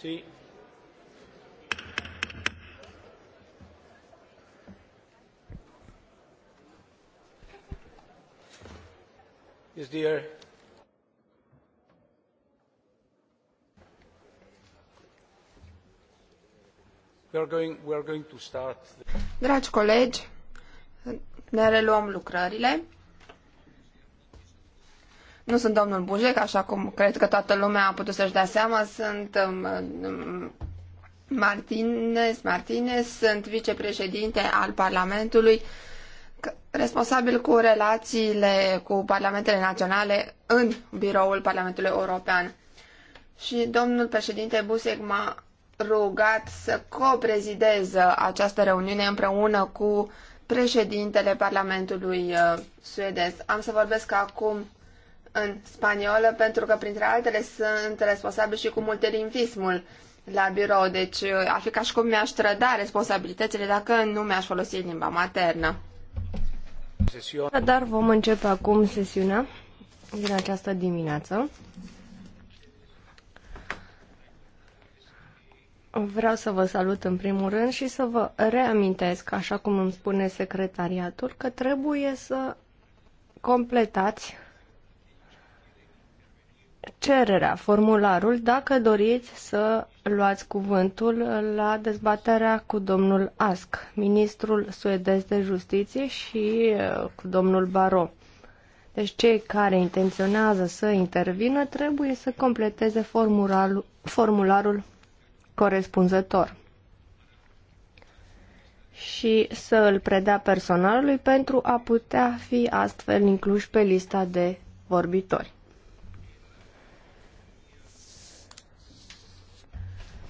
Sí. Is there We are going, we are going to start. Dragi colegi, ne reluăm lucrările. Nu sunt domnul Bujec, așa cum cred că toată lumea a putut să-și dea seama, sunt um, um Martinez, Martinez, sunt vicepreședinte al Parlamentului, responsabil cu relațiile cu parlamentele naționale în biroul Parlamentului European. Și domnul președinte Busec m-a rugat să coprezidez această reuniune împreună cu președintele Parlamentului uh, suedez. Am să vorbesc acum în spaniolă, pentru că, printre altele, sunt responsabil și cu multilingvismul la birou, deci uh, ar fi ca și cum mi-aș trăda responsabilitățile dacă nu mi-aș folosi limba maternă. Dar vom începe acum sesiunea din această dimineață. Vreau să vă salut în primul rând și să vă reamintesc, așa cum îmi spune secretariatul, că trebuie să completați cererea, formularul, dacă doriți să luați cuvântul la dezbaterea cu domnul Ask, ministrul suedez de justiție și uh, cu domnul Baro. Deci cei care intenționează să intervină trebuie să completeze formularul, formularul corespunzător și să îl predea personalului pentru a putea fi astfel incluși pe lista de vorbitori.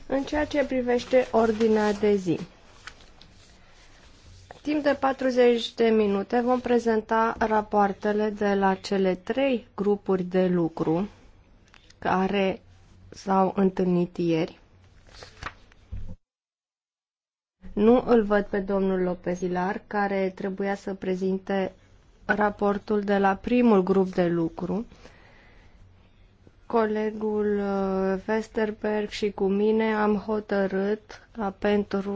În ceea ce privește ordinea de zi, timp de 40 de minute vom prezenta rapoartele de la cele trei grupuri de lucru care s-au întâlnit ieri. Nu îl văd pe domnul Lopezilar, care trebuia să prezinte raportul de la primul grup de lucru, colegul uh, Westerberg și cu mine am hotărât uh, pentru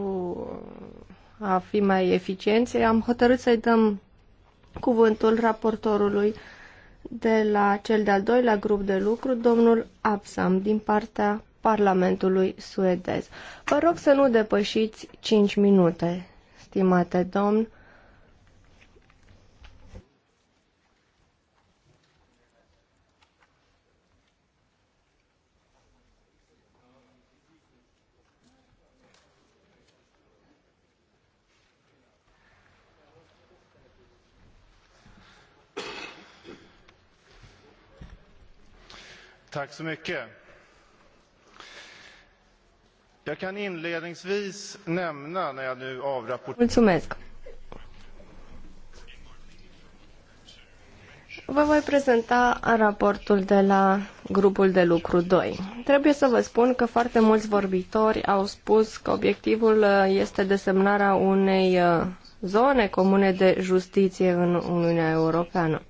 uh, a fi mai eficienți, am hotărât să-i dăm cuvântul raportorului de la cel de-al doilea grup de lucru, domnul Absam, din partea Parlamentului suedez. Vă rog să nu depășiți 5 minute, stimate domn, Jag kan inledningsvis nämna när jag nu avrapporterar... Mulțumesc. Vă voi prezenta raportul de la grupul de lucru 2. Trebuie să vă spun că foarte mulți vorbitori au spus că obiectivul uh, este desemnarea unei uh, zone comune de justiție în Uniunea Europeană.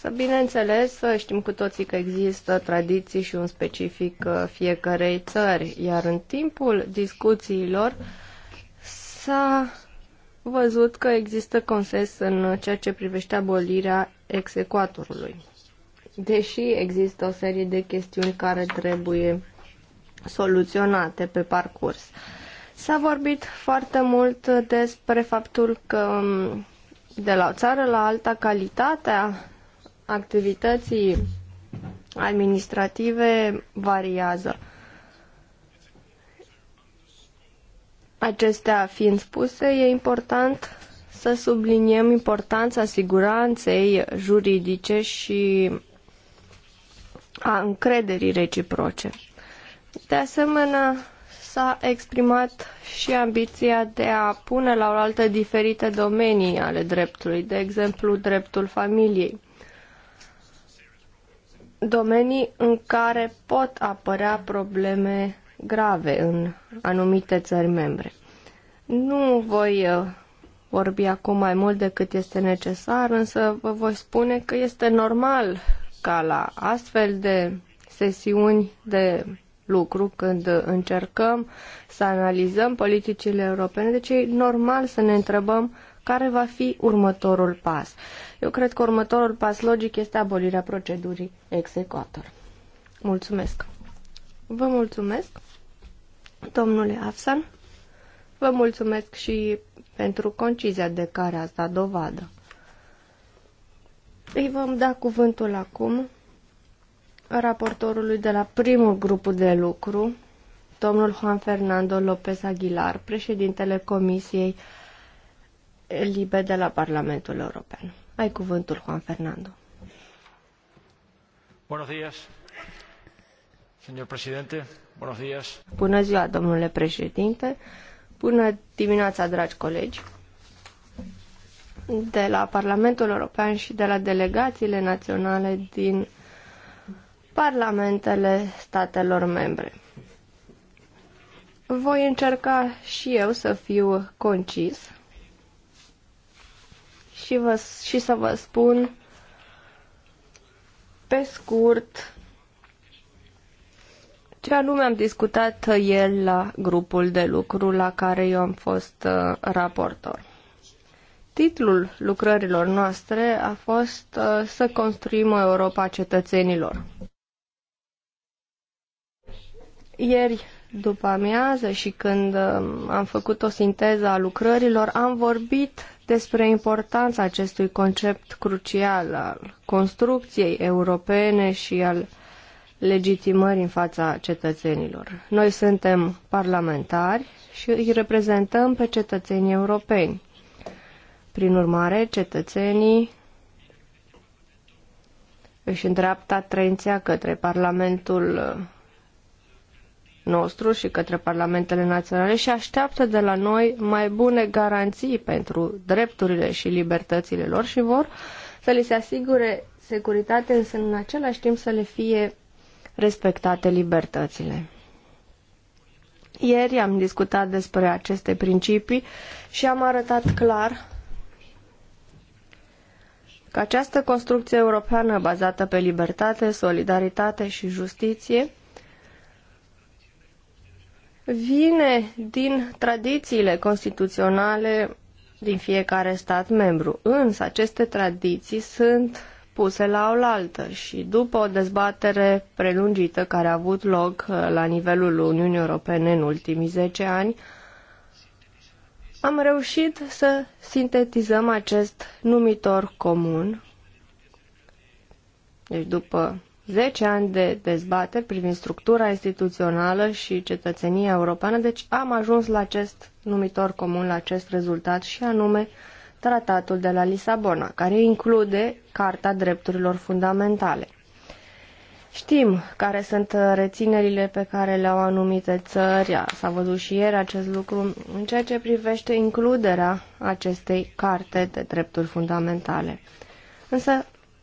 Să bineînțeles, știm cu toții că există tradiții și un specific uh, fiecarei țări, iar în timpul discuțiilor s-a văzut că există consens în ceea ce privește abolirea execuatorului. Deși există o serie de chestiuni care trebuie soluționate pe parcurs. S-a vorbit foarte mult despre faptul că mm, de la o țară la alta calitatea activității administrative variază. Acestea fiind spuse, e important să subliniem importanța siguranței juridice și a încrederii reciproce. De asemenea, s-a exprimat și ambiția de a pune la oaltă diferite domenii ale dreptului, de exemplu dreptul familiei domenii în care pot apărea probleme grave în anumite țări membre. Nu voi uh, vorbi acum mai mult decât este necesar, însă vă voi spune că este normal ca la astfel de sesiuni de lucru când încercăm să analizăm politicile europene, deci e normal să ne întrebăm care va fi următorul pas? Eu cred că următorul pas logic este abolirea procedurii executor. Mulțumesc! Vă mulțumesc, domnule Afsan. Vă mulțumesc și pentru concizia de care ați dat dovadă. Îi vom da cuvântul acum raportorului de la primul grup de lucru, domnul Juan Fernando López Aguilar, președintele Comisiei libe de la Parlamentul European. Ai cuvântul, Juan Fernando. Buenos días, señor presidente. Buenos días. Bună ziua, domnule președinte. Bună dimineața, dragi colegi. De la Parlamentul European și de la delegațiile naționale din parlamentele statelor membre. Voi încerca și eu să fiu concis și, vă, și să vă spun pe scurt ce anume am discutat el la grupul de lucru la care eu am fost uh, raportor. Titlul lucrărilor noastre a fost uh, Să construim o Europa cetățenilor. Ieri după amiază și când um, am făcut o sinteză a lucrărilor, am vorbit despre importanța acestui concept crucial al construcției europene și al legitimării în fața cetățenilor. Noi suntem parlamentari și îi reprezentăm pe cetățenii europeni. Prin urmare, cetățenii își îndreaptă atenția către Parlamentul nostru și către parlamentele naționale și așteaptă de la noi mai bune garanții pentru drepturile și libertățile lor și vor să li se asigure securitate, însă în același timp să le fie respectate libertățile. Ieri am discutat despre aceste principii și am arătat clar că această construcție europeană bazată pe libertate, solidaritate și justiție vine din tradițiile constituționale din fiecare stat membru. Însă aceste tradiții sunt puse la oaltă și după o dezbatere prelungită care a avut loc uh, la nivelul Uniunii Europene în ultimii 10 ani, am reușit să sintetizăm acest numitor comun. Deci după 10 ani de dezbateri privind structura instituțională și cetățenia europeană, deci am ajuns la acest numitor comun, la acest rezultat și anume Tratatul de la Lisabona, care include Carta Drepturilor Fundamentale. Știm care sunt reținerile pe care le-au anumite țări, s-a văzut și ieri acest lucru, în ceea ce privește includerea acestei carte de drepturi fundamentale. Însă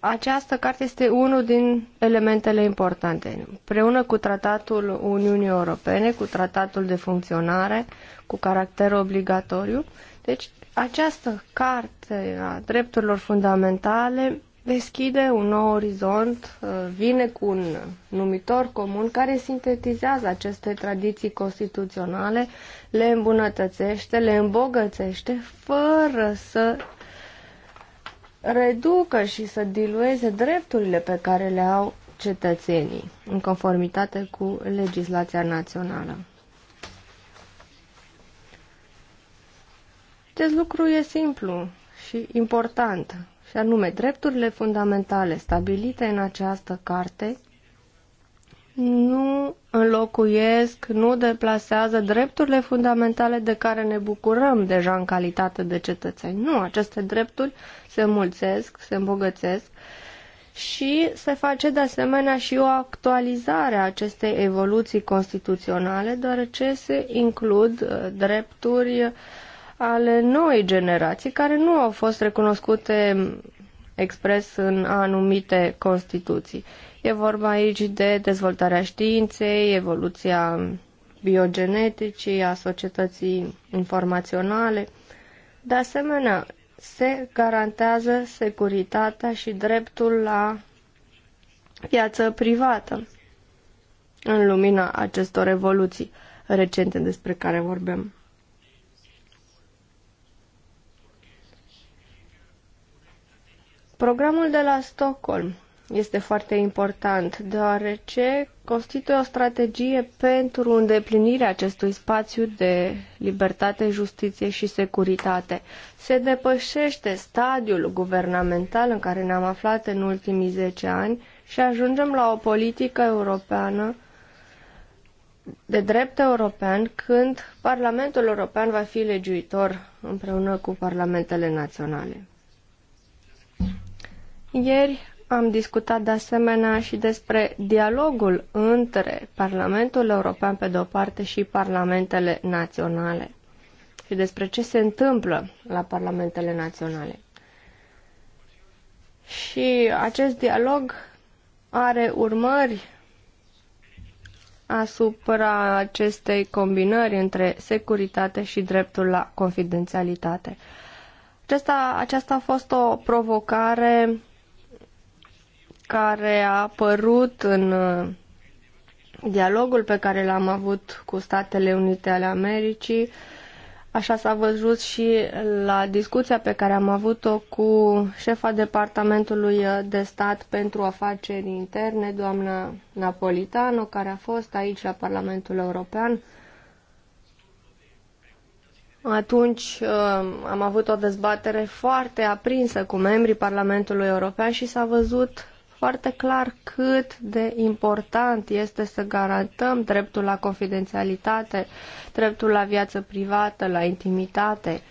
această carte este unul din elementele importante. Preună cu Tratatul Uniunii Europene, cu Tratatul de Funcționare, cu caracter obligatoriu, deci această carte a drepturilor fundamentale deschide un nou orizont, uh, vine cu un numitor comun care sintetizează aceste tradiții constituționale, le îmbunătățește, le îmbogățește, fără să reducă și să dilueze drepturile pe care le au cetățenii, în conformitate cu legislația națională. Acest lucru e simplu și important, și anume drepturile fundamentale stabilite în această carte nu înlocuiesc, nu deplasează drepturile fundamentale de care ne bucurăm deja în calitate de cetățeni. Nu, aceste drepturi se mulțesc, se îmbogățesc și se face de asemenea și o actualizare a acestei evoluții constituționale, deoarece se includ uh, drepturi uh, ale noi generații care nu au fost recunoscute mm, expres în anumite constituții. E vorba aici de dezvoltarea științei, evoluția biogeneticii, a societății informaționale. De asemenea, se garantează securitatea și dreptul la viață privată în lumina acestor evoluții recente despre care vorbim. Programul de la Stockholm este foarte important, deoarece constituie o strategie pentru îndeplinirea acestui spațiu de libertate, justiție și securitate. Se depășește stadiul guvernamental în care ne-am aflat în ultimii 10 ani și ajungem la o politică europeană de drept european când Parlamentul European va fi legiuitor împreună cu parlamentele naționale. Ieri am discutat de asemenea și despre dialogul între Parlamentul European pe de-o parte și Parlamentele Naționale și despre ce se întâmplă la Parlamentele Naționale. Și acest dialog are urmări asupra acestei combinări între securitate și dreptul la confidențialitate. Aceasta, aceasta a fost o provocare care a apărut în uh, dialogul pe care l-am avut cu Statele Unite ale Americii. Așa s-a văzut și la discuția pe care am avut-o cu șefa Departamentului de Stat pentru Afaceri Interne, doamna Napolitano, care a fost aici la Parlamentul European. Atunci uh, am avut o dezbatere foarte aprinsă cu membrii Parlamentului European și s-a văzut foarte clar cât de important este să garantăm dreptul la confidențialitate, dreptul la viață privată, la intimitate,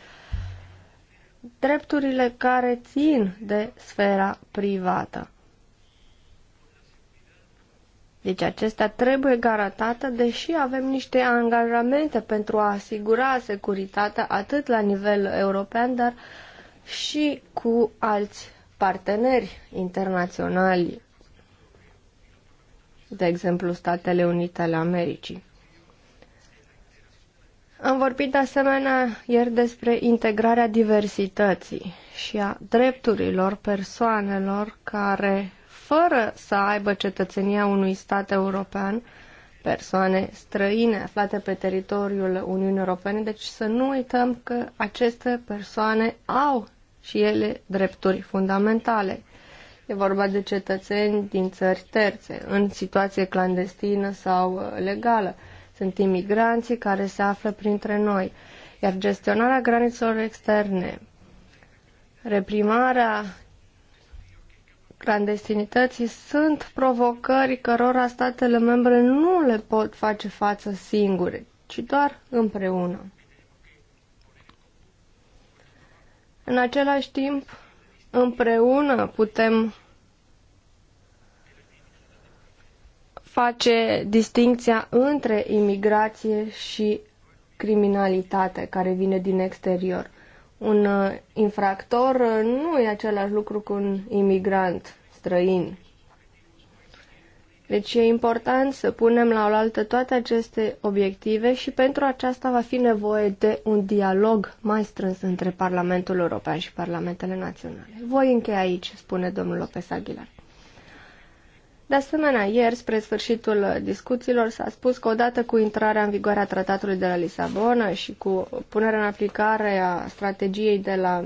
drepturile care țin de sfera privată. Deci acestea trebuie garantate, deși avem niște angajamente pentru a asigura securitatea atât la nivel european, dar și cu alți parteneri internaționali, de exemplu Statele Unite ale Americii. Am vorbit de asemenea ieri despre integrarea diversității și a drepturilor persoanelor care, fără să aibă cetățenia unui stat european, persoane străine aflate pe teritoriul Uniunii Europene, deci să nu uităm că aceste persoane au și ele drepturi fundamentale. E vorba de cetățeni din țări terțe, în situație clandestină sau uh, legală. Sunt imigranții care se află printre noi, iar gestionarea granițelor externe, reprimarea clandestinității sunt provocări cărora statele membre nu le pot face față singure, ci doar împreună. În același timp, împreună putem face distinția între imigrație și criminalitate care vine din exterior. Un uh, infractor uh, nu e același lucru cu un imigrant străin deci e important să punem la oaltă toate aceste obiective și pentru aceasta va fi nevoie de un dialog mai strâns între Parlamentul European și Parlamentele Naționale. Voi încheia aici, spune domnul Lopez Aguilar. De asemenea, ieri, spre sfârșitul discuțiilor, s-a spus că odată cu intrarea în vigoare a tratatului de la Lisabona și cu punerea în aplicare a strategiei de la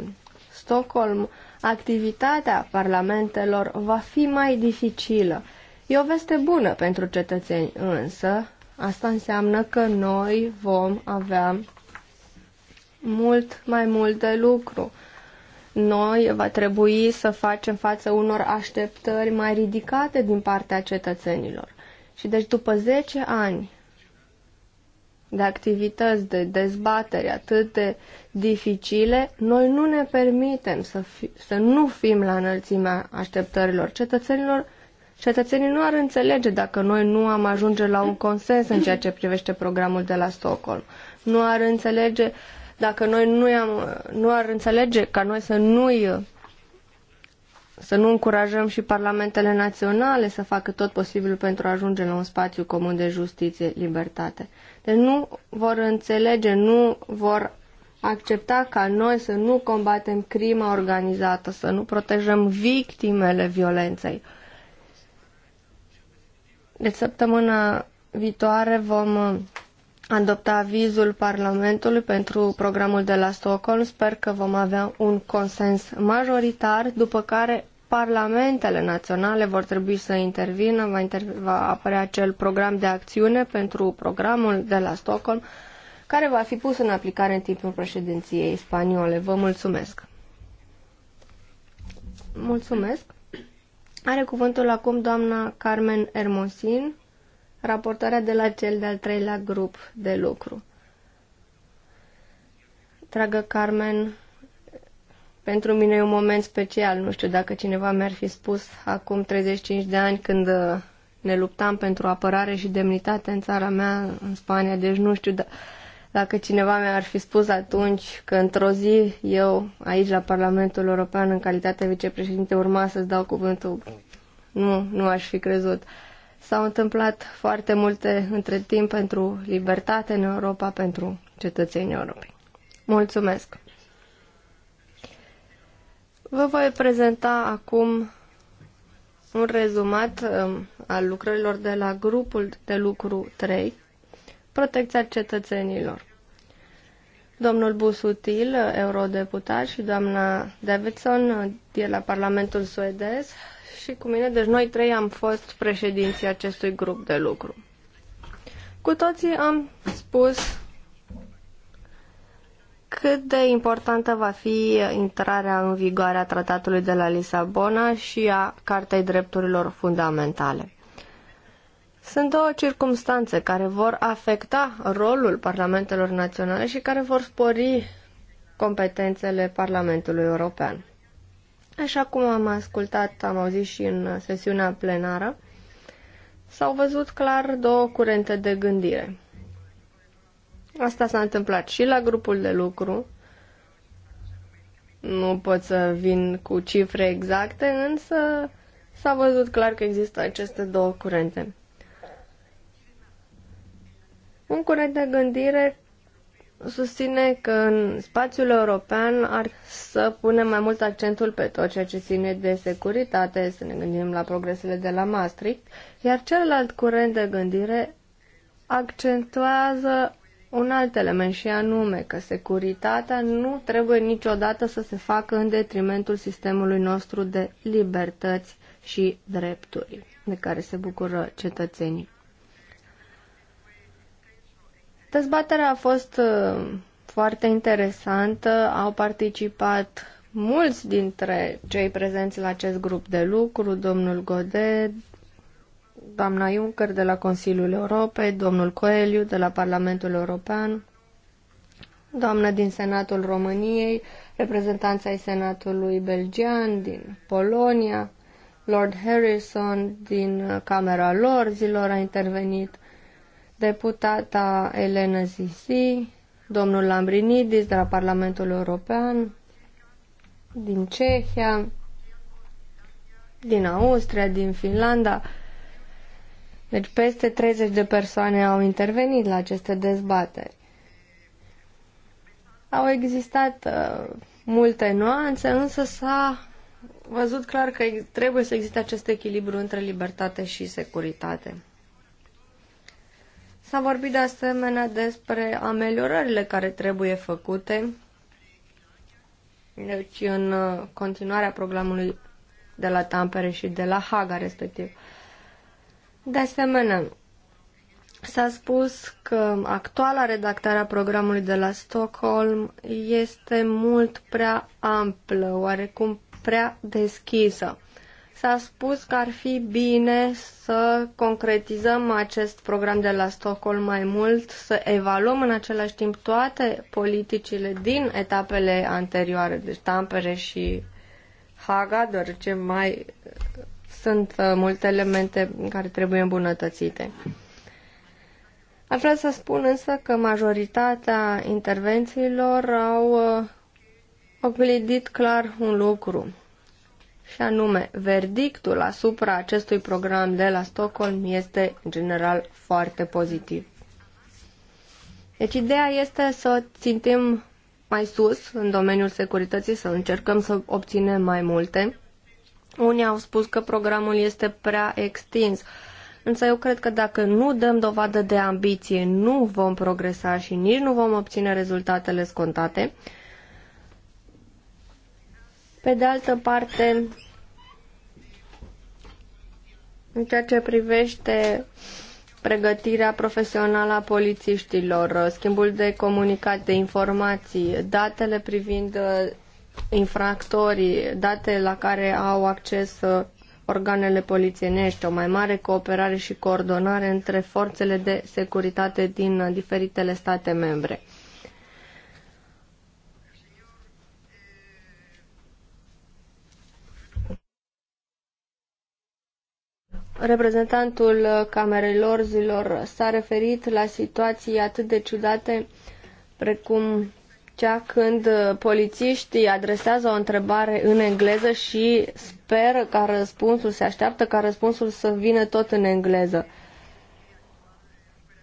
Stockholm, activitatea parlamentelor va fi mai dificilă E o veste bună pentru cetățeni, însă asta înseamnă că noi vom avea mult mai mult de lucru. Noi va trebui să facem față unor așteptări mai ridicate din partea cetățenilor. Și deci după 10 ani de activități, de dezbateri atât de dificile, noi nu ne permitem să, fi, să nu fim la înălțimea așteptărilor cetățenilor Cetățenii nu ar înțelege dacă noi nu am ajunge la un consens în ceea ce privește programul de la Stockholm. Nu ar înțelege dacă noi nu, am, nu ar înțelege ca noi să nu să nu încurajăm și parlamentele naționale să facă tot posibilul pentru a ajunge la un spațiu comun de justiție, libertate. Deci nu vor înțelege, nu vor accepta ca noi să nu combatem crima organizată, să nu protejăm victimele violenței. Deci săptămâna viitoare vom uh, adopta avizul Parlamentului pentru programul de la Stockholm. Sper că vom avea un consens majoritar, după care parlamentele naționale vor trebui să intervină, va, intervi, va apărea acel program de acțiune pentru programul de la Stockholm, care va fi pus în aplicare în timpul președinției spaniole. Vă mulțumesc! Mulțumesc! Are cuvântul acum doamna Carmen Hermosin, raportarea de la cel de-al treilea grup de lucru. Dragă Carmen, pentru mine e un moment special. Nu știu dacă cineva mi-ar fi spus acum 35 de ani când uh, ne luptam pentru apărare și demnitate în țara mea, în Spania, deci nu știu, dar dacă cineva mi-ar fi spus atunci că într-o zi eu, aici la Parlamentul European, în calitate vicepreședinte, urma să-ți dau cuvântul, nu, nu aș fi crezut. S-au întâmplat foarte multe între timp pentru libertate în Europa, pentru cetățenii europei. Mulțumesc! Vă voi prezenta acum un rezumat um, al lucrărilor de la grupul de lucru 3, protecția cetățenilor domnul Busutil, eurodeputat, și doamna Davidson de la Parlamentul suedez și cu mine. Deci noi trei am fost președinții acestui grup de lucru. Cu toții am spus cât de importantă va fi intrarea în vigoare a tratatului de la Lisabona și a Cartei Drepturilor Fundamentale. Sunt două circumstanțe care vor afecta rolul parlamentelor naționale și care vor spori competențele Parlamentului European. Așa cum am ascultat, am auzit și în sesiunea plenară, s-au văzut clar două curente de gândire. Asta s-a întâmplat și la grupul de lucru. Nu pot să vin cu cifre exacte, însă s-a văzut clar că există aceste două curente. Un curent de gândire susține că în spațiul european ar să punem mai mult accentul pe tot ceea ce ține de securitate, să ne gândim la progresele de la Maastricht, iar celălalt curent de gândire accentuează un alt element și anume că securitatea nu trebuie niciodată să se facă în detrimentul sistemului nostru de libertăți și drepturi de care se bucură cetățenii. Dezbaterea a fost uh, foarte interesantă. Au participat mulți dintre cei prezenți la acest grup de lucru, domnul Godet, doamna Juncker de la Consiliul Europei, domnul Coeliu de la Parlamentul European, doamna din Senatul României, reprezentanța ai Senatului Belgian din Polonia, Lord Harrison din Camera Lorzilor a intervenit, deputata Elena Sisi, domnul Lambrinidis de la Parlamentul European, din Cehia, din Austria, din Finlanda. Deci peste 30 de persoane au intervenit la aceste dezbateri. Au existat uh, multe nuanțe, însă s-a văzut clar că trebuie să existe acest echilibru între libertate și securitate. S-a vorbit de asemenea despre ameliorările care trebuie făcute deci în uh, continuarea programului de la Tampere și de la Haga respectiv. De asemenea, s-a spus că actuala redactare a programului de la Stockholm este mult prea amplă, oarecum prea deschisă. S-a spus că ar fi bine să concretizăm acest program de la Stockholm mai mult, să evaluăm în același timp toate politicile din etapele anterioare, deci Tampere și Haga, deoarece mai sunt uh, multe elemente care trebuie îmbunătățite. Aș vrea să spun însă că majoritatea intervențiilor au oglindit uh, clar un lucru, și anume, verdictul asupra acestui program de la Stockholm este, în general, foarte pozitiv. Deci, ideea este să țintim mai sus în domeniul securității, să încercăm să obținem mai multe. Unii au spus că programul este prea extins, însă eu cred că dacă nu dăm dovadă de ambiție, nu vom progresa și nici nu vom obține rezultatele scontate. Pe de altă parte, în ceea ce privește pregătirea profesională a polițiștilor, schimbul de comunicat, de informații, datele privind uh, infractorii, date la care au acces uh, organele polițienești, o mai mare cooperare și coordonare între forțele de securitate din uh, diferitele state membre. Reprezentantul Camerei Lorzilor s-a referit la situații atât de ciudate precum cea când polițiștii adresează o întrebare în engleză și speră ca răspunsul, se așteaptă ca răspunsul să vină tot în engleză.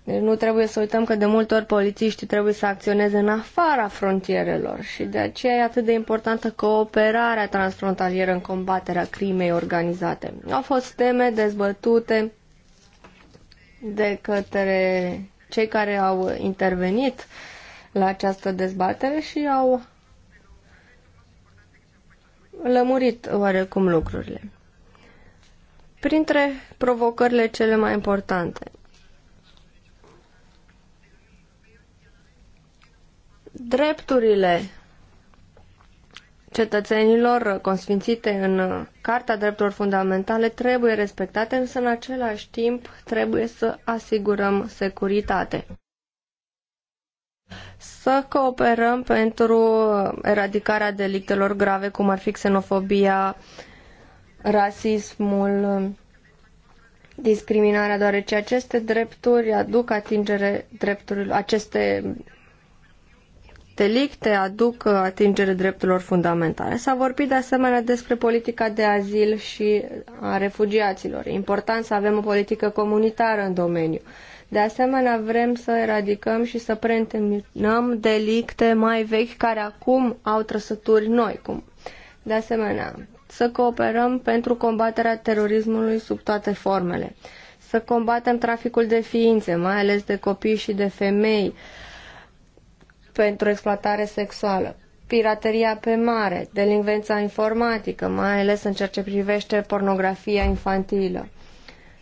Deci nu trebuie să uităm că de multe ori polițiștii trebuie să acționeze în afara frontierelor și de aceea e atât de importantă cooperarea transfrontalieră în combaterea crimei organizate. Au fost teme dezbătute de către cei care au intervenit la această dezbatere și au lămurit oarecum lucrurile. Printre provocările cele mai importante, drepturile cetățenilor consfințite în Carta Drepturilor Fundamentale trebuie respectate, însă în același timp trebuie să asigurăm securitate. Să cooperăm pentru eradicarea delictelor grave, cum ar fi xenofobia, rasismul, discriminarea, deoarece aceste drepturi aduc atingere drepturilor, aceste delicte aduc atingere drepturilor fundamentale. S-a vorbit de asemenea despre politica de azil și a refugiaților. E important să avem o politică comunitară în domeniu. De asemenea, vrem să eradicăm și să preîntâmpinăm delicte mai vechi care acum au trăsături noi. Cum? De asemenea, să cooperăm pentru combaterea terorismului sub toate formele. Să combatem traficul de ființe, mai ales de copii și de femei, uh, pentru exploatare sexuală, pirateria pe mare, delinvența informatică, mai ales în ceea ce privește pornografia infantilă,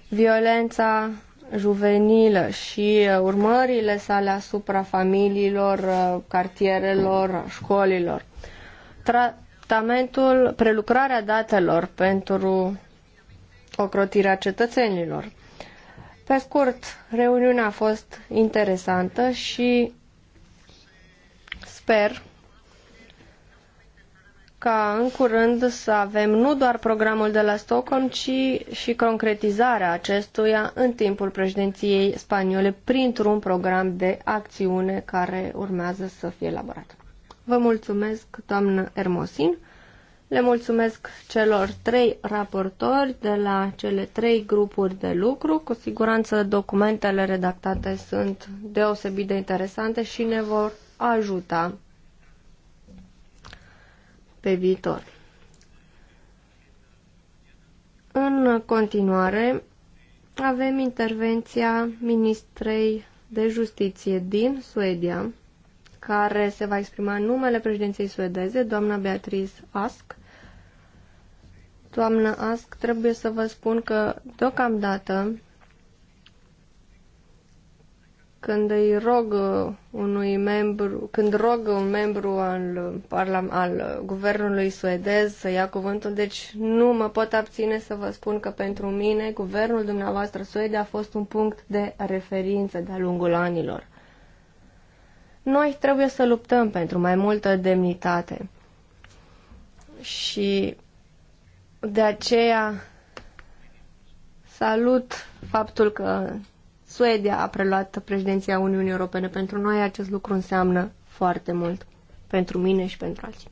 violența juvenilă și uh, urmările sale asupra familiilor, uh, cartierelor, școlilor. Tratamentul, prelucrarea datelor pentru ocrotirea cetățenilor. Pe scurt, reuniunea a fost interesantă și Sper ca în curând să avem nu doar programul de la Stockholm, ci și concretizarea acestuia în timpul președinției spaniole printr-un program de acțiune care urmează să fie elaborat. Vă mulțumesc, doamnă Ermosin. Le mulțumesc celor trei raportori de la cele trei grupuri de lucru. Cu siguranță documentele redactate sunt deosebit de interesante și ne vor ajuta pe viitor. În continuare, avem intervenția ministrei de justiție din Suedia, care se va exprima în numele președinței suedeze, doamna Beatrice Ask. Doamna Ask, trebuie să vă spun că, deocamdată, când îi rog uh, unui membru, când rog un membru al, uh, parlam, al uh, guvernului suedez să ia cuvântul, deci nu mă pot abține să vă spun că pentru mine guvernul dumneavoastră suede a fost un punct de referință de-a lungul anilor. Noi trebuie să luptăm pentru mai multă demnitate și de aceea salut faptul că Suedia a preluat președinția Uniunii Europene. Pentru noi acest lucru înseamnă foarte mult. Pentru mine și pentru alții.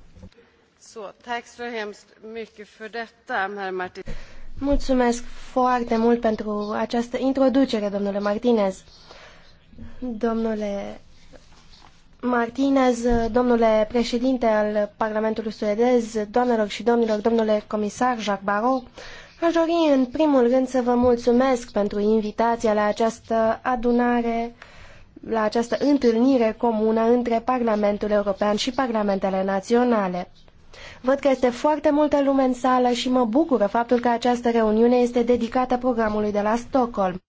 Mulțumesc foarte mult pentru această introducere, domnule Martinez. Domnule Martinez, domnule președinte al Parlamentului suedez, doamnelor și domnilor, domnule comisar Jacques Barrot, Aș dori în primul rând să vă mulțumesc pentru invitația la această adunare, la această întâlnire comună între Parlamentul European și Parlamentele Naționale. Văd că este foarte multă lume în sală și mă bucură faptul că această reuniune este dedicată programului de la Stockholm.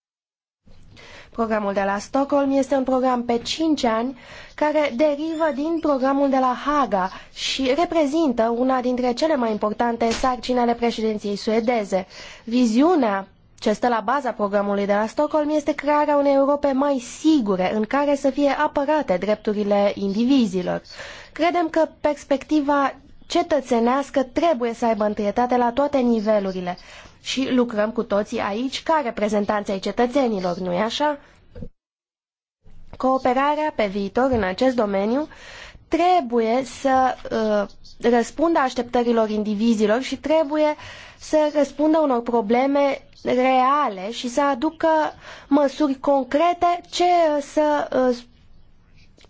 Programul de la Stockholm este un program pe 5 ani care derivă din programul de la Haga și reprezintă una dintre cele mai importante sarcini ale președinției suedeze. Viziunea ce stă la baza programului de la Stockholm este crearea unei Europe mai sigure, în care să fie apărate drepturile indivizilor. Credem că perspectiva cetățenească trebuie să aibă întâietate la toate nivelurile și lucrăm cu toții aici ca reprezentanți ai cetățenilor, nu-i așa? Cooperarea pe viitor în acest domeniu trebuie să uh, răspundă așteptărilor indivizilor și trebuie să răspundă unor probleme reale și să aducă măsuri concrete ce să uh,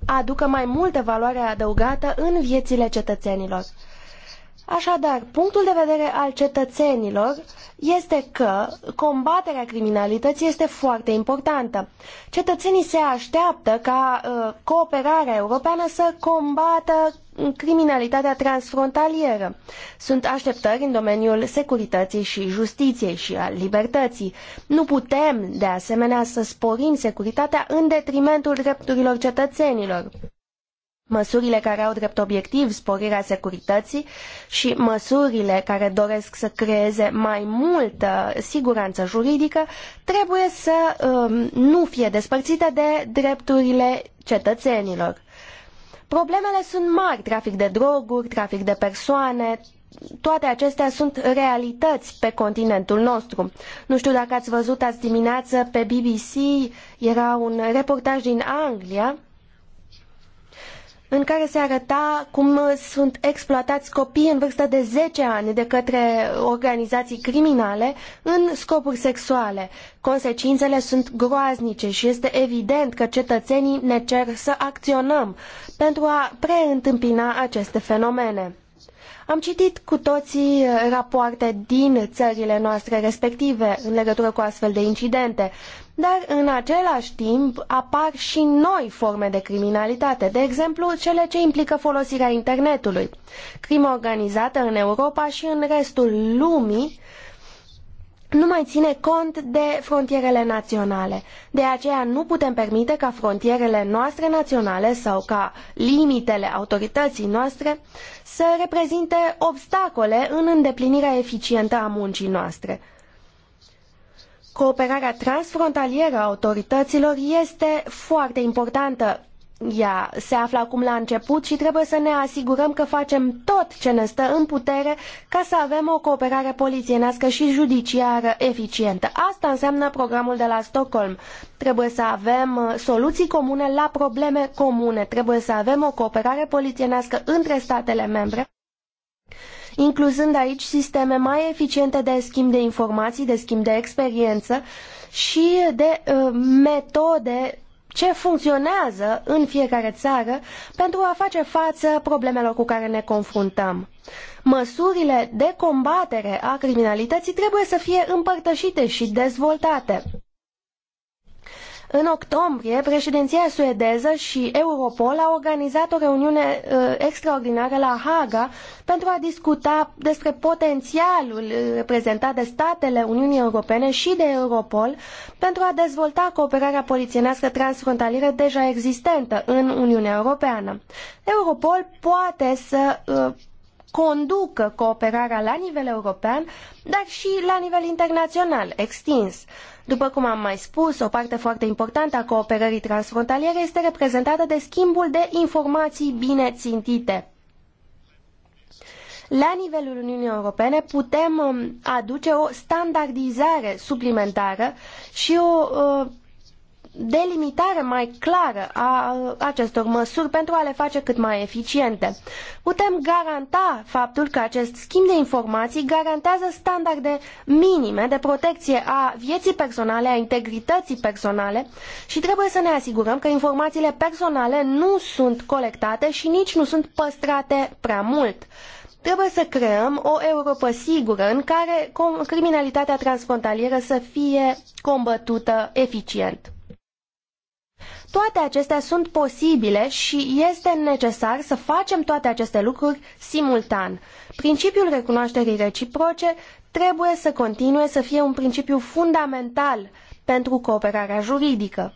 aducă mai multă valoare adăugată în viețile cetățenilor. Așadar, punctul de vedere al cetățenilor este că combaterea criminalității este foarte importantă. Cetățenii se așteaptă ca uh, cooperarea europeană să combată criminalitatea transfrontalieră. Sunt așteptări în domeniul securității și justiției și al libertății. Nu putem, de asemenea, să sporim securitatea în detrimentul drepturilor cetățenilor măsurile care au drept obiectiv sporirea securității și măsurile care doresc să creeze mai multă siguranță juridică trebuie să um, nu fie despărțite de drepturile cetățenilor. Problemele sunt mari, trafic de droguri, trafic de persoane, toate acestea sunt realități pe continentul nostru. Nu știu dacă ați văzut azi dimineață pe BBC, era un reportaj din Anglia, în care se arăta cum sunt exploatați copii în vârstă de 10 ani de către organizații criminale în scopuri sexuale. Consecințele sunt groaznice și este evident că cetățenii ne cer să acționăm pentru a preîntâmpina aceste fenomene. Am citit cu toții uh, rapoarte din țările noastre respective în legătură cu astfel de incidente, dar în același timp apar și noi forme de criminalitate, de exemplu cele ce implică folosirea internetului. Crima organizată în Europa și în restul lumii nu mai ține cont de frontierele naționale. De aceea nu putem permite ca frontierele noastre naționale sau ca limitele autorității noastre să reprezinte obstacole în îndeplinirea eficientă a muncii noastre. Cooperarea transfrontalieră a autorităților este foarte importantă ea se află acum la început și trebuie să ne asigurăm că facem tot ce ne stă în putere ca să avem o cooperare polițienească și judiciară eficientă. Asta înseamnă programul de la Stockholm. Trebuie să avem uh, soluții comune la probleme comune. Trebuie să avem o cooperare polițienească între statele membre incluzând aici sisteme mai eficiente de schimb de informații, de schimb de experiență și de uh, metode ce funcționează în fiecare țară pentru a face față problemelor cu care ne confruntăm. Măsurile de combatere a criminalității trebuie să fie împărtășite și dezvoltate. În octombrie, președinția suedeză și Europol au organizat o reuniune uh, extraordinară la Haga pentru a discuta despre potențialul uh, reprezentat de statele Uniunii Europene și de Europol pentru a dezvolta cooperarea polițienească transfrontalieră deja existentă în Uniunea Europeană. Europol poate să uh, conducă cooperarea la nivel european, dar și la nivel internațional, extins. După cum am mai spus, o parte foarte importantă a cooperării transfrontaliere este reprezentată de schimbul de informații bine țintite. La nivelul Uniunii Europene putem um, aduce o standardizare suplimentară și o uh, delimitare mai clară a acestor măsuri pentru a le face cât mai eficiente. Putem garanta faptul că acest schimb de informații garantează standarde minime de protecție a vieții personale, a integrității personale și trebuie să ne asigurăm că informațiile personale nu sunt colectate și nici nu sunt păstrate prea mult. Trebuie să creăm o Europa sigură în care criminalitatea transfrontalieră să fie combătută eficient. Toate acestea sunt posibile și este necesar să facem toate aceste lucruri simultan. Principiul recunoașterii reciproce trebuie să continue să fie un principiu fundamental pentru cooperarea juridică.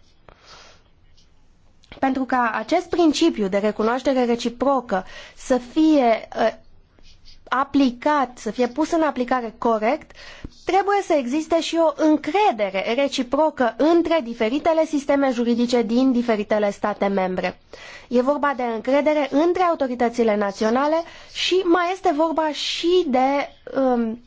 Pentru ca acest principiu de recunoaștere reciprocă să fie uh, aplicat, să fie pus în aplicare corect, trebuie să existe și o încredere reciprocă între diferitele sisteme juridice din diferitele state membre. E vorba de încredere între autoritățile naționale și mai este vorba și de um,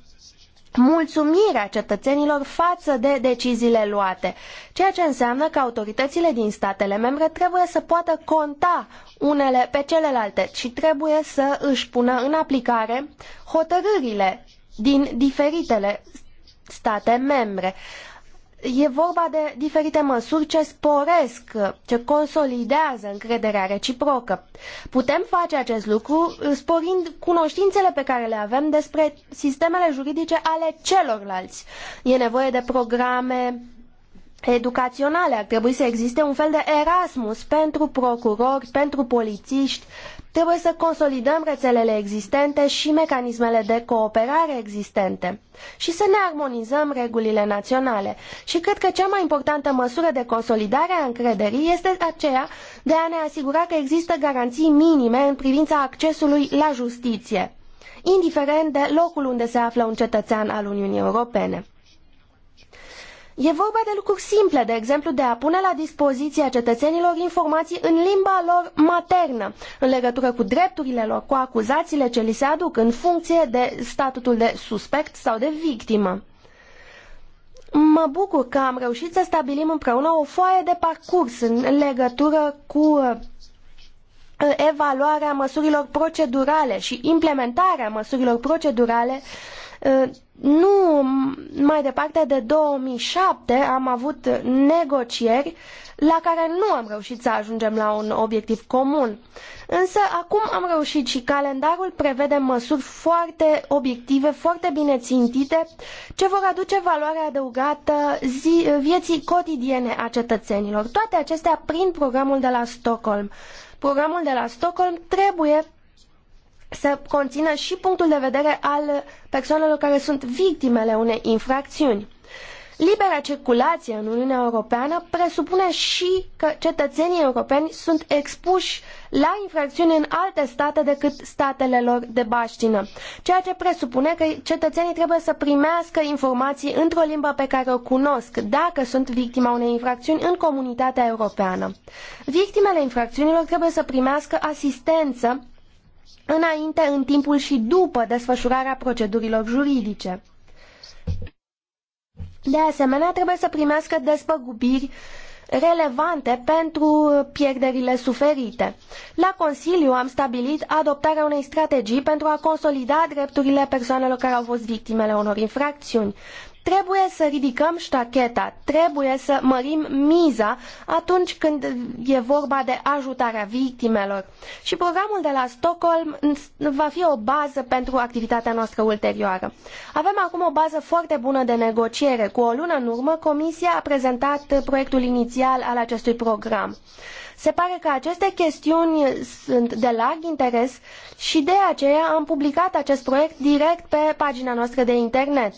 mulțumirea cetățenilor față de deciziile luate, ceea ce înseamnă că autoritățile din statele membre trebuie să poată conta unele pe celelalte și trebuie să își pună în aplicare hotărârile din diferitele state membre. E vorba de diferite măsuri ce sporesc, ce consolidează încrederea reciprocă. Putem face acest lucru uh, sporind cunoștințele pe care le avem despre sistemele juridice ale celorlalți. E nevoie de programe educaționale. Ar trebui să existe un fel de Erasmus pentru procurori, pentru polițiști, Trebuie să consolidăm rețelele existente și mecanismele de cooperare existente și să ne armonizăm regulile naționale. Și cred că cea mai importantă măsură de consolidare a încrederii este aceea de a ne asigura că există garanții minime în privința accesului la justiție, indiferent de locul unde se află un cetățean al Uniunii Europene. E vorba de lucruri simple, de exemplu de a pune la dispoziția cetățenilor informații în limba lor maternă, în legătură cu drepturile lor, cu acuzațiile ce li se aduc în funcție de statutul de suspect sau de victimă. Mă bucur că am reușit să stabilim împreună o foaie de parcurs în legătură cu uh, evaluarea măsurilor procedurale și implementarea măsurilor procedurale uh, Uh, nu mai departe de 2007 am avut negocieri la care nu am reușit să ajungem la un obiectiv comun. Însă acum am reușit și calendarul prevede măsuri foarte obiective, foarte bine țintite, ce vor aduce valoare adăugată zi, vieții cotidiene a cetățenilor. Toate acestea prin programul de la Stockholm. Programul de la Stockholm trebuie să conțină și punctul de vedere al persoanelor care sunt victimele unei infracțiuni. Libera circulație în Uniunea Europeană presupune și că cetățenii europeni sunt expuși la infracțiuni în alte state decât statele lor de baștină, ceea ce presupune că cetățenii trebuie să primească informații într-o limbă pe care o cunosc, dacă sunt victima unei infracțiuni în comunitatea europeană. Victimele infracțiunilor trebuie să primească asistență înainte, în timpul și după desfășurarea procedurilor juridice. De asemenea, trebuie să primească despăgubiri relevante pentru pierderile suferite. La Consiliu am stabilit adoptarea unei strategii pentru a consolida drepturile persoanelor care au fost victimele unor infracțiuni. Trebuie să ridicăm ștacheta, trebuie să mărim miza atunci când e vorba de ajutarea victimelor. Și programul de la Stockholm va fi o bază pentru activitatea noastră ulterioară. Avem acum o bază foarte bună de negociere. Cu o lună în urmă, Comisia a prezentat proiectul inițial al acestui program. Se pare că aceste chestiuni sunt de larg interes și de aceea am publicat acest proiect direct pe pagina noastră de internet.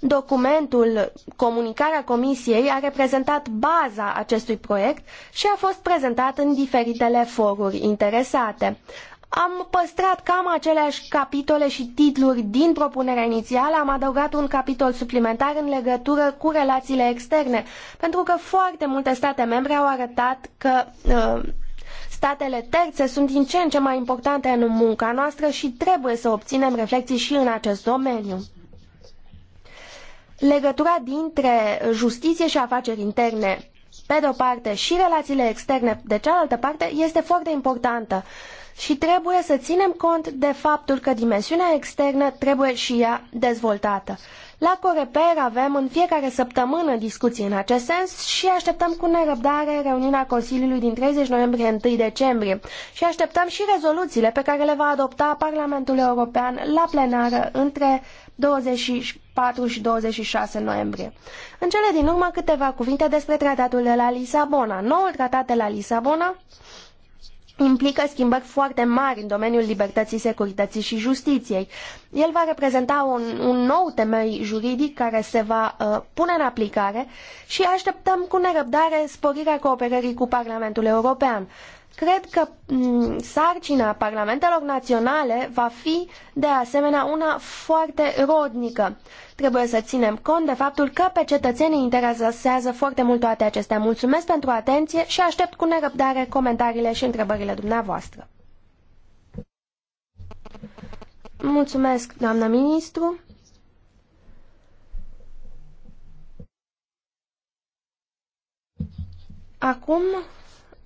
Documentul, comunicarea Comisiei, a reprezentat baza acestui proiect și a fost prezentat în diferitele foruri interesate. Am păstrat cam aceleași capitole și titluri din propunerea inițială, am adăugat un capitol suplimentar în legătură cu relațiile externe, pentru că foarte multe state membre au arătat că uh, statele terțe sunt din ce în ce mai importante în munca noastră și trebuie să obținem reflexii și în acest domeniu legătura dintre justiție și afaceri interne pe de o parte și relațiile externe de cealaltă parte este foarte importantă și trebuie să ținem cont de faptul că dimensiunea externă trebuie și ea dezvoltată. La Coreper avem în fiecare săptămână discuții în acest sens și așteptăm cu nerăbdare reuniunea Consiliului din 30 noiembrie 1 decembrie și așteptăm și rezoluțiile pe care le va adopta Parlamentul European la plenară între 24 și 26 noiembrie. În cele din urmă câteva cuvinte despre tratatul de la Lisabona. Noul tratat de la Lisabona implică schimbări foarte mari în domeniul libertății, securității și justiției. El va reprezenta un, un nou temei juridic care se va uh, pune în aplicare și așteptăm cu nerăbdare sporirea cooperării cu Parlamentul European. Cred că mm, sarcina parlamentelor naționale va fi, de asemenea, una foarte rodnică. Trebuie să ținem cont de faptul că pe cetățenii interesează foarte mult toate acestea. Mulțumesc pentru atenție și aștept cu nerăbdare comentariile și întrebările dumneavoastră. Mulțumesc, doamnă ministru. Acum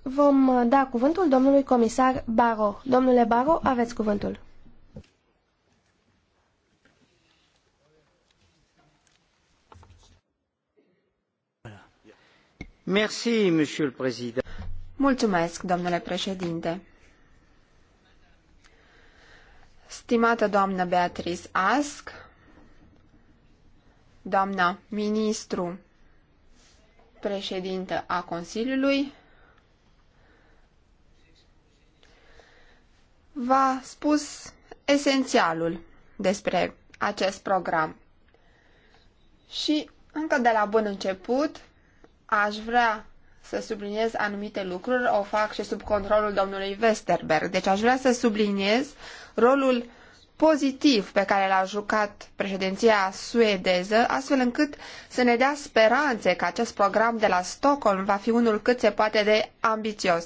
vom uh, da cuvântul domnului comisar Baro. Domnule Baro, aveți cuvântul. Merci, Mulțumesc, domnule președinte. Stimată doamnă Beatrice Ask, doamna ministru președintă a Consiliului, v-a spus esențialul despre acest program. Și încă de la bun început aș vrea să subliniez anumite lucruri, o fac și sub controlul domnului Westerberg. Deci aș vrea să subliniez rolul pozitiv pe care l-a jucat președinția suedeză, astfel încât să ne dea speranțe că acest program de la Stockholm va fi unul cât se poate de ambițios.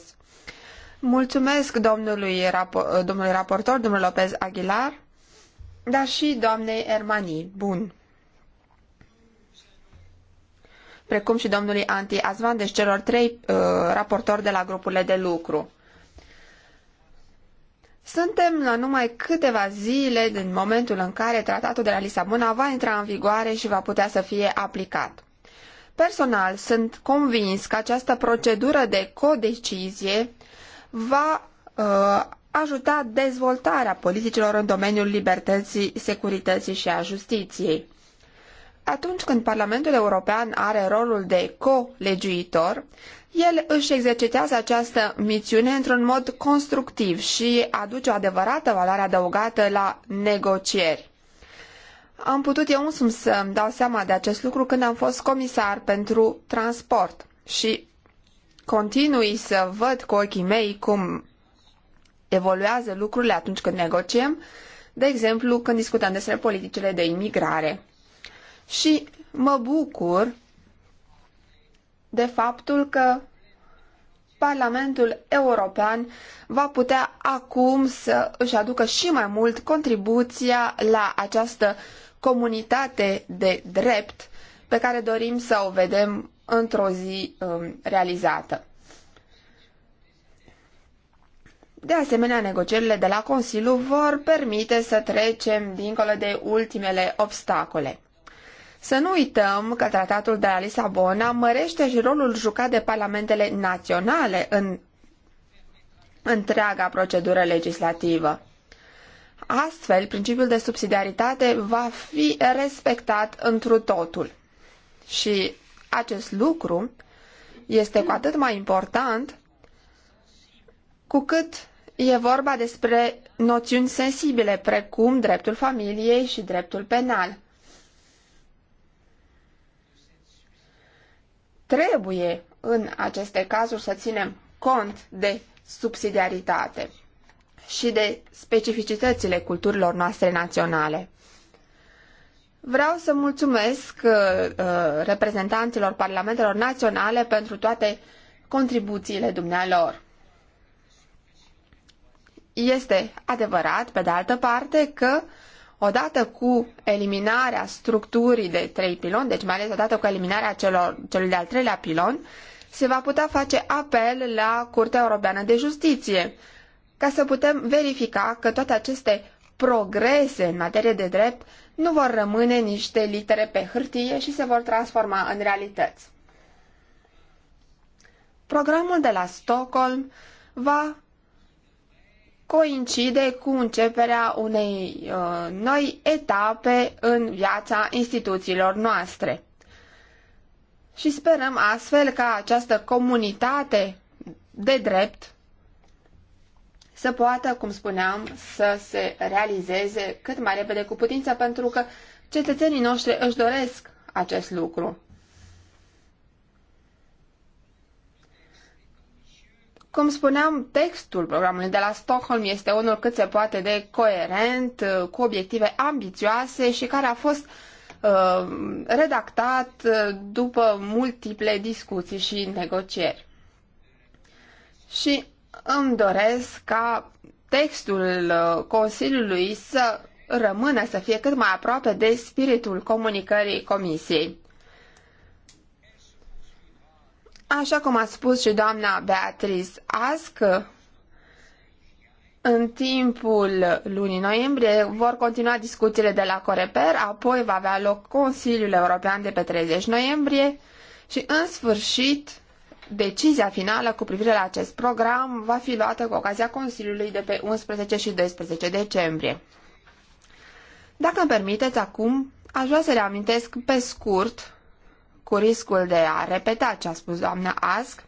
Mulțumesc domnului, domnului raportor, domnul Lopez Aguilar, dar și doamnei Ermani. Bun. Precum și domnului Anti Azvan, deci celor trei uh, raportori de la grupurile de lucru. Suntem la numai câteva zile din momentul în care tratatul de la Lisabona va intra în vigoare și va putea să fie aplicat. Personal, sunt convins că această procedură de codecizie va uh, ajuta dezvoltarea politicilor în domeniul libertății, securității și a justiției. Atunci când Parlamentul European are rolul de co-legiuitor, el își exercitează această misiune într-un mod constructiv și aduce o adevărată valoare adăugată la negocieri. Am putut eu însumi să îmi dau seama de acest lucru când am fost comisar pentru transport și continui să văd cu ochii mei cum evoluează lucrurile atunci când negociem, de exemplu când discutăm despre politicile de imigrare. Și mă bucur de faptul că Parlamentul European va putea acum să își aducă și mai mult contribuția la această comunitate de drept pe care dorim să o vedem într-o zi um, realizată. De asemenea, negocierile de la Consiliu vor permite să trecem dincolo de ultimele obstacole. Să nu uităm că tratatul de la Lisabona mărește și rolul jucat de parlamentele naționale în întreaga procedură legislativă. Astfel, principiul de subsidiaritate va fi respectat întru totul. Și acest lucru este cu atât mai important cu cât e vorba despre noțiuni sensibile, precum dreptul familiei și dreptul penal. Trebuie în aceste cazuri să ținem cont de subsidiaritate și de specificitățile culturilor noastre naționale. Vreau să mulțumesc uh, uh, reprezentanților parlamentelor naționale pentru toate contribuțiile dumnealor. Este adevărat, pe de altă parte, că odată cu eliminarea structurii de trei piloni, deci mai ales odată cu eliminarea celor, celui de-al treilea pilon, se va putea face apel la Curtea Europeană de Justiție, ca să putem verifica că toate aceste progrese în materie de drept nu vor rămâne niște litere pe hârtie și se vor transforma în realități. Programul de la Stockholm va coincide cu începerea unei uh, noi etape în viața instituțiilor noastre. Și sperăm astfel ca această comunitate de drept să poată, cum spuneam, să se realizeze cât mai repede cu putință, pentru că cetățenii noștri își doresc acest lucru. Cum spuneam, textul programului de la Stockholm este unul cât se poate de coerent, cu obiective ambițioase și care a fost uh, redactat uh, după multiple discuții și negocieri. Și îmi doresc ca textul uh, Consiliului să rămână să fie cât mai aproape de spiritul comunicării Comisiei. Așa cum a spus și doamna Beatrice Ask, în timpul lunii noiembrie vor continua discuțiile de la Coreper, apoi va avea loc Consiliul European de pe 30 noiembrie și, în sfârșit, Decizia finală cu privire la acest program va fi luată cu ocazia Consiliului de pe 11 și 12 decembrie. Dacă îmi permiteți acum, aș vrea să reamintesc pe scurt, cu riscul de a repeta ce a spus doamna Ask,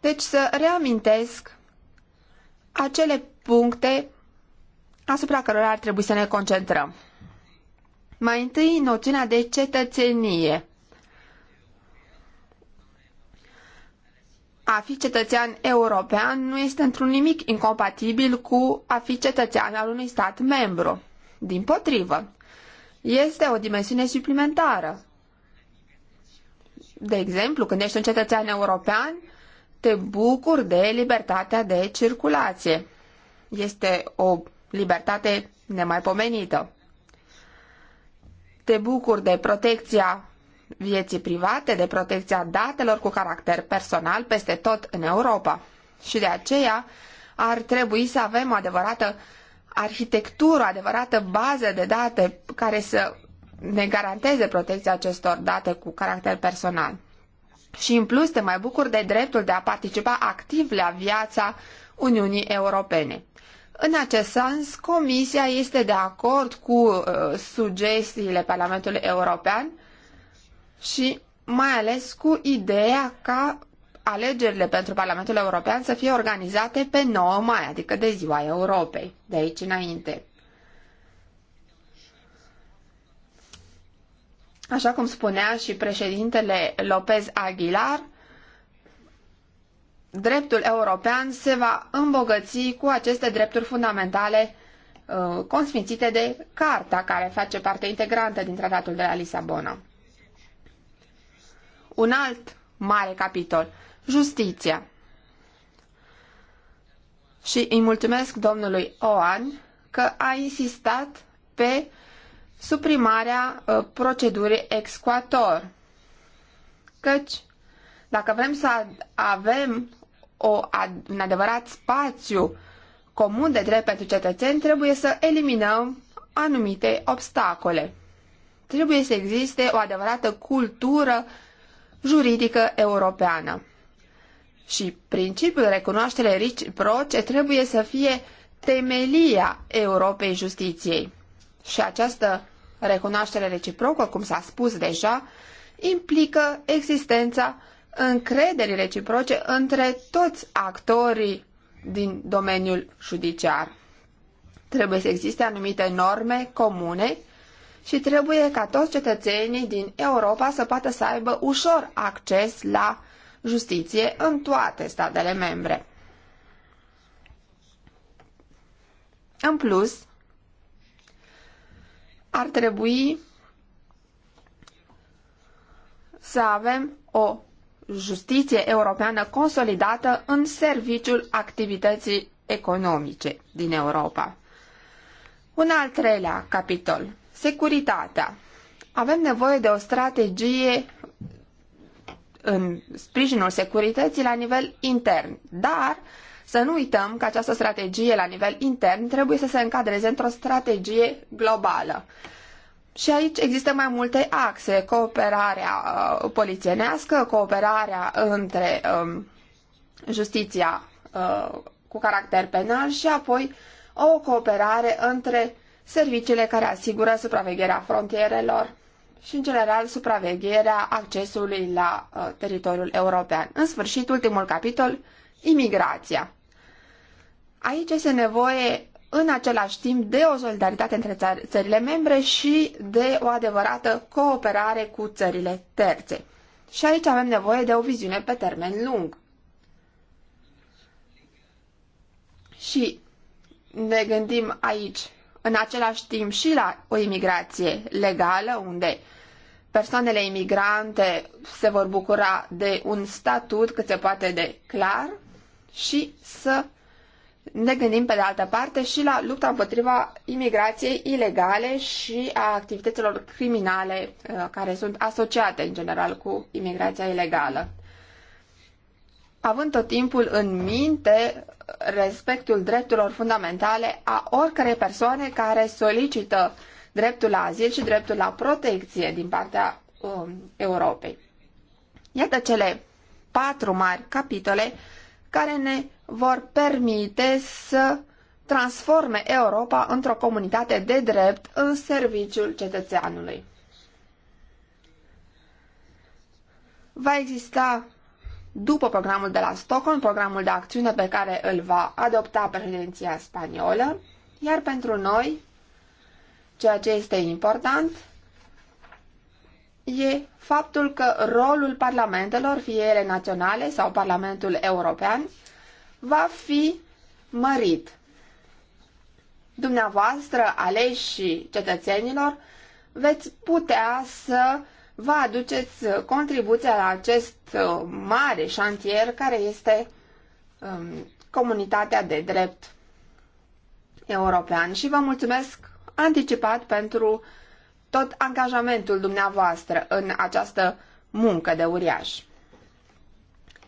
deci să reamintesc acele puncte asupra cărora ar trebui să ne concentrăm. Mai întâi, noțiunea de cetățenie – a fi cetățean european nu este într-un nimic incompatibil cu a fi cetățean al unui stat membru. Din potrivă, este o dimensiune suplimentară. De exemplu, când ești un cetățean european, te bucuri de libertatea de circulație. Este o libertate nemaipomenită. Te bucuri de protecția vieții private, de protecția datelor cu caracter personal peste tot în Europa. Și de aceea ar trebui să avem o adevărată arhitectură, o adevărată bază de date care să ne garanteze protecția acestor date cu caracter personal. Și în plus te mai bucuri de dreptul de a participa activ la viața Uniunii Europene. În acest sens, Comisia este de acord cu uh, sugestiile Parlamentului European și mai ales cu ideea ca alegerile pentru Parlamentul European să fie organizate pe 9 mai, adică de ziua Europei, de aici înainte. Așa cum spunea și președintele López Aguilar, dreptul european se va îmbogăți cu aceste drepturi fundamentale uh, consfințite de Carta, care face parte integrantă din Tratatul de la Lisabona un alt mare capitol, justiția. Și îi mulțumesc domnului Oan că a insistat pe suprimarea uh, procedurii excuator. Căci, dacă vrem să avem o, un adevărat spațiu comun de drept pentru cetățeni, trebuie să eliminăm anumite obstacole. Trebuie să existe o adevărată cultură juridică europeană. Și principiul recunoaștere reciproce trebuie să fie temelia Europei Justiției. Și această recunoaștere reciprocă, cum s-a spus deja, implică existența încrederii reciproce între toți actorii din domeniul judiciar. Trebuie să existe anumite norme comune și trebuie ca toți cetățenii din Europa să poată să aibă ușor acces la justiție în toate statele membre. În plus, ar trebui să avem o justiție europeană consolidată în serviciul activității economice din Europa. Un al treilea capitol Securitatea. Avem nevoie de o strategie în sprijinul securității la nivel intern, dar să nu uităm că această strategie la nivel intern trebuie să se încadreze într-o strategie globală. Și aici există mai multe axe, cooperarea uh, polițienească, cooperarea între um, justiția uh, cu caracter penal și apoi o cooperare între serviciile care asigură supravegherea frontierelor și, în general, supravegherea accesului la uh, teritoriul european. În sfârșit, ultimul capitol, imigrația. Aici este nevoie în același timp de o solidaritate între țările membre și de o adevărată cooperare cu țările terțe. Și aici avem nevoie de o viziune pe termen lung. Și ne gândim aici în același timp și la o imigrație legală, unde persoanele imigrante se vor bucura de un statut cât se poate de clar și să ne gândim pe de altă parte și la lupta împotriva imigrației ilegale și a activităților criminale uh, care sunt asociate în general cu imigrația ilegală având tot timpul în minte respectul drepturilor fundamentale a oricărei persoane care solicită dreptul la azil și dreptul la protecție din partea um, Europei. Iată cele patru mari capitole care ne vor permite să transforme Europa într-o comunitate de drept în serviciul cetățeanului. Va exista după programul de la Stockholm, programul de acțiune pe care îl va adopta președinția spaniolă, iar pentru noi, ceea ce este important, e faptul că rolul parlamentelor, fie ele naționale sau Parlamentul European, va fi mărit. Dumneavoastră, aleși și cetățenilor, veți putea să vă aduceți uh, contribuția la acest uh, mare șantier care este um, comunitatea de drept european și vă mulțumesc anticipat pentru tot angajamentul dumneavoastră în această muncă de uriaș.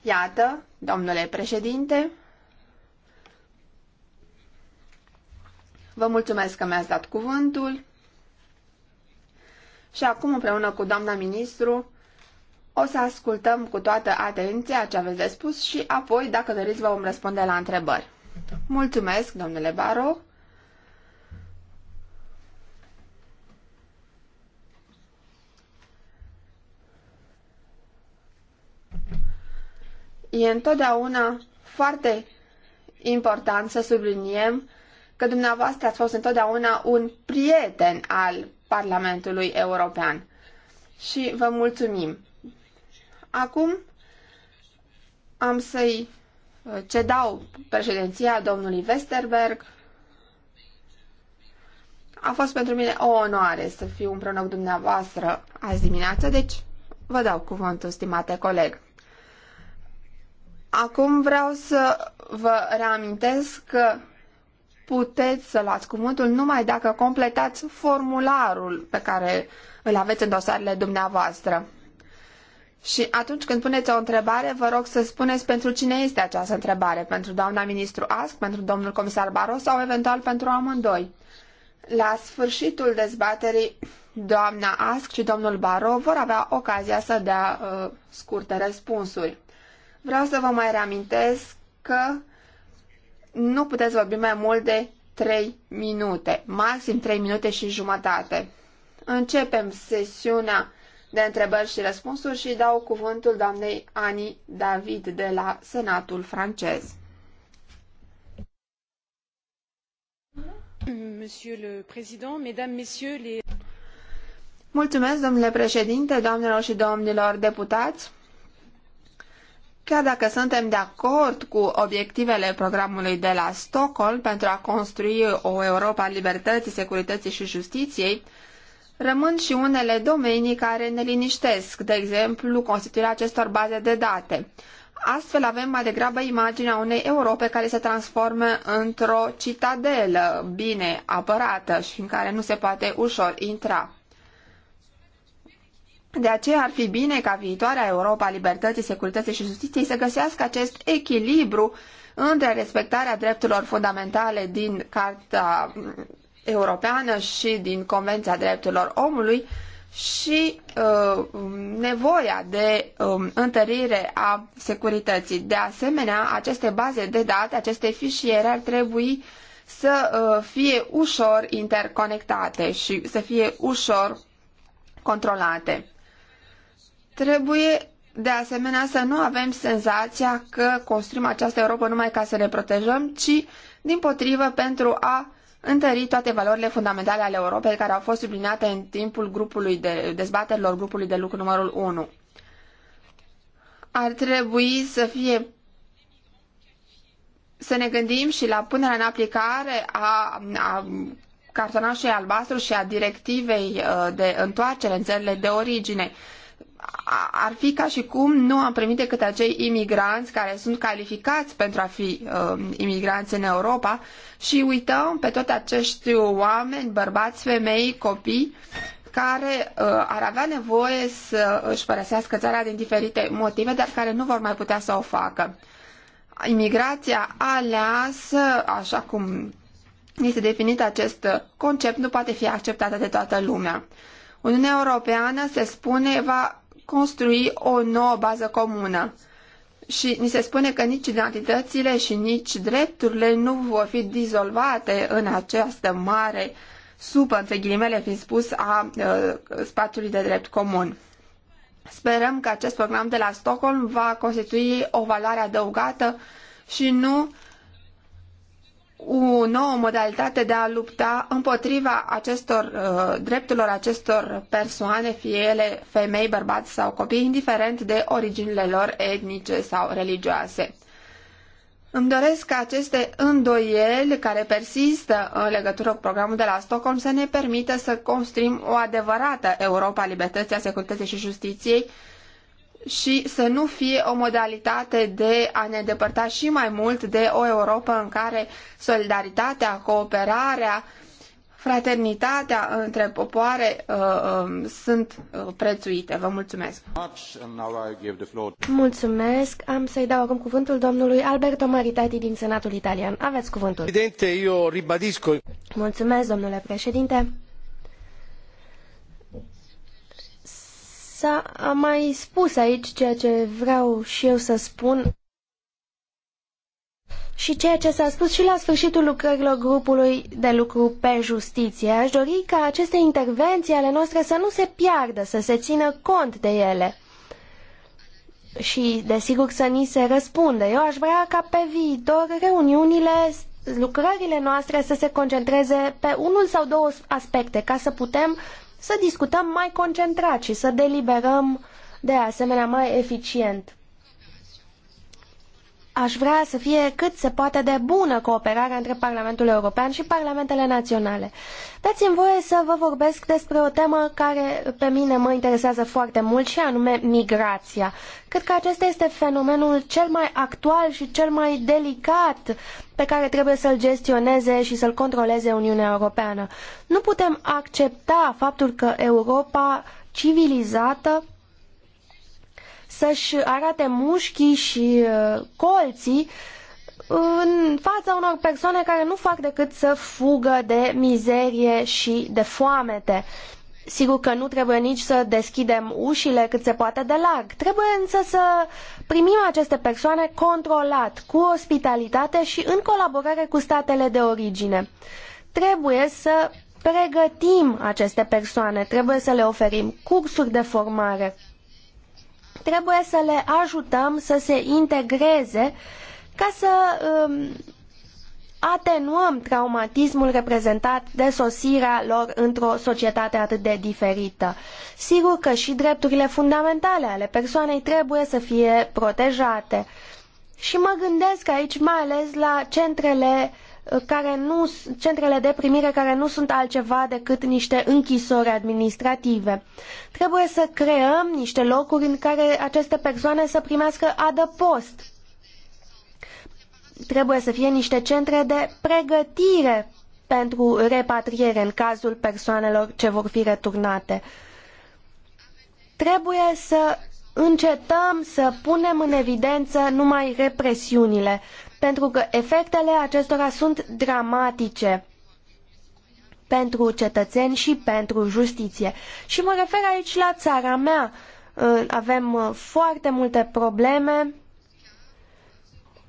Iată, domnule președinte, vă mulțumesc că mi-ați dat cuvântul. Și acum, împreună cu doamna ministru, o să ascultăm cu toată atenția ce aveți de spus și apoi, dacă doriți, vă vom răspunde la întrebări. Mulțumesc, domnule Baro. E întotdeauna foarte important să subliniem că dumneavoastră ați fost întotdeauna un prieten al Parlamentului European. Și vă mulțumim. Acum am să-i uh, cedau președinția domnului Westerberg. A fost pentru mine o onoare să fiu împreună cu dumneavoastră azi dimineață, deci vă dau cuvântul, stimate coleg. Acum vreau să vă reamintesc că puteți să luați cuvântul numai dacă completați formularul pe care îl aveți în dosarele dumneavoastră. Și atunci când puneți o întrebare, vă rog să spuneți pentru cine este această întrebare, pentru doamna ministru Ask, pentru domnul comisar Baros sau eventual pentru amândoi. La sfârșitul dezbaterii, doamna Ask și domnul Baro vor avea ocazia să dea uh, scurte răspunsuri. Vreau să vă mai reamintesc că nu puteți vorbi mai mult de 3 minute, maxim 3 minute și jumătate. Începem sesiunea de întrebări și răspunsuri și dau cuvântul doamnei Ani David de la Senatul francez. Monsieur le Président, Mesdames, Messieurs les... Mulțumesc, domnule președinte, doamnelor și domnilor deputați. Chiar dacă suntem de acord cu obiectivele programului de la Stockholm pentru a construi o Europa a libertății, securității și justiției, rămân și unele domenii care ne liniștesc, de exemplu constituirea acestor baze de date. Astfel avem mai degrabă imaginea unei Europe care se transformă într-o citadelă bine apărată și în care nu se poate ușor intra. De aceea ar fi bine ca viitoarea Europa a libertății, securității și justiției să găsească acest echilibru între respectarea drepturilor fundamentale din Carta Europeană și din Convenția Drepturilor Omului și uh, nevoia de uh, întărire a securității. De asemenea, aceste baze de date, aceste fișiere ar trebui să uh, fie ușor interconectate și să fie ușor controlate. Trebuie de asemenea să nu avem senzația că construim această Europa numai ca să ne protejăm, ci din potrivă pentru a întări toate valorile fundamentale ale Europei care au fost subliniate în timpul grupului de dezbaterilor grupului de lucru numărul 1. Ar trebui să fie să ne gândim și la punerea în aplicare a, a cartonașului albastru și a directivei uh, de întoarcere în țările de origine ar fi ca și cum nu am primit decât acei imigranți care sunt calificați pentru a fi uh, imigranți în Europa și uităm pe toți acești oameni, bărbați, femei, copii, care uh, ar avea nevoie să își părăsească țara din diferite motive, dar care nu vor mai putea să o facă. Imigrația aleasă, așa cum este definit acest concept, nu poate fi acceptată de toată lumea. Uniunea Europeană, se spune, va construi o nouă bază comună. Și ni se spune că nici identitățile și nici drepturile nu vor fi dizolvate în această mare supă, între ghilimele fiind spus, a uh, spațiului de drept comun. Sperăm că acest program de la Stockholm va constitui o valoare adăugată și nu o nouă modalitate de a lupta împotriva acestor uh, drepturilor acestor persoane, fie ele femei, bărbați sau copii, indiferent de originile lor etnice sau religioase. Îmi doresc ca aceste îndoieli care persistă în legătură cu programul de la Stockholm să ne permită să construim o adevărată Europa a libertății, a securității și justiției, și să nu fie o modalitate de a ne îndepărta și mai mult de o Europa în care solidaritatea, cooperarea, fraternitatea între popoare uh, um, uh, sunt prețuite. Vă mulțumesc! Mulțumesc! Am să-i dau acum cuvântul domnului Alberto Maritati din Senatul Italian. Aveți cuvântul. eu ribadisco. Mulțumesc, domnule președinte. S-a mai spus aici ceea ce vreau și eu să spun și ceea ce s-a spus și la sfârșitul lucrărilor grupului de lucru pe justiție. Aș dori ca aceste intervenții ale noastre să nu se piardă, să se țină cont de ele și, desigur, să ni se răspundă. Eu aș vrea ca pe viitor reuniunile, lucrările noastre să se concentreze pe unul sau două aspecte, ca să putem să discutăm mai concentrat și să deliberăm de asemenea mai eficient. Aș vrea să fie cât se poate de bună cooperarea între Parlamentul European și Parlamentele Naționale. Dați-mi voie să vă vorbesc despre o temă care pe mine mă interesează foarte mult și anume migrația. Cred că acesta este fenomenul cel mai actual și cel mai delicat pe care trebuie să-l gestioneze și să-l controleze Uniunea Europeană. Nu putem accepta faptul că Europa civilizată să-și arate mușchii și uh, colții în fața unor persoane care nu fac decât să fugă de mizerie și de foamete. Sigur că nu trebuie nici să deschidem ușile cât se poate de larg. Trebuie însă să primim aceste persoane controlat, cu ospitalitate și în colaborare cu statele de origine. Trebuie să pregătim aceste persoane, trebuie să le oferim cursuri de formare trebuie să le ajutăm să se integreze ca să um, atenuăm traumatismul reprezentat de sosirea lor într-o societate atât de diferită. Sigur că și drepturile fundamentale ale persoanei trebuie să fie protejate. Și mă gândesc aici mai ales la centrele care nu, centrele de primire care nu sunt altceva decât niște închisori administrative. Trebuie să creăm niște locuri în care aceste persoane să primească adăpost. Trebuie să fie niște centre de pregătire pentru repatriere în cazul persoanelor ce vor fi returnate. Trebuie să încetăm să punem în evidență numai represiunile pentru că efectele acestora sunt dramatice pentru cetățeni și pentru justiție. Și mă refer aici la țara mea. Uh, avem uh, foarte multe probleme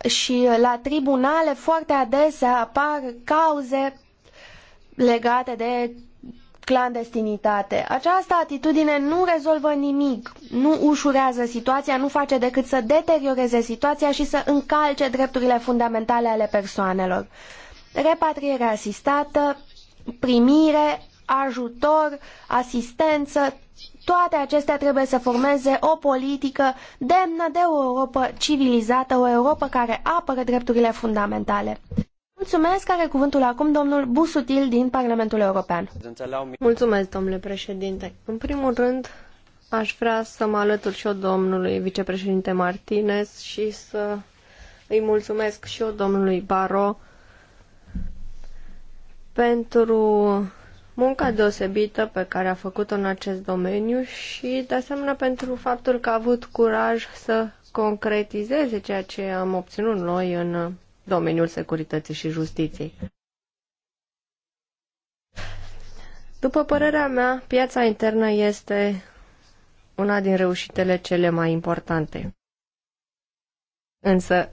și uh, la tribunale foarte adesea apar cauze legate de clandestinitate. Această atitudine nu rezolvă nimic, nu ușurează situația, nu face decât să deterioreze situația și să încalce drepturile fundamentale ale persoanelor. Repatriere asistată, primire, ajutor, asistență, toate acestea trebuie să formeze o politică demnă de o Europa civilizată, o Europa care apără drepturile fundamentale. Mulțumesc, are cuvântul acum domnul Busutil din Parlamentul European. Mulțumesc, domnule președinte. În primul rând, aș vrea să mă alătur și eu domnului vicepreședinte Martinez și să îi mulțumesc și eu domnului Baro pentru munca deosebită pe care a făcut-o în acest domeniu și, de asemenea, pentru faptul că a avut curaj să concretizeze ceea ce am obținut noi în domeniul securității și justiției. După părerea mea, piața internă este una din reușitele cele mai importante. Însă,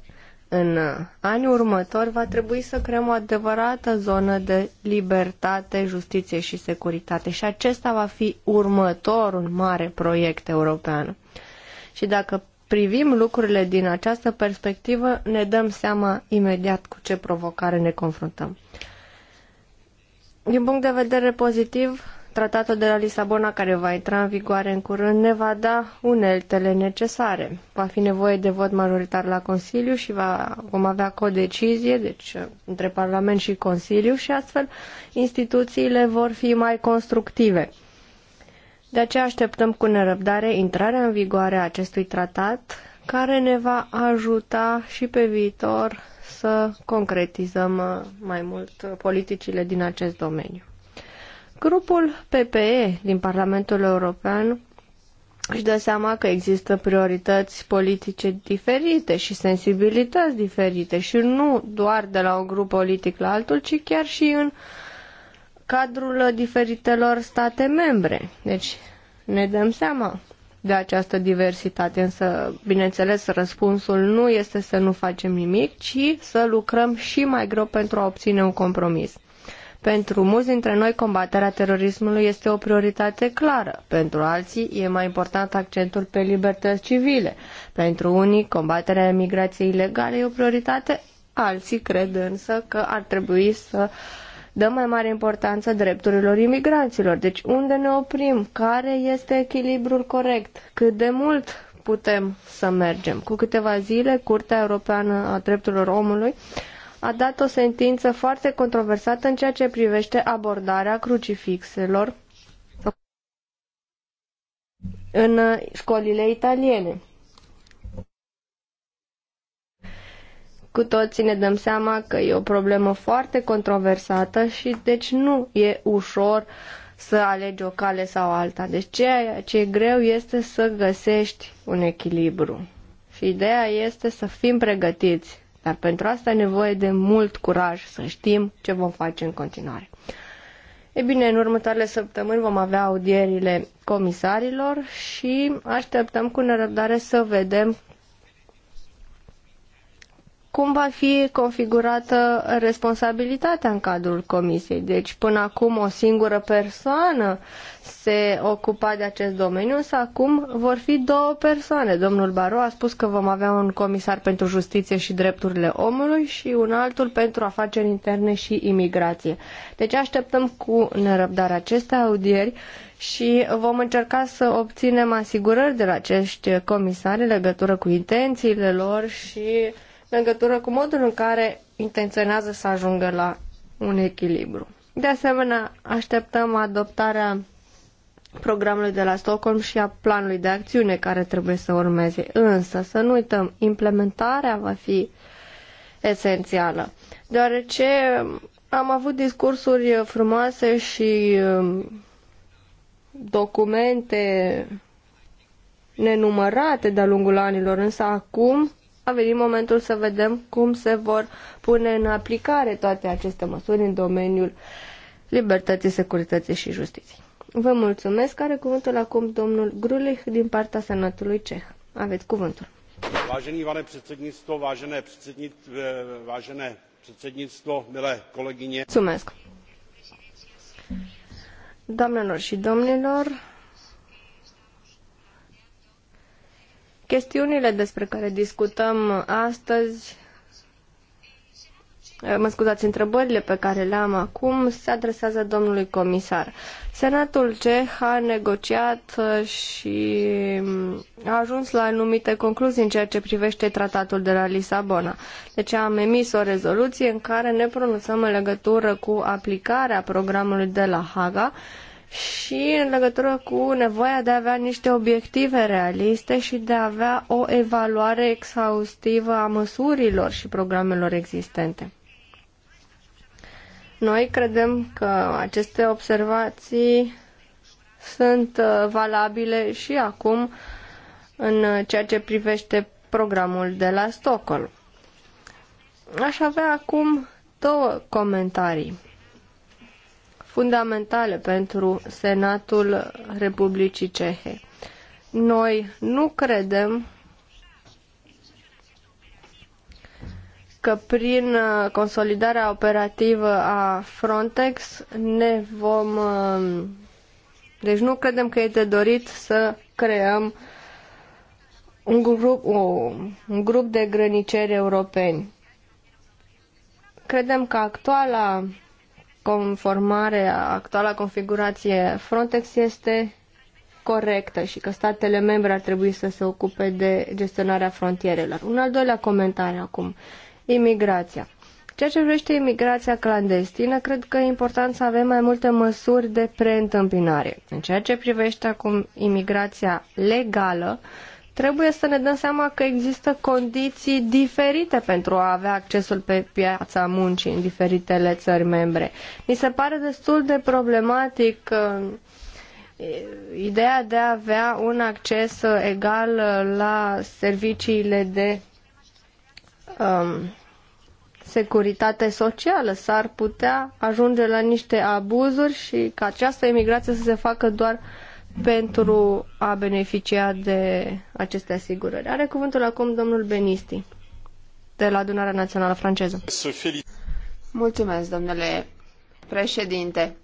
în anii următori, va trebui să creăm o adevărată zonă de libertate, justiție și securitate și acesta va fi următorul mare proiect european. Și dacă privim lucrurile din această perspectivă, ne dăm seama imediat cu ce provocare ne confruntăm. Din punct de vedere pozitiv, tratatul de la Lisabona, care va intra în vigoare în curând, ne va da uneltele necesare. Va fi nevoie de vot majoritar la Consiliu și va, vom avea codecizie, deci între Parlament și Consiliu și astfel instituțiile vor fi mai constructive de aceea așteptăm cu nerăbdare intrarea în vigoare a acestui tratat, care ne va ajuta și pe viitor să concretizăm mai mult politicile din acest domeniu. Grupul PPE din Parlamentul European își dă seama că există priorități politice diferite și sensibilități diferite și nu doar de la un grup politic la altul, ci chiar și în uh, cadrul diferitelor state membre. Deci ne dăm seama de această diversitate, însă, bineînțeles, răspunsul nu este să nu facem nimic, ci să lucrăm și mai greu pentru a obține un compromis. Pentru mulți dintre noi, combaterea terorismului este o prioritate clară. Pentru alții, e mai important accentul pe libertăți civile. Pentru unii, combaterea emigrației ilegale e o prioritate, alții cred însă că ar trebui să uh, dăm mai mare importanță drepturilor imigranților. Deci unde ne oprim? Care este echilibrul corect? Cât de mult putem să mergem? Cu câteva zile, Curtea Europeană a Drepturilor Omului a dat o sentință foarte controversată în ceea ce privește abordarea crucifixelor în școlile italiene. Cu toții ne dăm seama că e o problemă foarte controversată și deci nu e ușor să alegi o cale sau alta. Deci ceea ce e greu este să găsești un echilibru. Și ideea este să fim pregătiți, dar pentru asta e nevoie de mult curaj să știm ce vom face în continuare. E bine, în următoarele săptămâni vom avea audierile comisarilor și așteptăm cu nerăbdare să vedem cum va fi configurată responsabilitatea în cadrul comisiei. Deci până acum o singură persoană se ocupa de acest domeniu, însă acum vor fi două persoane. Domnul Baro a spus că vom avea un comisar pentru justiție și drepturile omului și un altul pentru afaceri interne și imigrație. Deci așteptăm cu nerăbdare aceste audieri și vom încerca să obținem asigurări de la acești comisari în legătură cu intențiile lor și în legătură cu modul în care intenționează să ajungă la un echilibru. De asemenea, așteptăm adoptarea programului de la Stockholm și a planului de acțiune care trebuie să urmeze. Însă, să nu uităm, implementarea va fi esențială, deoarece am avut discursuri frumoase și um, documente nenumărate de-a lungul anilor, însă acum a venit momentul să vedem cum se vor pune în aplicare toate aceste măsuri în domeniul libertății, securității și justiției. Vă mulțumesc. Are cuvântul acum domnul Grulich din partea Senatului Ceh. Aveți cuvântul. Vážený pane předsednictvo, vážené, předsednictvo, vážené předsednictvo, milé kolegyně. Mulțumesc. Doamnelor și domnilor, Chestiunile despre care discutăm astăzi, mă scuzați, întrebările pe care le am acum se adresează domnului comisar. Senatul CEH a negociat și a ajuns la anumite concluzii în ceea ce privește tratatul de la Lisabona. Deci am emis o rezoluție în care ne pronunțăm în legătură cu aplicarea programului de la Haga, uh, și în legătură cu nevoia de a avea niște obiective realiste și de a avea o evaluare exhaustivă a măsurilor și programelor existente. Noi credem că aceste observații sunt uh, valabile și acum în ceea ce privește programul de la Stockholm. Aș avea acum două comentarii fundamentale pentru Senatul Republicii Cehe. Noi nu credem că prin consolidarea operativă a Frontex ne vom. Deci nu credem că e de dorit să creăm un grup, un grup de grăniceri europeni. Credem că actuala conformare a actuala configurație Frontex este corectă și că statele membre ar trebui să se ocupe de gestionarea frontierelor. Un al doilea comentariu acum, imigrația. Ceea ce vrește imigrația clandestină, cred că e important să avem mai multe măsuri de preîntâmpinare. În ceea ce privește acum imigrația legală, uh, trebuie să ne dăm seama că există condiții diferite pentru a avea accesul pe piața muncii în diferitele țări membre. Mi se pare destul de problematic uh, ideea de a avea un acces uh, egal uh, la serviciile de um, securitate socială. S-ar putea ajunge la niște abuzuri și ca această imigrație să se facă doar uh, pentru a beneficia de aceste asigurări. Are cuvântul acum domnul Benisti, de la Adunarea Națională Franceză. Mulțumesc, domnule președinte.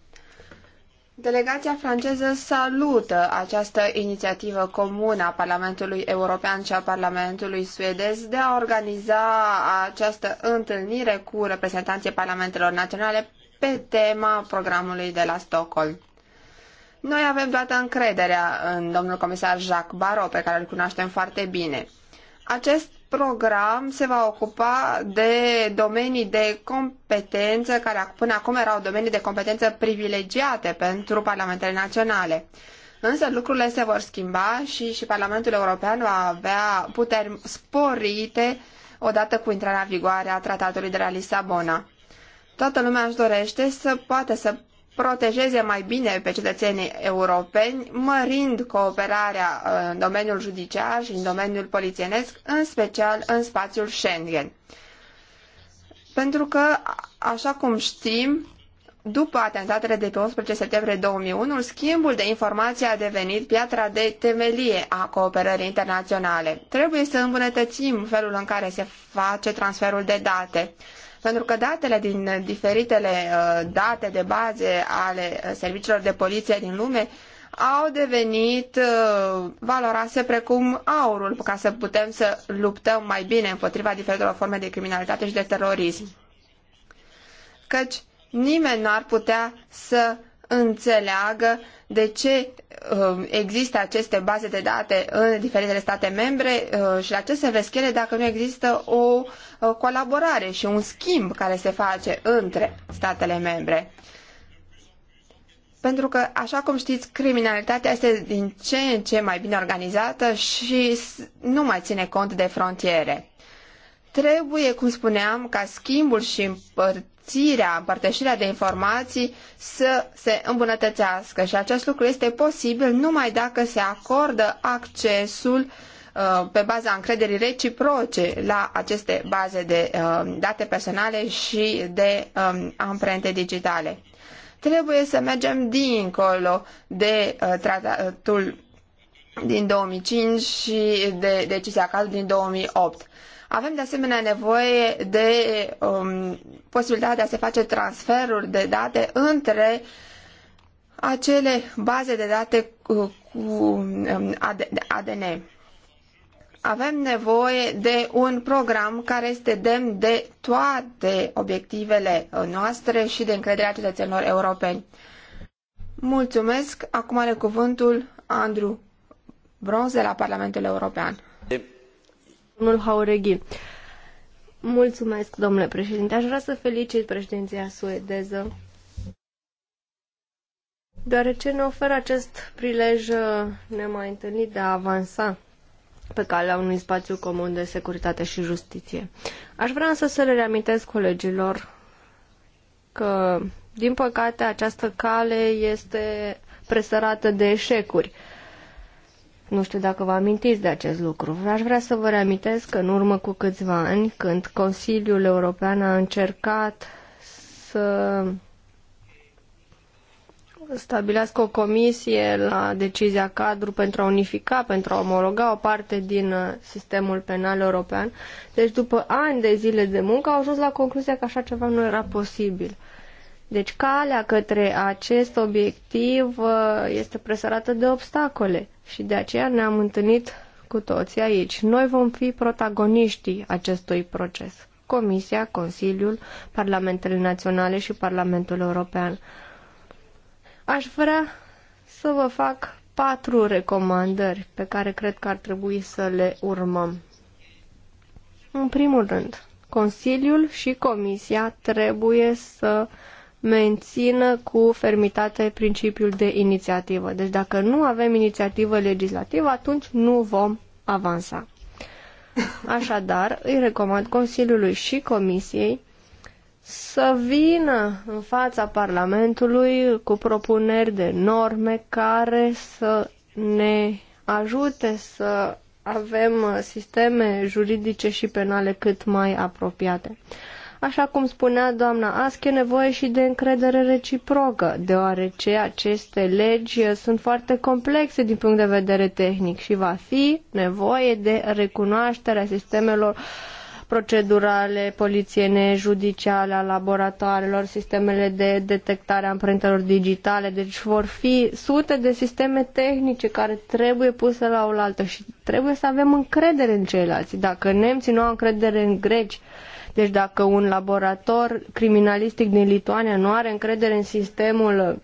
Delegația franceză salută această inițiativă comună a Parlamentului European și a Parlamentului suedez de a organiza această întâlnire cu reprezentanții parlamentelor naționale pe tema programului de la Stockholm. Noi avem toată încrederea în domnul comisar Jacques Barrot, pe care îl cunoaștem foarte bine. Acest program se va ocupa de domenii de competență care până acum erau domenii de competență privilegiate pentru parlamentele naționale. Însă lucrurile se vor schimba și, și Parlamentul European va avea puteri sporite odată cu intrarea în vigoare a Tratatului de la Lisabona. Toată lumea își dorește să poată să protejeze mai bine pe cetățenii europeni, mărind cooperarea uh, în domeniul judiciar și în domeniul polițienesc, în special în spațiul Schengen. Pentru că, așa cum știm, după atentatele de pe 11 septembrie 2001, schimbul de informații a devenit piatra de temelie a cooperării internaționale. Trebuie să îmbunătățim felul în care se face transferul de date pentru că datele din diferitele uh, date de baze ale uh, serviciilor de poliție din lume au devenit uh, valoroase precum aurul, ca să putem să luptăm mai bine împotriva diferitelor forme de criminalitate și de terorism. Căci nimeni n-ar putea să înțeleagă de ce um, există aceste baze de date în diferitele state membre uh, și la ce se vesc ele dacă nu există o colaborare și un schimb care se face între statele membre. Pentru că, așa cum știți, criminalitatea este din ce în ce mai bine organizată și nu mai ține cont de frontiere. Trebuie, cum spuneam, ca schimbul și împărțirea, împărtășirea de informații să se îmbunătățească și acest lucru este posibil numai dacă se acordă accesul uh, pe baza încrederii reciproce la aceste baze de uh, date personale și de um, amprente digitale. Trebuie să mergem dincolo de uh, tratatul din 2005 și de decizia cadru din 2008 avem de asemenea nevoie de um, posibilitatea de a se face transferuri de date între acele baze de date cu, cu um, ADN. Avem nevoie de un program care este demn de toate obiectivele uh, noastre și de încrederea cetățenilor europeni. Mulțumesc. Acum are cuvântul Andrew Bronz de la Parlamentul European. Domnul Haureghi. Mulțumesc, domnule președinte. Aș vrea să felicit președinția suedeză, deoarece ne oferă acest prilej uh, nemai întâlnit de a avansa pe calea unui spațiu comun de securitate și justiție. Aș vrea însă să le reamintesc colegilor că, din păcate, această cale este presărată de eșecuri. Nu știu dacă vă amintiți de acest lucru. Aș vrea să vă reamintesc că în urmă cu câțiva ani, când Consiliul European a încercat să stabilească o comisie la decizia cadru pentru a unifica, pentru a omologa o parte din uh, sistemul penal european. Deci după ani de zile de muncă au ajuns la concluzia că așa ceva nu era posibil. Deci calea către acest obiectiv uh, este presărată de obstacole și de aceea ne-am întâlnit cu toții aici. Noi vom fi protagoniștii acestui proces. Comisia, Consiliul, Parlamentele Naționale și Parlamentul European. Aș vrea să vă fac patru recomandări pe care cred că ar trebui să le urmăm. În primul rând, Consiliul și Comisia trebuie să uh, mențină cu fermitate principiul de inițiativă. Deci dacă nu avem inițiativă legislativă, atunci nu vom avansa. Așadar, îi recomand Consiliului și Comisiei să vină în fața Parlamentului cu propuneri de norme care să ne ajute să avem sisteme juridice și penale cât mai apropiate. Așa cum spunea doamna Asch, e nevoie și de încredere reciprocă, deoarece aceste legi uh, sunt foarte complexe din punct de vedere tehnic și va fi nevoie de recunoașterea sistemelor procedurale, polițiene, judiciale, a laboratoarelor, sistemele de detectare a amprentelor digitale. Deci vor fi sute de sisteme tehnice care trebuie puse la oaltă și trebuie să avem încredere în ceilalți. Dacă nemții nu au încredere în greci, deci dacă un laborator criminalistic din Lituania nu are încredere în sistemul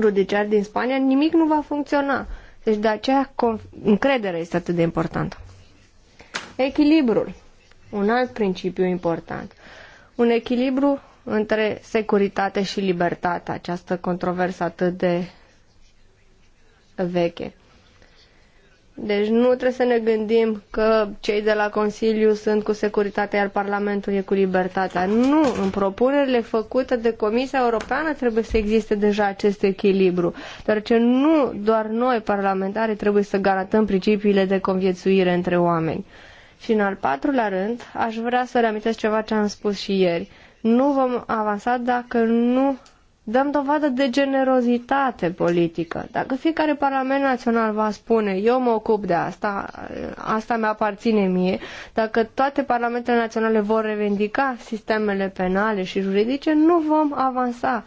judiciar din Spania, nimic nu va funcționa. Deci de aceea încrederea este atât de importantă. Echilibrul. Un alt principiu important. Un echilibru între securitate și libertate, această controversă atât de veche. Deci nu trebuie să ne gândim că cei de la Consiliu sunt cu securitatea, iar Parlamentul e cu libertatea. Nu, în propunerile făcute de Comisia Europeană trebuie să existe deja acest echilibru, ce nu doar noi, parlamentari trebuie să garantăm principiile de conviețuire între oameni. Și în al patrulea rând, aș vrea să reamintesc ceva ce am spus și ieri. Nu vom avansa dacă nu dăm dovadă de generozitate politică. Dacă fiecare Parlament Național va spune, eu mă ocup de asta, asta mi-aparține mie, dacă toate Parlamentele Naționale vor revendica sistemele penale și juridice, nu vom avansa.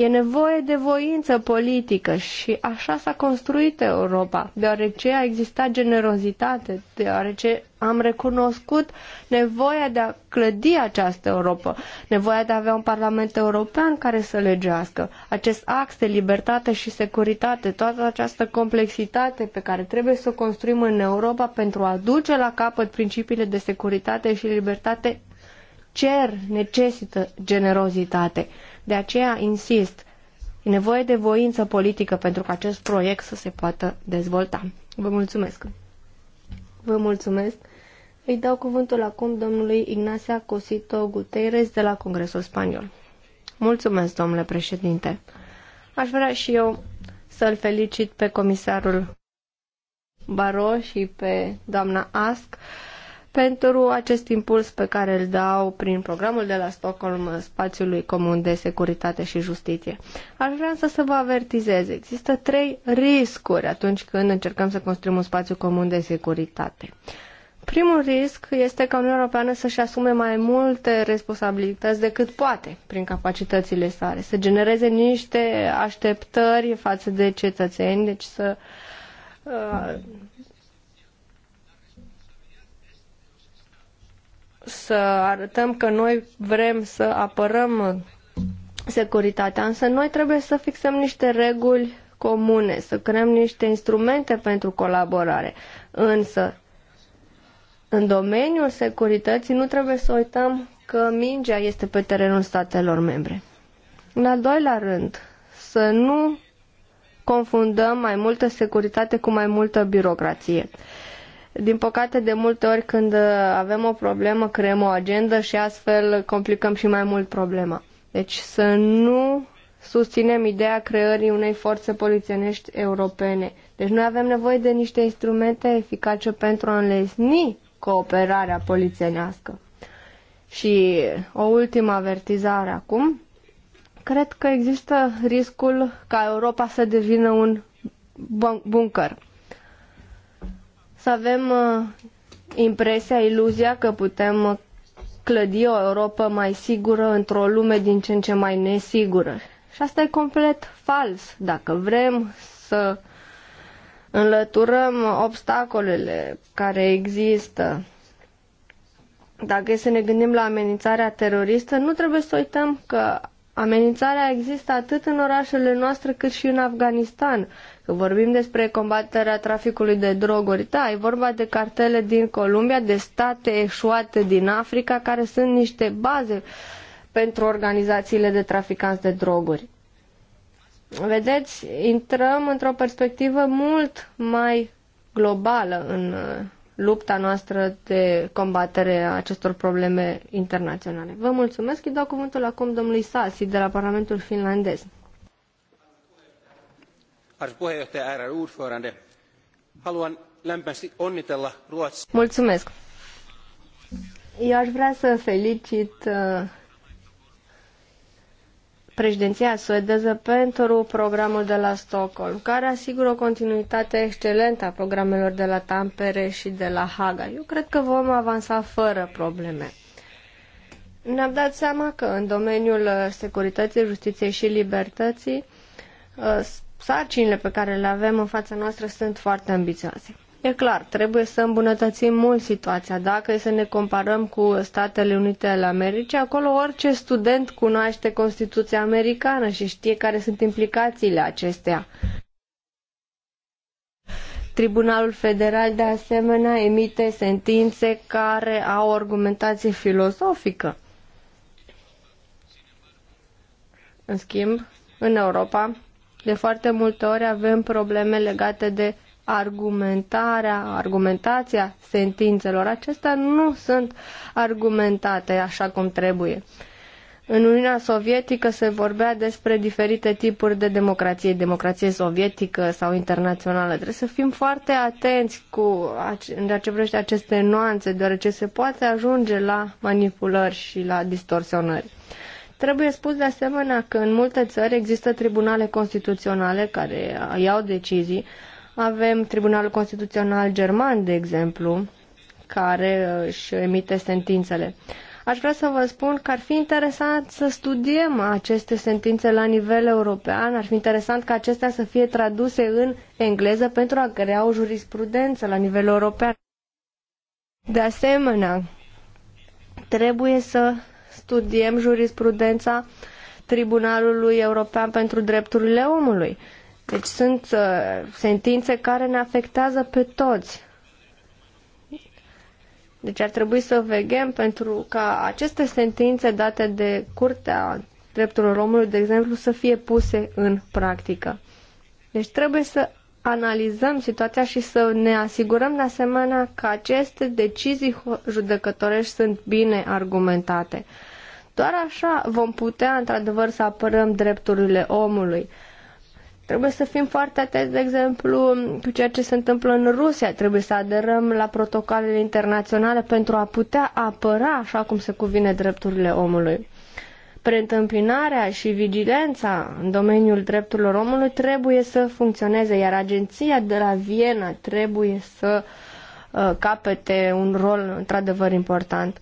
E nevoie de voință politică și așa s-a construit Europa, deoarece a existat generozitate, deoarece am recunoscut nevoia de a clădi această Europa, nevoia de a avea un Parlament European care să legească acest ax de libertate și securitate, toată această complexitate pe care trebuie să o construim în Europa pentru a duce la capăt principiile de securitate și libertate cer, necesită generozitate. De aceea insist, e nevoie de voință politică pentru ca acest proiect să se poată dezvolta. Vă mulțumesc! Vă mulțumesc! Îi dau cuvântul acum domnului Ignacia Cosito Guterres de la Congresul Spaniol. Mulțumesc, domnule președinte! Aș vrea și eu să-l felicit pe comisarul Baro și pe doamna Ask pentru acest impuls pe care îl dau prin programul de la Stockholm spațiului comun de securitate și justiție. Aș vrea însă să vă avertizez. Există trei riscuri atunci când încercăm să construim un spațiu comun de securitate. Primul risc este ca Uniunea Europeană să-și asume mai multe responsabilități decât poate prin capacitățile sale, să genereze niște așteptări față de cetățeni, deci să uh, să arătăm că noi vrem să apărăm securitatea, însă noi trebuie să fixăm niște reguli comune, să creăm niște instrumente pentru colaborare. Însă, în domeniul securității nu trebuie să uităm că mingea este pe terenul statelor membre. În al doilea rând, să nu confundăm mai multă securitate cu mai multă birocrație. Uh, din păcate, de multe ori când uh, avem o problemă, creăm o agendă și astfel complicăm și mai mult problema. Deci să nu susținem ideea creării unei forțe polițienești europene. Deci noi avem nevoie de niște instrumente eficace pentru a înlesni cooperarea polițienească. Și o ultimă avertizare acum. Cred că există riscul ca Europa să devină un bunker să avem uh, impresia, iluzia că putem uh, clădi o Europa mai sigură într-o lume din ce în ce mai nesigură. Și asta e complet fals. Dacă vrem să înlăturăm obstacolele care există, dacă e să ne gândim la amenințarea teroristă, nu trebuie să uităm că amenințarea există atât în orașele noastre cât și în Afganistan vorbim despre combaterea traficului de droguri, da, e vorba de cartele din Columbia, de state eșuate din Africa, care sunt niște baze pentru organizațiile de traficanți de droguri. Vedeți, intrăm într-o perspectivă mult mai globală în uh, lupta noastră de combatere a acestor probleme internaționale. Vă mulțumesc, îi dau cuvântul acum domnului Sasi de la Parlamentul finlandez. Arvoisa Haluan lämpimästi onnitella Ruotsia. Mulțumesc. Eu aș vrea să felicit uh, președinția suedeză pentru programul de la Stockholm, care asigură o continuitate excelentă a programelor de la Tampere și de la Haga. Eu cred că vom avansa fără probleme. Ne-am dat seama că în domeniul securității, justiției și libertății uh, sarcinile pe care le avem în fața noastră sunt foarte ambițioase. E clar, trebuie să îmbunătățim mult situația. Dacă e să ne comparăm cu Statele Unite ale Americii, acolo orice student cunoaște Constituția Americană și știe care sunt implicațiile acesteia. Tribunalul Federal, de asemenea, emite sentințe care au o argumentație filozofică. În schimb, în Europa, de foarte multe ori avem probleme legate de argumentarea, argumentația sentințelor. Acestea nu sunt argumentate așa cum trebuie. În Uniunea Sovietică se vorbea despre diferite tipuri de democrație, democrație sovietică sau internațională. Trebuie să fim foarte atenți cu în ce vrește aceste nuanțe, deoarece se poate ajunge la manipulări și la distorsionări. Trebuie spus de asemenea că în multe țări există tribunale constituționale care iau decizii. Avem Tribunalul Constituțional German, de exemplu, care uh, își emite sentințele. Aș vrea să vă spun că ar fi interesant să studiem aceste sentințe la nivel european, ar fi interesant ca acestea să fie traduse în engleză pentru a crea o jurisprudență la nivel european. De asemenea, trebuie să studiem jurisprudența Tribunalului European pentru Drepturile Omului. Deci sunt uh, sentințe care ne afectează pe toți. Deci ar trebui să vegem pentru ca aceste sentințe date de Curtea Drepturilor Omului, de exemplu, să fie puse în practică. Deci trebuie să analizăm situația și să ne asigurăm de asemenea că aceste decizii judecătorești sunt bine argumentate. Doar așa vom putea, într-adevăr, să apărăm drepturile omului. Trebuie să fim foarte atenți, de exemplu, cu ceea ce se întâmplă în Rusia. Trebuie să aderăm la protocoalele internaționale pentru a putea apăra, așa cum se cuvine, drepturile omului. Preîntâmpinarea și vigilența în domeniul drepturilor omului trebuie să funcționeze, iar agenția de la Viena trebuie să uh, capete un rol într-adevăr important.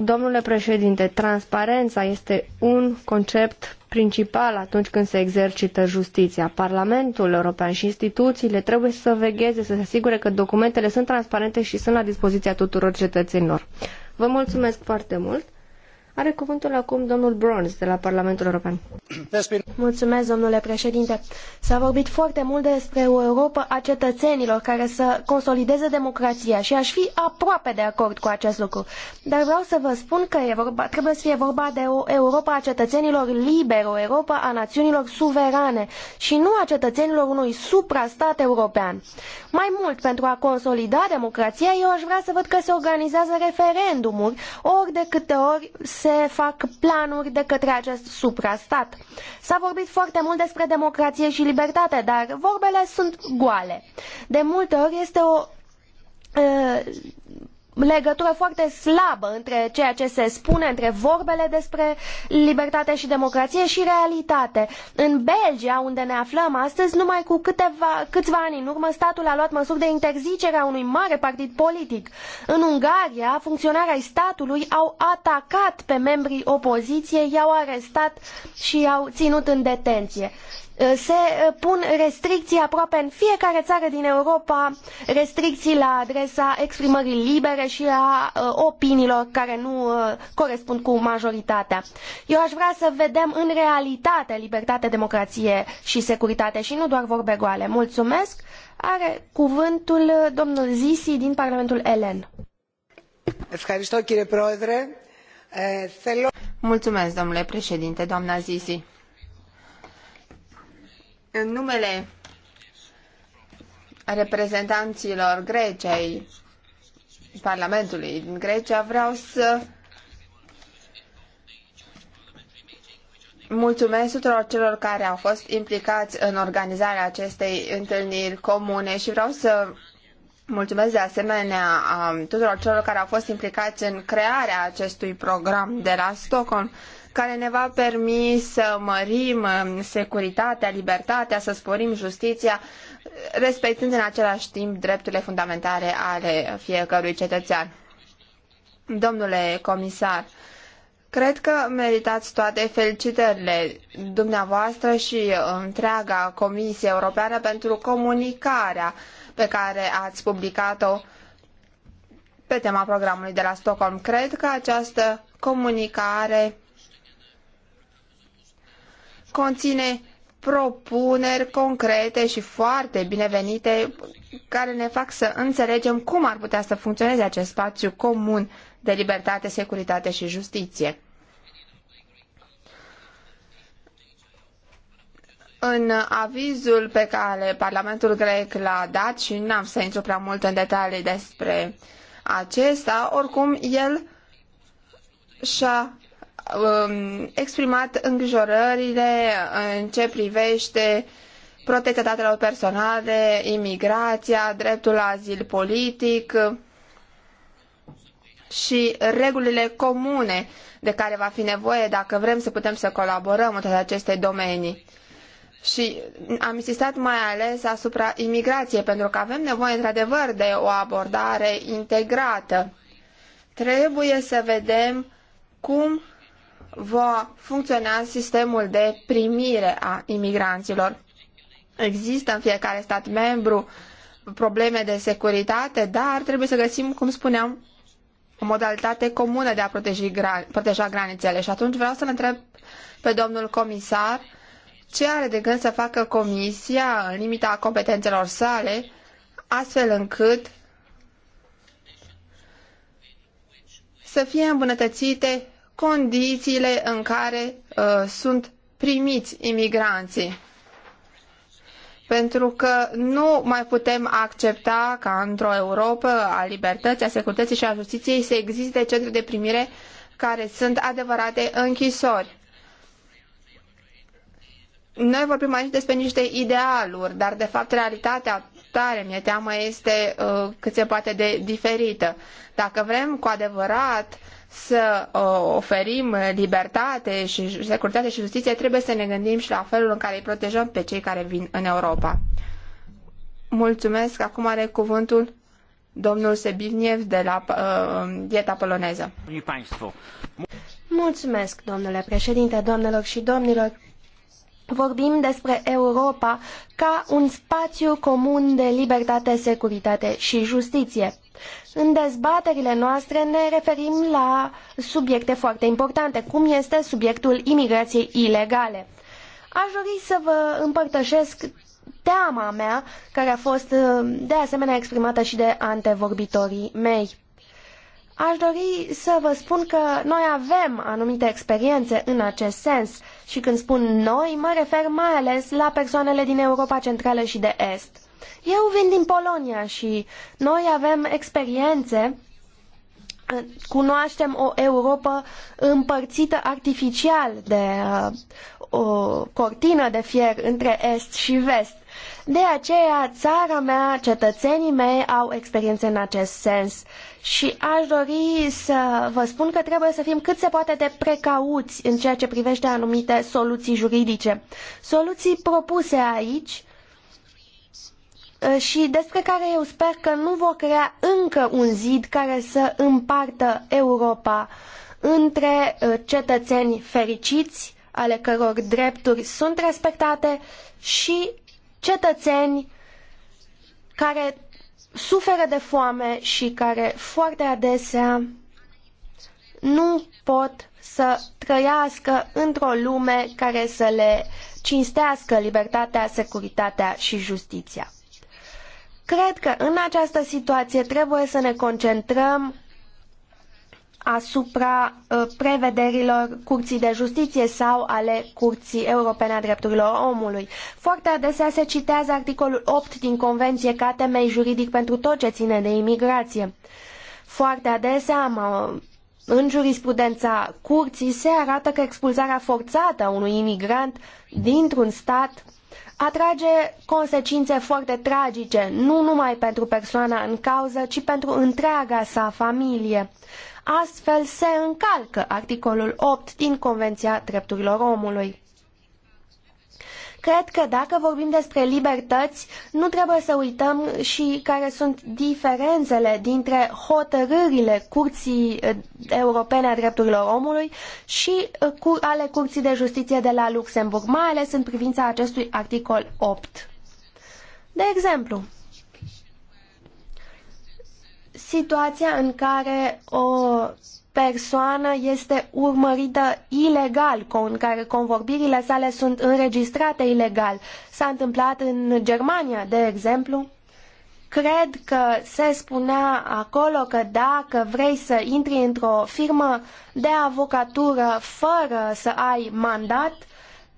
Domnule președinte, transparența este un concept principal atunci când se exercită justiția. Parlamentul European și instituțiile trebuie să vegheze, să se asigure că documentele sunt transparente și sunt la dispoziția tuturor cetățenilor. Vă mulțumesc foarte mult! Are cuvântul acum domnul Bronze de la Parlamentul European. Mulțumesc, domnule președinte. S-a vorbit foarte mult despre o Europa a cetățenilor care să consolideze democrația și aș fi aproape de acord cu acest lucru. Dar vreau să vă spun că vorba, trebuie să fie vorba de o Europa a cetățenilor liberă, o Europa a națiunilor suverane și nu a cetățenilor unui suprastat european. Mai mult, pentru a consolida democrația, eu aș vrea să văd că se organizează referendumuri, ori de câte ori se se fac planuri de către acest suprastat. S-a vorbit foarte mult despre democrație și libertate, dar vorbele sunt goale. De multe ori este o legătură foarte slabă între ceea ce se spune, între vorbele despre libertate și democrație și realitate. În Belgia, unde ne aflăm astăzi, numai cu câteva, câțiva ani în urmă, statul a luat măsuri de interzicere a unui mare partid politic. În Ungaria, funcționarii statului au atacat pe membrii opoziției, i-au arestat și i-au ținut în detenție. Uh, se uh, pun restricții aproape în fiecare țară din Europa, restricții la adresa exprimării libere și a uh, opiniilor care nu corespund cu majoritatea. Eu aș vrea să vedem în realitate libertate, democrație și securitate și nu doar vorbe goale. Mulțumesc! Are cuvântul domnul Zisi din Parlamentul Elen. Eh, Mulțumesc, domnule președinte, doamna Zisi în numele reprezentanților Greciei, Parlamentului din Grecia, vreau să mulțumesc tuturor celor care au fost implicați în organizarea acestei întâlniri comune și vreau să mulțumesc de asemenea um, tuturor celor care au fost implicați în crearea acestui program de la Stockholm care ne va permite să mărim um, securitatea, libertatea, să sporim justiția, respectând în același timp drepturile fundamentale ale fiecărui cetățean. Domnule comisar, Cred că meritați toate felicitările dumneavoastră și întreaga Comisie Europeană pentru comunicarea pe care ați publicat-o pe tema programului de la Stockholm. Cred că această comunicare conține propuneri concrete și foarte binevenite care ne fac să înțelegem cum ar putea să funcționeze acest spațiu comun de libertate, securitate și justiție. În avizul pe care Parlamentul grec l-a dat și n-am să intru prea mult în detalii despre acesta, oricum el și-a Um, exprimat îngrijorările în ce privește protecția datelor personale, imigrația, dreptul la azil politic uh, și regulile comune de care va fi nevoie dacă vrem să putem să colaborăm în toate aceste domenii. Și am insistat mai ales asupra imigrației, pentru că avem nevoie într-adevăr de o abordare integrată. Trebuie să vedem cum va funcționa sistemul de primire a imigranților. Există în fiecare stat membru probleme de securitate, dar trebuie să găsim, cum spuneam, o modalitate comună de a proteja, proteja granițele. Și atunci vreau să-l întreb pe domnul comisar ce are de gând să facă comisia în limita competențelor sale, astfel încât să fie îmbunătățite condițiile în care uh, sunt primiți imigranții. Pentru că nu mai putem accepta ca într-o Europa a libertății, a securității și a justiției să existe centre de primire care sunt adevărate închisori. Noi vorbim aici despre niște idealuri, dar de fapt realitatea tare, mi-e teamă, este uh, cât se poate de diferită. Dacă vrem cu adevărat să uh, oferim libertate și securitate și justiție, trebuie să ne gândim și la felul în care îi protejăm pe cei care vin în Europa. Mulțumesc. Acum are cuvântul domnul Sebivniev de la uh, Dieta Poloneză. Mulțumesc, domnule președinte, doamnelor și domnilor. Vorbim despre Europa ca un spațiu comun de libertate, securitate și justiție. În dezbaterile noastre ne referim la subiecte foarte importante, cum este subiectul imigrației ilegale. Aș dori să vă împărtășesc teama mea, care a fost uh, de asemenea exprimată și de antevorbitorii mei. Aș dori să vă spun că noi avem anumite experiențe în acest sens și când spun noi, mă refer mai ales la persoanele din Europa Centrală și de Est. Eu vin din Polonia și noi avem experiențe cunoaștem o Europa împărțită artificial de uh, o cortină de fier între est și vest. De aceea, țara mea, cetățenii mei au experiențe în acest sens și aș dori să vă spun că trebuie să fim cât se poate de precauți în ceea ce privește anumite soluții juridice. Soluții propuse aici Uh, și despre care eu sper că nu vor crea încă un zid care să împartă Europa între uh, cetățeni fericiți, ale căror drepturi sunt respectate, și cetățeni care suferă de foame și care foarte adesea nu pot să trăiască într-o lume care să le cinstească libertatea, securitatea și justiția. Cred că în această situație trebuie să ne concentrăm asupra uh, prevederilor Curții de Justiție sau ale Curții Europene a Drepturilor Omului. Foarte adesea se citează articolul 8 din Convenție ca temei juridic pentru tot ce ține de imigrație. Foarte adesea am în jurisprudența curții se arată că expulzarea forțată a unui imigrant dintr-un stat atrage consecințe foarte tragice, nu numai pentru persoana în cauză, ci pentru întreaga sa familie. Astfel se încalcă articolul 8 din Convenția Drepturilor Omului. Cred că dacă vorbim despre libertăți, nu trebuie să uităm și care sunt diferențele dintre hotărârile Curții eh, Europene a Drepturilor Omului și eh, ale Curții de Justiție de la Luxemburg, mai ales în privința acestui articol 8. De exemplu, situația în care o persoană este urmărită ilegal, în care convorbirile sale sunt înregistrate ilegal. S-a întâmplat în Germania, de exemplu. Cred că se spunea acolo că dacă vrei să intri într-o firmă de avocatură fără să ai mandat,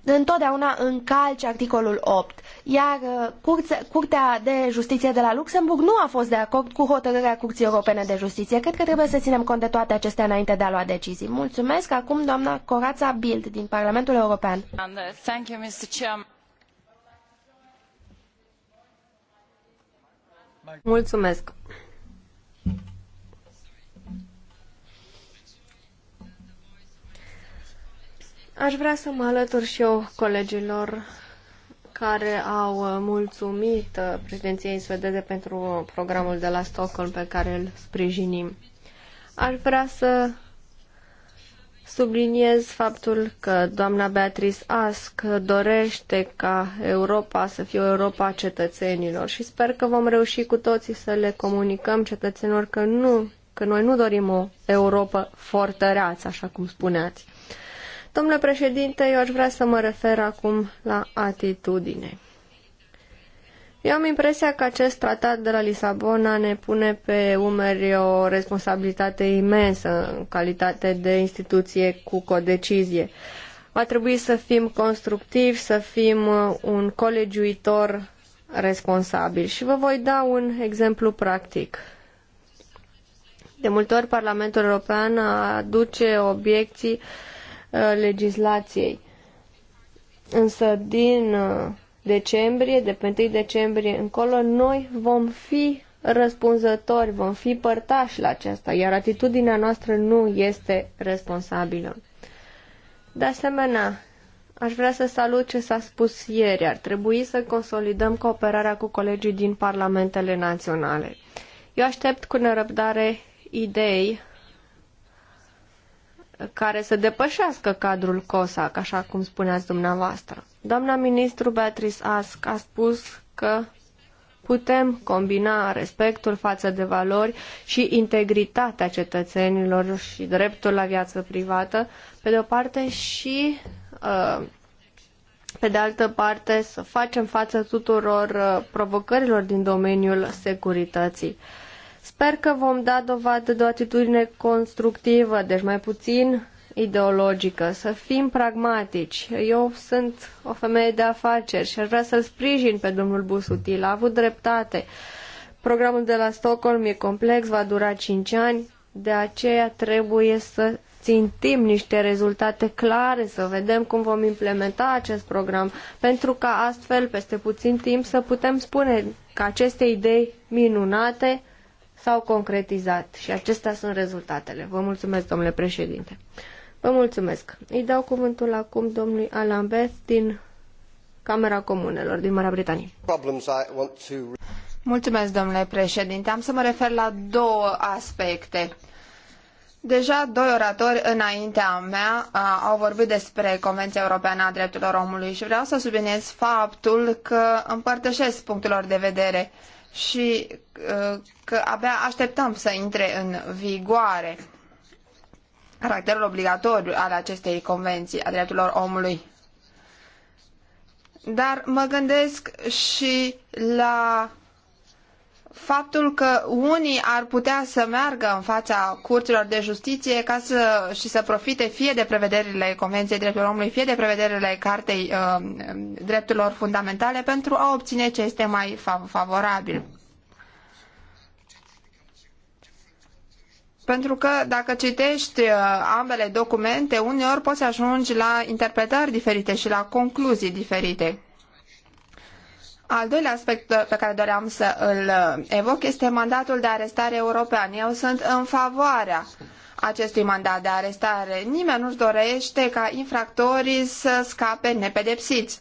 întotdeauna încalci articolul 8 iar uh, Curtea de Justiție de la Luxemburg nu a fost de acord cu hotărârea Curții Europene de Justiție. Cred că trebuie să ținem cont de toate acestea înainte de a lua decizii. Mulțumesc. Acum doamna Corața Bild din Parlamentul European. Uh, Mulțumesc. Aș vrea să mă alătur și eu colegilor care au uh, mulțumit uh, președinției suedeze pentru uh, programul de la Stockholm pe care îl sprijinim. Aș vrea să subliniez faptul că doamna Beatrice Ask dorește ca Europa să fie Europa cetățenilor și sper că vom reuși cu toții să le comunicăm cetățenilor că nu, că noi nu dorim o Europa fortăreață, așa cum spuneați. Domnule președinte, eu aș vrea să mă refer acum la atitudine. Eu am impresia că acest tratat de la Lisabona ne pune pe umeri o responsabilitate imensă în calitate de instituție cu codecizie. Va trebui să fim constructivi, să fim uh, un colegiuitor responsabil. Și vă voi da un exemplu practic. De multe ori Parlamentul European aduce obiecții uh, Uh, legislației. Însă din uh, decembrie, de pe 1 decembrie încolo, noi vom fi răspunzători, vom fi părtași la aceasta, iar atitudinea noastră nu este responsabilă. De asemenea, aș vrea să salut ce s-a spus ieri. Ar trebui să consolidăm cooperarea cu colegii din parlamentele naționale. Eu aștept cu nerăbdare idei care să depășească cadrul COSAC, așa cum spuneați dumneavoastră. Doamna ministru Beatrice Ask a spus că putem combina respectul față de valori și integritatea cetățenilor și dreptul la viață privată, pe de o parte și uh, pe de altă parte să facem față tuturor uh, provocărilor din domeniul securității. Sper că vom da dovadă de o atitudine constructivă, deci mai puțin ideologică, să fim pragmatici. Eu sunt o femeie de afaceri și aș vrea să-l sprijin pe domnul Busutil. A avut dreptate. Programul de la Stockholm e complex, va dura 5 ani, de aceea trebuie să țintim niște rezultate clare, să vedem cum vom implementa acest program, pentru ca astfel, peste puțin timp, să putem spune că aceste idei minunate s-au concretizat și acestea sunt rezultatele. Vă mulțumesc, domnule președinte. Vă mulțumesc. Îi dau cuvântul acum domnului Alan Beth din Camera Comunelor din Marea Britanie. Mulțumesc, domnule președinte. Am să mă refer la două aspecte. Deja doi oratori înaintea mea a, au vorbit despre Convenția Europeană a Drepturilor Omului și vreau să subliniez faptul că împărtășesc punctul lor de vedere și uh, că abia așteptăm să intre în vigoare caracterul obligatoriu al acestei convenții a drepturilor omului. Dar mă gândesc și la faptul că unii ar putea să meargă în fața curților de justiție ca să, și să profite fie de prevederile Convenției Drepturilor Omului, fie de prevederile Cartei uh, Drepturilor Fundamentale pentru a obține ce este mai favorabil. Pentru că dacă citești uh, ambele documente, uneori poți ajungi la interpretări diferite și la concluzii diferite. Al doilea aspect pe care doream să îl uh, evoc este mandatul de arestare european. Eu sunt în favoarea acestui mandat de arestare. Nimeni nu-și dorește ca infractorii să scape nepedepsiți.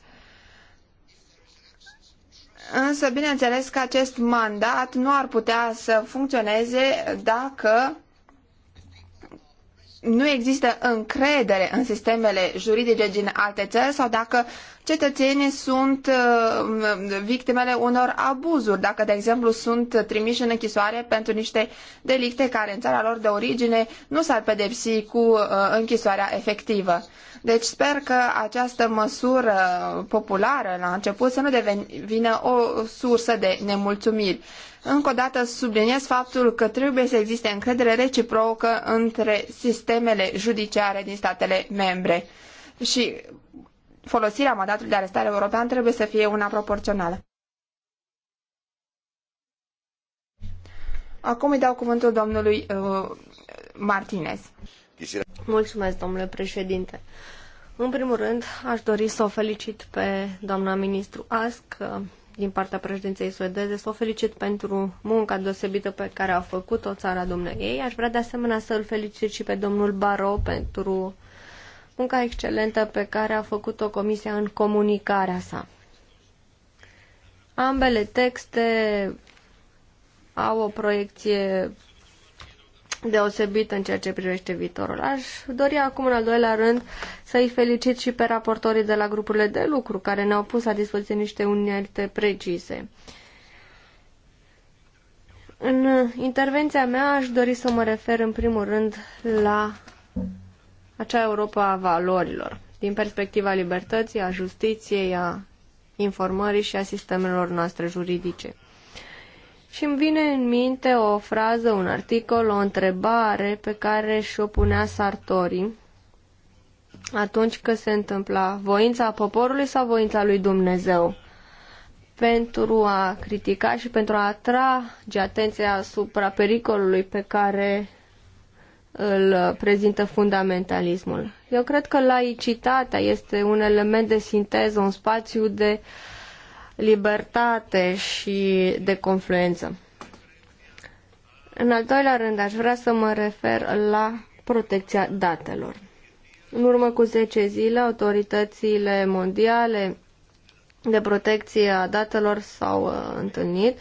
Însă, bineînțeles că acest mandat nu ar putea să funcționeze dacă nu există încredere în sistemele juridice din alte țări sau dacă cetățenii sunt uh, victimele unor abuzuri, dacă, de exemplu, sunt trimiși în închisoare pentru niște delicte care în țara lor de origine nu s-ar pedepsi cu uh, închisoarea efectivă. Deci sper că această măsură populară la început să nu devină o sursă de nemulțumiri. Încă o dată subliniez faptul că trebuie să existe încredere reciprocă între sistemele judiciare din statele membre și folosirea mandatului de arestare european trebuie să fie una proporțională. Acum îi dau cuvântul domnului uh, Martinez. Mulțumesc, domnule președinte. În primul rând, aș dori să o felicit pe doamna ministru Ask din partea președinței suedeze, să o felicit pentru munca deosebită pe care a făcut-o țara dumneiei. Aș vrea de asemenea să îl felicit și pe domnul Baro pentru munca excelentă pe care a făcut-o comisia în comunicarea sa. Ambele texte au o proiecție deosebit în ceea ce privește viitorul. Aș dori acum, în al doilea rând, să-i felicit și pe raportorii de la grupurile de lucru, care ne-au pus la dispoziție niște unelte precise. În intervenția mea aș dori să mă refer în primul rând la acea Europa a valorilor, din perspectiva libertății, a justiției, a informării și a sistemelor noastre juridice și îmi vine în minte o frază, un articol, o întrebare pe care și-o punea Sartori atunci când se întâmpla voința poporului sau voința lui Dumnezeu pentru a critica și pentru a atrage atenția asupra pericolului pe care îl prezintă fundamentalismul. Eu cred că laicitatea este un element de sinteză, un spațiu de uh, libertate și de confluență. În al doilea rând, aș vrea să mă refer la protecția datelor. În urmă cu 10 zile, autoritățile mondiale de protecție a datelor s-au uh, întâlnit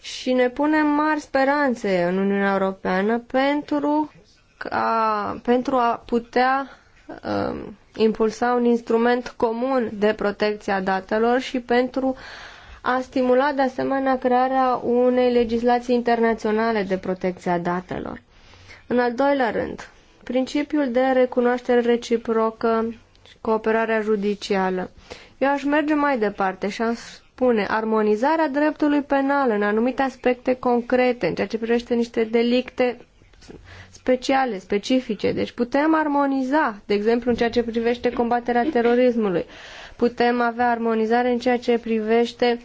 și ne punem mari speranțe în Uniunea Europeană pentru, ca, pentru a putea um, impulsa un instrument comun de protecție a datelor și pentru a stimula de asemenea crearea unei legislații internaționale de protecție a datelor. În al doilea rând, principiul de recunoaștere reciprocă, și cooperarea judicială. Eu aș merge mai departe și aș spune armonizarea dreptului penal în anumite aspecte concrete, în ceea ce privește niște delicte speciale, specifice. Deci putem armoniza, de exemplu, în ceea ce privește combaterea terorismului. Putem avea armonizare în ceea ce privește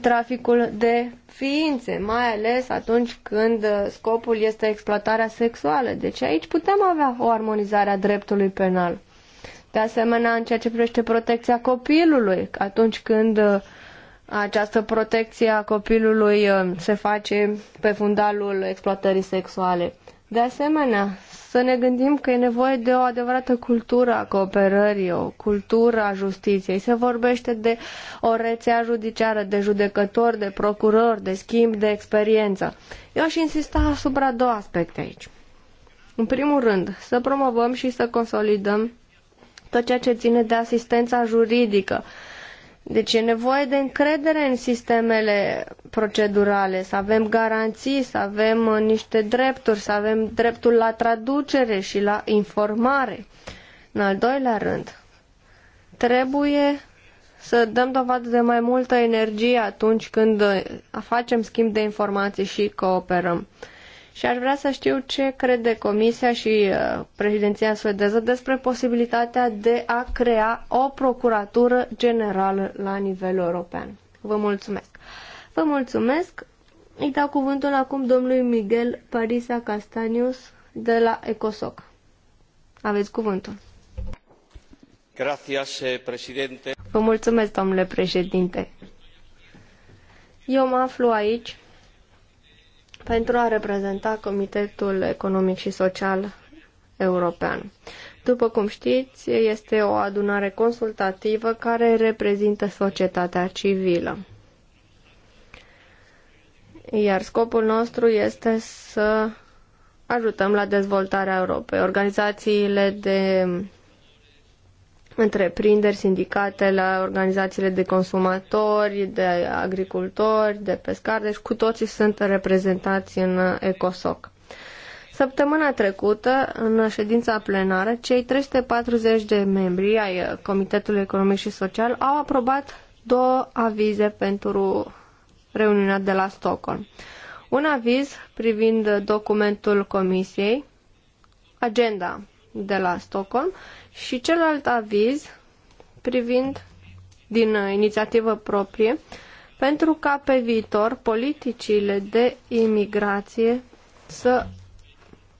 traficul de ființe, mai ales atunci când scopul este exploatarea sexuală. Deci aici putem avea o armonizare a dreptului penal. De asemenea, în ceea ce privește protecția copilului, atunci când această protecție a copilului uh, se face pe fundalul exploatării sexuale. De asemenea, să ne gândim că e nevoie de o adevărată cultură a cooperării, o cultură a justiției. Se vorbește de o rețea judiciară, de judecători, de procurori, de schimb, de experiență. Eu aș insista asupra două aspecte aici. În primul rând, să promovăm și să consolidăm tot ceea ce ține de asistența juridică, deci e nevoie de încredere în sistemele procedurale, să avem garanții, să avem uh, niște drepturi, să avem dreptul la traducere și la informare. În al doilea rând, trebuie să dăm dovadă de mai multă energie atunci când uh, facem schimb de informații și cooperăm. Și aș vrea să știu ce crede Comisia și uh, președinția suedeză despre posibilitatea de a crea o procuratură generală la nivel european. Vă mulțumesc! Vă mulțumesc! Îi dau cuvântul acum domnului Miguel Parisa Castanius de la ECOSOC. Aveți cuvântul. Gracias, eh, președinte. Vă mulțumesc, domnule președinte. Eu mă aflu aici pentru a reprezenta Comitetul Economic și Social European. După cum știți, este o adunare consultativă care reprezintă societatea civilă. Iar scopul nostru este să ajutăm la dezvoltarea Europei. Organizațiile de întreprinderi, sindicate, la organizațiile de consumatori, de agricultori, de pescari, deci cu toții sunt reprezentați în ECOSOC. Săptămâna trecută, în ședința plenară, cei 340 de membri ai Comitetului Economic și Social au aprobat două avize pentru reuniunea de la Stockholm. Un aviz privind documentul Comisiei, agenda de la Stockholm și celălalt aviz privind din uh, inițiativă proprie pentru ca pe viitor politicile de imigrație să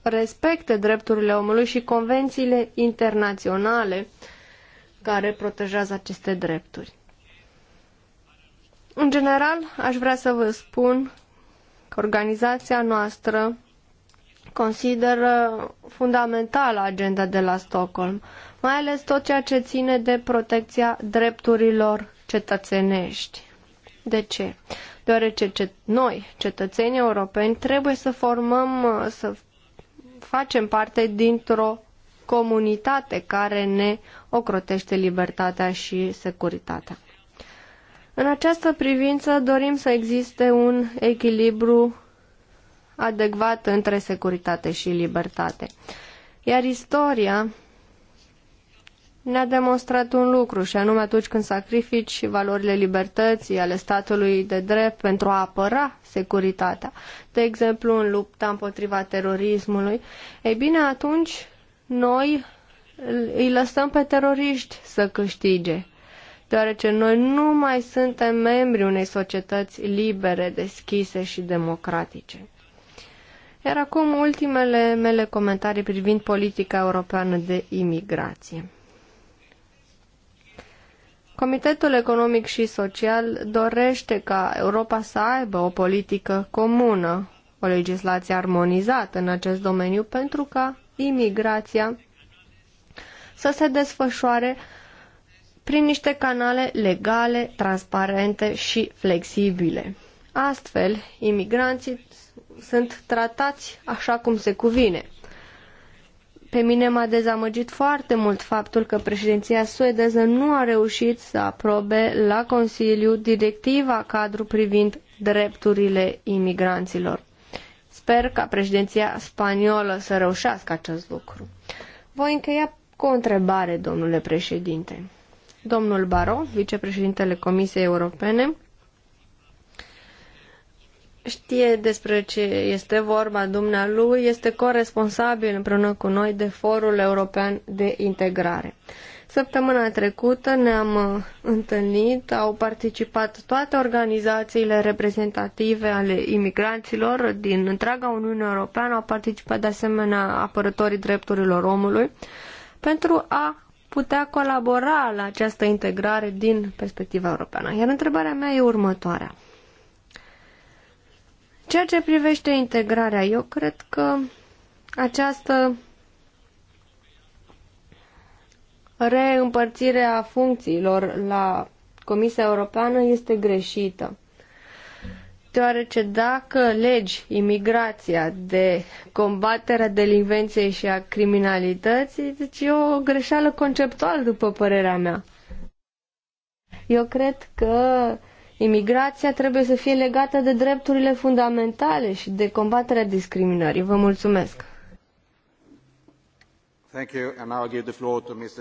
respecte drepturile omului și convențiile internaționale care protejează aceste drepturi. În general, aș vrea să vă spun că organizația noastră consideră fundamentală agenda de la Stockholm, mai ales tot ceea ce ține de protecția drepturilor cetățenești. De ce? Deoarece noi, cetățenii europeni, trebuie să formăm, să facem parte dintr-o comunitate care ne ocrotește libertatea și securitatea. În această privință dorim să existe un echilibru adecvat între securitate și libertate. Iar istoria ne-a demonstrat un lucru și anume atunci când sacrifici valorile libertății ale statului de drept pentru a apăra securitatea, de exemplu în lupta împotriva terorismului, ei bine atunci noi îi lăsăm pe teroriști să câștige, deoarece noi nu mai suntem membri unei societăți libere, deschise și democratice. Iar acum ultimele mele comentarii privind politica europeană de imigrație. Comitetul Economic și Social dorește ca Europa să aibă o politică comună, o legislație armonizată în acest domeniu pentru ca imigrația să se desfășoare prin niște canale legale, transparente și flexibile. Astfel, imigranții sunt tratați așa cum se cuvine. Pe mine m-a dezamăgit foarte mult faptul că președinția suedeză nu a reușit să aprobe la Consiliu directiva cadru privind drepturile imigranților. Sper ca președinția spaniolă să reușească acest lucru. Voi încheia cu o întrebare, domnule președinte. Domnul Baro, vicepreședintele Comisiei Europene, știe despre ce este vorba dumnealui, este corresponsabil împreună cu noi de Forul European de Integrare. Săptămâna trecută ne-am uh, întâlnit, au participat toate organizațiile reprezentative ale imigranților din întreaga Uniune Europeană, au participat de asemenea apărătorii drepturilor omului pentru a putea colabora la această integrare din perspectiva europeană. Iar întrebarea mea e următoarea. Ceea ce privește integrarea, eu cred că această reîmpărțire a funcțiilor la Comisia Europeană este greșită. Deoarece dacă legi imigrația de combaterea delinvenției și a criminalității, deci e o greșeală conceptuală, după părerea mea. Eu cred că Imigrația trebuie să fie legată de drepturile fundamentale și de combaterea discriminării. Vă mulțumesc!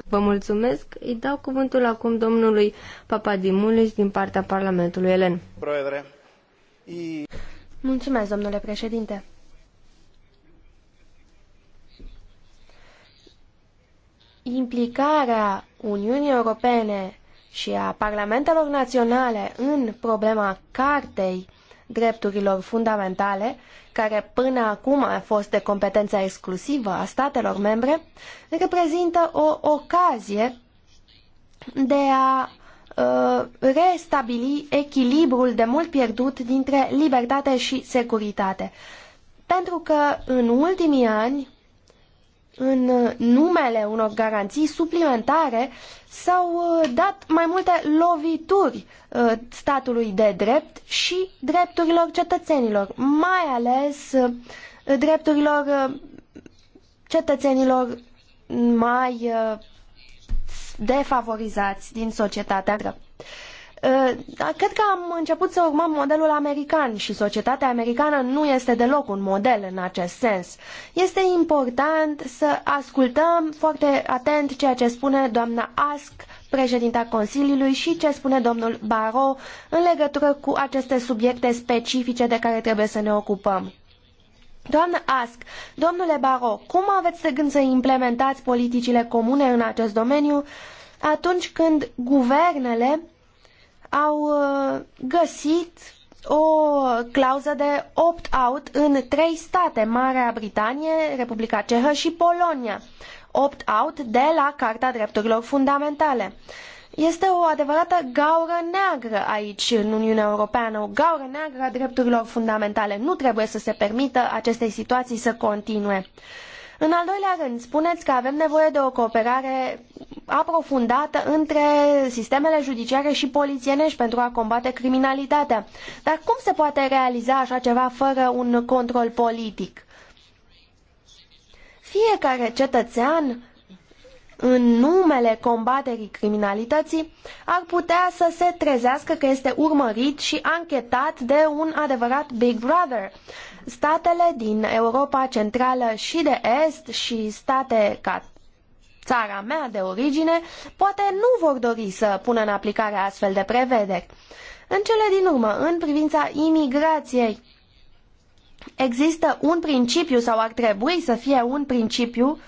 Vă mulțumesc. Îi dau cuvântul acum domnului Papadimulis din partea Parlamentului Elen. Mulțumesc, domnule președinte. Implicarea Uniunii Europene și a parlamentelor naționale în problema cartei drepturilor fundamentale, care până acum a fost de competența exclusivă a statelor membre, reprezintă o ocazie de a uh, restabili echilibrul de mult pierdut dintre libertate și securitate. Pentru că în ultimii ani în uh, numele unor garanții suplimentare s-au uh, dat mai multe lovituri uh, statului de drept și drepturilor cetățenilor, mai ales drepturilor cetățenilor mai defavorizați din societatea. Uh, cred că am început să urmăm modelul american și societatea americană nu este deloc un model în acest sens. Este important să ascultăm foarte atent ceea ce spune doamna Ask, președinta Consiliului și ce spune domnul Barrot în legătură cu aceste subiecte specifice de care trebuie să ne ocupăm. Doamnă Ask, domnule Barrot, cum aveți de gând să implementați politicile comune în acest domeniu atunci când guvernele au uh, găsit o clauză de opt-out în trei state, Marea Britanie, Republica Cehă și Polonia. Opt-out de la Carta Drepturilor Fundamentale. Este o adevărată gaură neagră aici, în Uniunea Europeană, o gaură neagră a drepturilor fundamentale. Nu trebuie să se permită acestei situații să continue. În al doilea rând, spuneți că avem nevoie de o cooperare aprofundată între sistemele judiciare și polițienești pentru a combate criminalitatea. Dar cum se poate realiza așa ceva fără un control politic? Fiecare cetățean în numele combaterii criminalității, ar putea să se trezească că este urmărit și anchetat de un adevărat Big Brother. Statele din Europa Centrală și de Est și state ca țara mea de origine poate nu vor dori să pună în aplicare astfel de prevederi. În cele din urmă, în privința imigrației, există un principiu sau ar trebui să fie un principiu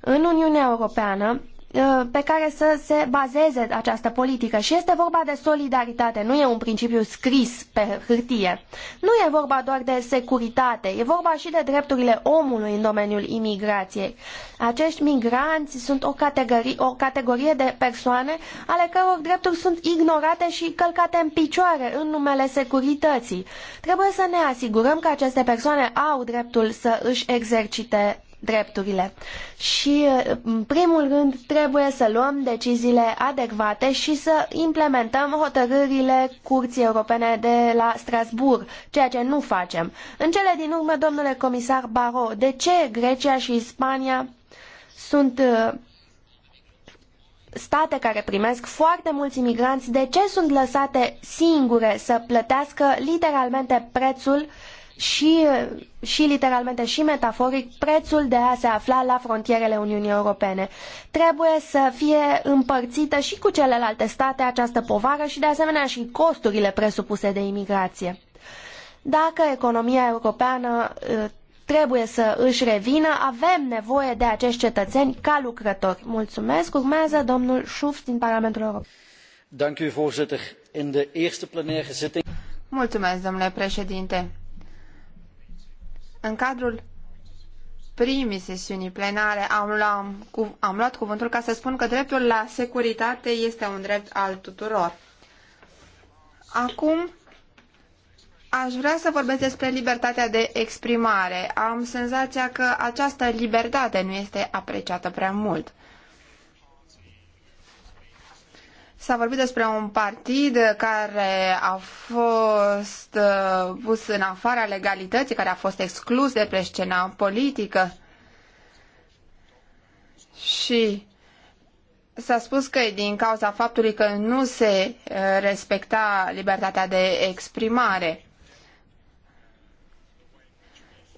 în Uniunea Europeană Uh, pe care să se bazeze această politică și este vorba de solidaritate, nu e un principiu scris pe hârtie. Nu e vorba doar de securitate, e vorba și de drepturile omului în domeniul imigrației. Acești migranți sunt o categorie, o categorie de persoane ale căror drepturi sunt ignorate și călcate în picioare în numele securității. Trebuie să ne asigurăm că aceste persoane au dreptul să își exercite drepturile. Și, în primul rând, trebuie să luăm deciziile adecvate și să implementăm hotărârile Curții Europene de la Strasbourg, ceea ce nu facem. În cele din urmă, domnule comisar Baro, de ce Grecia și Spania sunt uh, state care primesc foarte mulți imigranți, de ce sunt lăsate singure să plătească literalmente prețul uh, și, și literalmente și metaforic prețul de a se afla la frontierele Uniunii Europene. Trebuie să fie împărțită și cu celelalte state această povară și de asemenea și costurile presupuse de imigrație. Dacă economia europeană ă, trebuie să își revină, avem nevoie de acești cetățeni ca lucrători. Mulțumesc. Urmează domnul Șuf din Parlamentul European. Mulțumesc, domnule președinte. În cadrul primii sesiuni plenare am luat, am luat cuvântul ca să spun că dreptul la securitate este un drept al tuturor. Acum aș vrea să vorbesc despre libertatea de exprimare. Am senzația că această libertate nu este apreciată prea mult. S-a vorbit despre un partid care a fost uh, pus în afara legalității, care a fost exclus de pe scena politică. Și s-a spus că din cauza faptului că nu se uh, respecta libertatea de exprimare.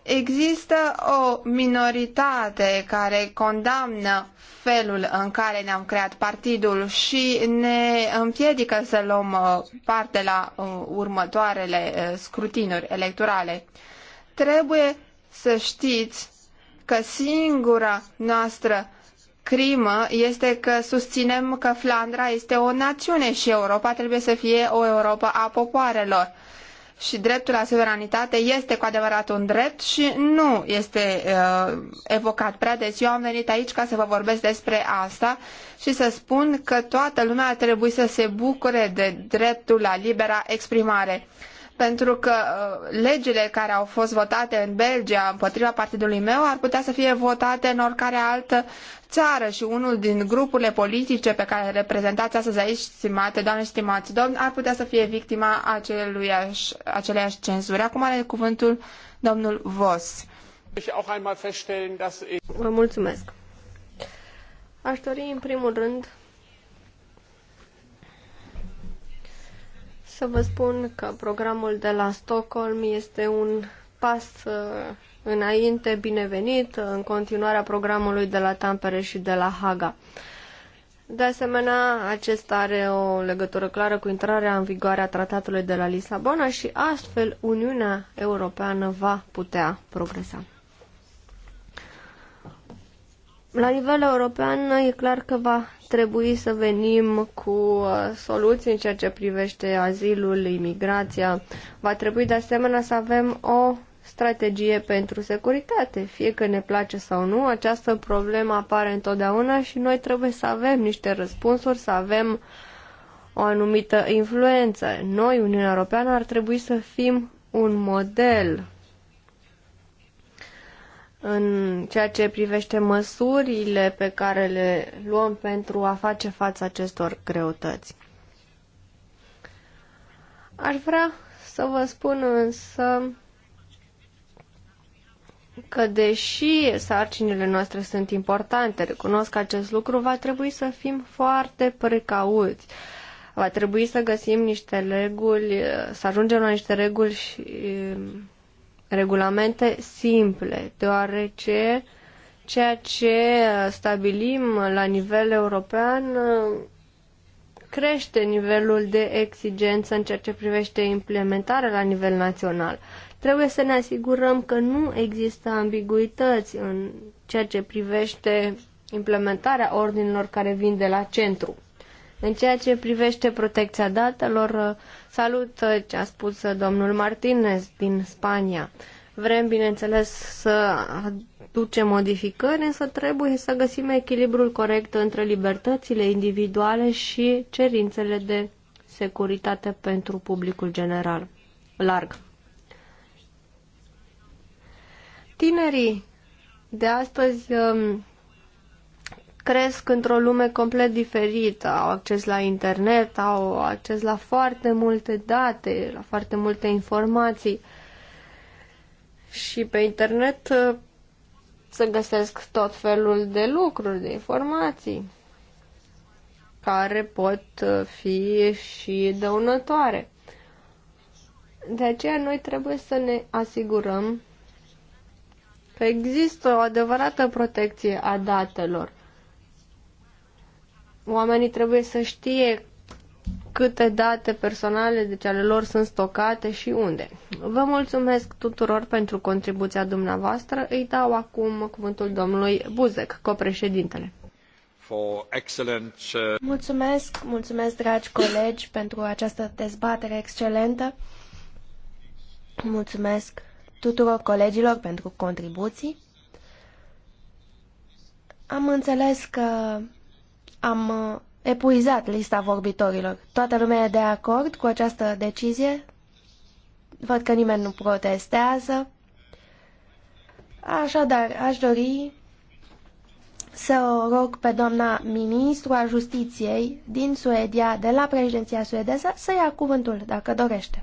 Există o minoritate care condamnă felul în care ne-am creat partidul și ne împiedică să luăm uh, parte la uh, următoarele uh, scrutinuri electorale. Trebuie să știți că singura noastră crimă este că susținem că Flandra este o națiune și Europa trebuie să fie o Europa a popoarelor și dreptul la suveranitate este cu adevărat un drept și nu este uh, evocat prea des. Eu am venit aici ca să vă vorbesc despre asta și să spun că toată lumea ar trebui să se bucure de dreptul la libera exprimare. Pentru că uh, legile care au fost votate în Belgia împotriva partidului meu ar putea să fie votate în oricare altă țară și unul din grupurile politice pe care le reprezentați astăzi aici, stimate doamne, stimați domn, ar putea să fie victima aș, aceleiași cenzuri. Acum are cuvântul domnul Vos. Vă mulțumesc. Aș dori în primul rând să vă spun că programul de la Stockholm este un pas uh, înainte binevenit în continuarea programului de la Tampere și de la Haga. De asemenea, acesta are o legătură clară cu intrarea în vigoare a tratatului de la Lisabona și astfel Uniunea Europeană va putea progresa. La nivel european e clar că va trebui să venim cu uh, soluții în ceea ce privește azilul, imigrația. Va trebui de asemenea să avem o strategie pentru securitate. Fie că ne place sau nu, această problemă apare întotdeauna și noi trebuie să avem niște răspunsuri, să avem o anumită influență. Noi, Uniunea Europeană, ar trebui să fim un model în ceea ce privește măsurile pe care le luăm pentru a face față acestor greutăți. Aș vrea să vă spun însă că deși sarcinile noastre sunt importante, recunosc acest lucru, va trebui să fim foarte precauți. Va trebui să găsim niște reguli, să ajungem la niște reguli și um, regulamente simple, deoarece ceea ce stabilim la nivel european uh, crește nivelul de exigență în ceea ce privește implementarea la nivel național. Trebuie să ne asigurăm că nu există ambiguități în ceea ce privește implementarea ordinilor care vin de la centru. În ceea ce privește protecția datelor, salut ce a spus domnul Martinez din Spania. Vrem, bineînțeles, să aduce modificări, însă trebuie să găsim echilibrul corect între libertățile individuale și cerințele de securitate pentru publicul general larg. Tinerii de astăzi um, cresc într-o lume complet diferită, au acces la internet, au acces la foarte multe date, la foarte multe informații. Și pe internet uh, se găsesc tot felul de lucruri, de informații care pot uh, fi și dăunătoare. De aceea noi trebuie să ne asigurăm Există o adevărată protecție a datelor. Oamenii trebuie să știe câte date personale, deci ale lor, sunt stocate și unde. Vă mulțumesc tuturor pentru contribuția dumneavoastră. Îi dau acum cuvântul domnului Buzec, copreședintele. Excellent... Uh, mulțumesc, mulțumesc, dragi colegi, pentru această dezbatere excelentă. Mulțumesc tuturor colegilor pentru contribuții. Am înțeles că am uh, epuizat lista vorbitorilor. Toată lumea e de acord cu această decizie? Văd că nimeni nu protestează. Așadar, aș dori să o rog pe doamna ministru a justiției din Suedia, de la președinția suedeză, să ia cuvântul, dacă dorește.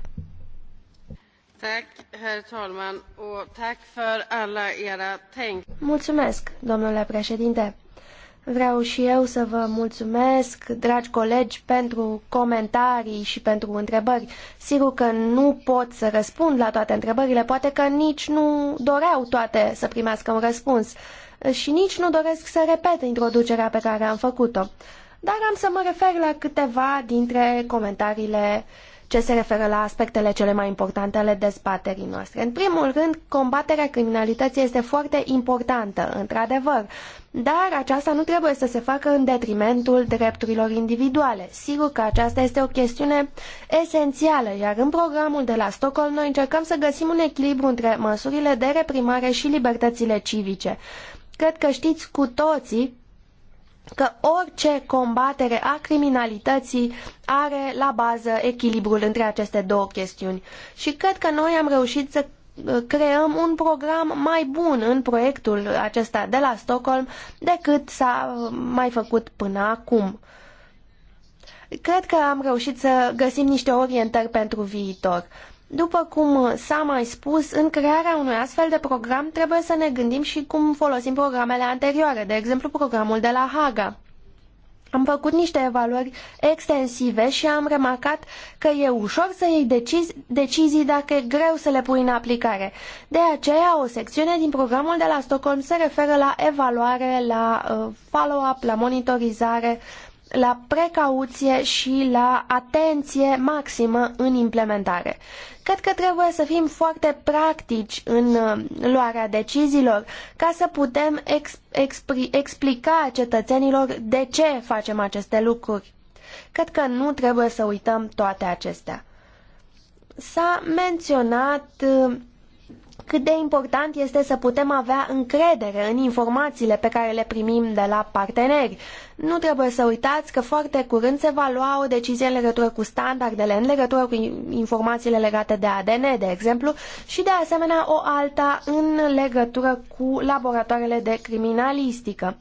Mulțumesc, domnule președinte. Vreau și eu să vă mulțumesc, dragi colegi, pentru comentarii și pentru întrebări. Sigur că nu pot să răspund la toate întrebările, poate că nici nu doreau toate să primească un răspuns și nici nu doresc să repet introducerea pe care am făcut-o. Dar am să mă refer la câteva dintre comentariile uh, ce se referă la aspectele cele mai importante ale dezbaterii noastre. În primul rând, combaterea criminalității este foarte importantă, într-adevăr, dar aceasta nu trebuie să se facă în detrimentul drepturilor individuale. Sigur că aceasta este o chestiune esențială, iar în programul de la Stockholm noi încercăm să găsim un echilibru între măsurile de reprimare și libertățile civice. Cred că știți cu toții că orice combatere a criminalității are la bază echilibrul între aceste două chestiuni. Și cred că noi am reușit să uh, creăm un program mai bun în proiectul acesta de la Stockholm decât s-a uh, mai făcut până acum. Cred că am reușit să găsim niște orientări pentru viitor. După cum s-a mai spus, în crearea unui astfel de program trebuie să ne gândim și cum folosim programele anterioare, de exemplu programul de la Haga. Am făcut niște evaluări extensive și am remarcat că e ușor să iei decizi, decizii dacă e greu să le pui în aplicare. De aceea, o secțiune din programul de la Stockholm se referă la evaluare, la uh, follow-up, la monitorizare, uh, la precauție și la atenție maximă în implementare. Cred că trebuie să fim foarte practici în uh, luarea deciziilor ca să putem explica cetățenilor de ce facem aceste lucruri. Cred că nu trebuie să uităm toate acestea. S-a menționat uh, cât de important este să putem avea încredere în informațiile pe care le primim de la parteneri. Nu trebuie să uitați că foarte curând se va lua o decizie în legătură cu standardele, în legătură cu informațiile legate de ADN, de exemplu, și de asemenea o alta în legătură cu laboratoarele de criminalistică.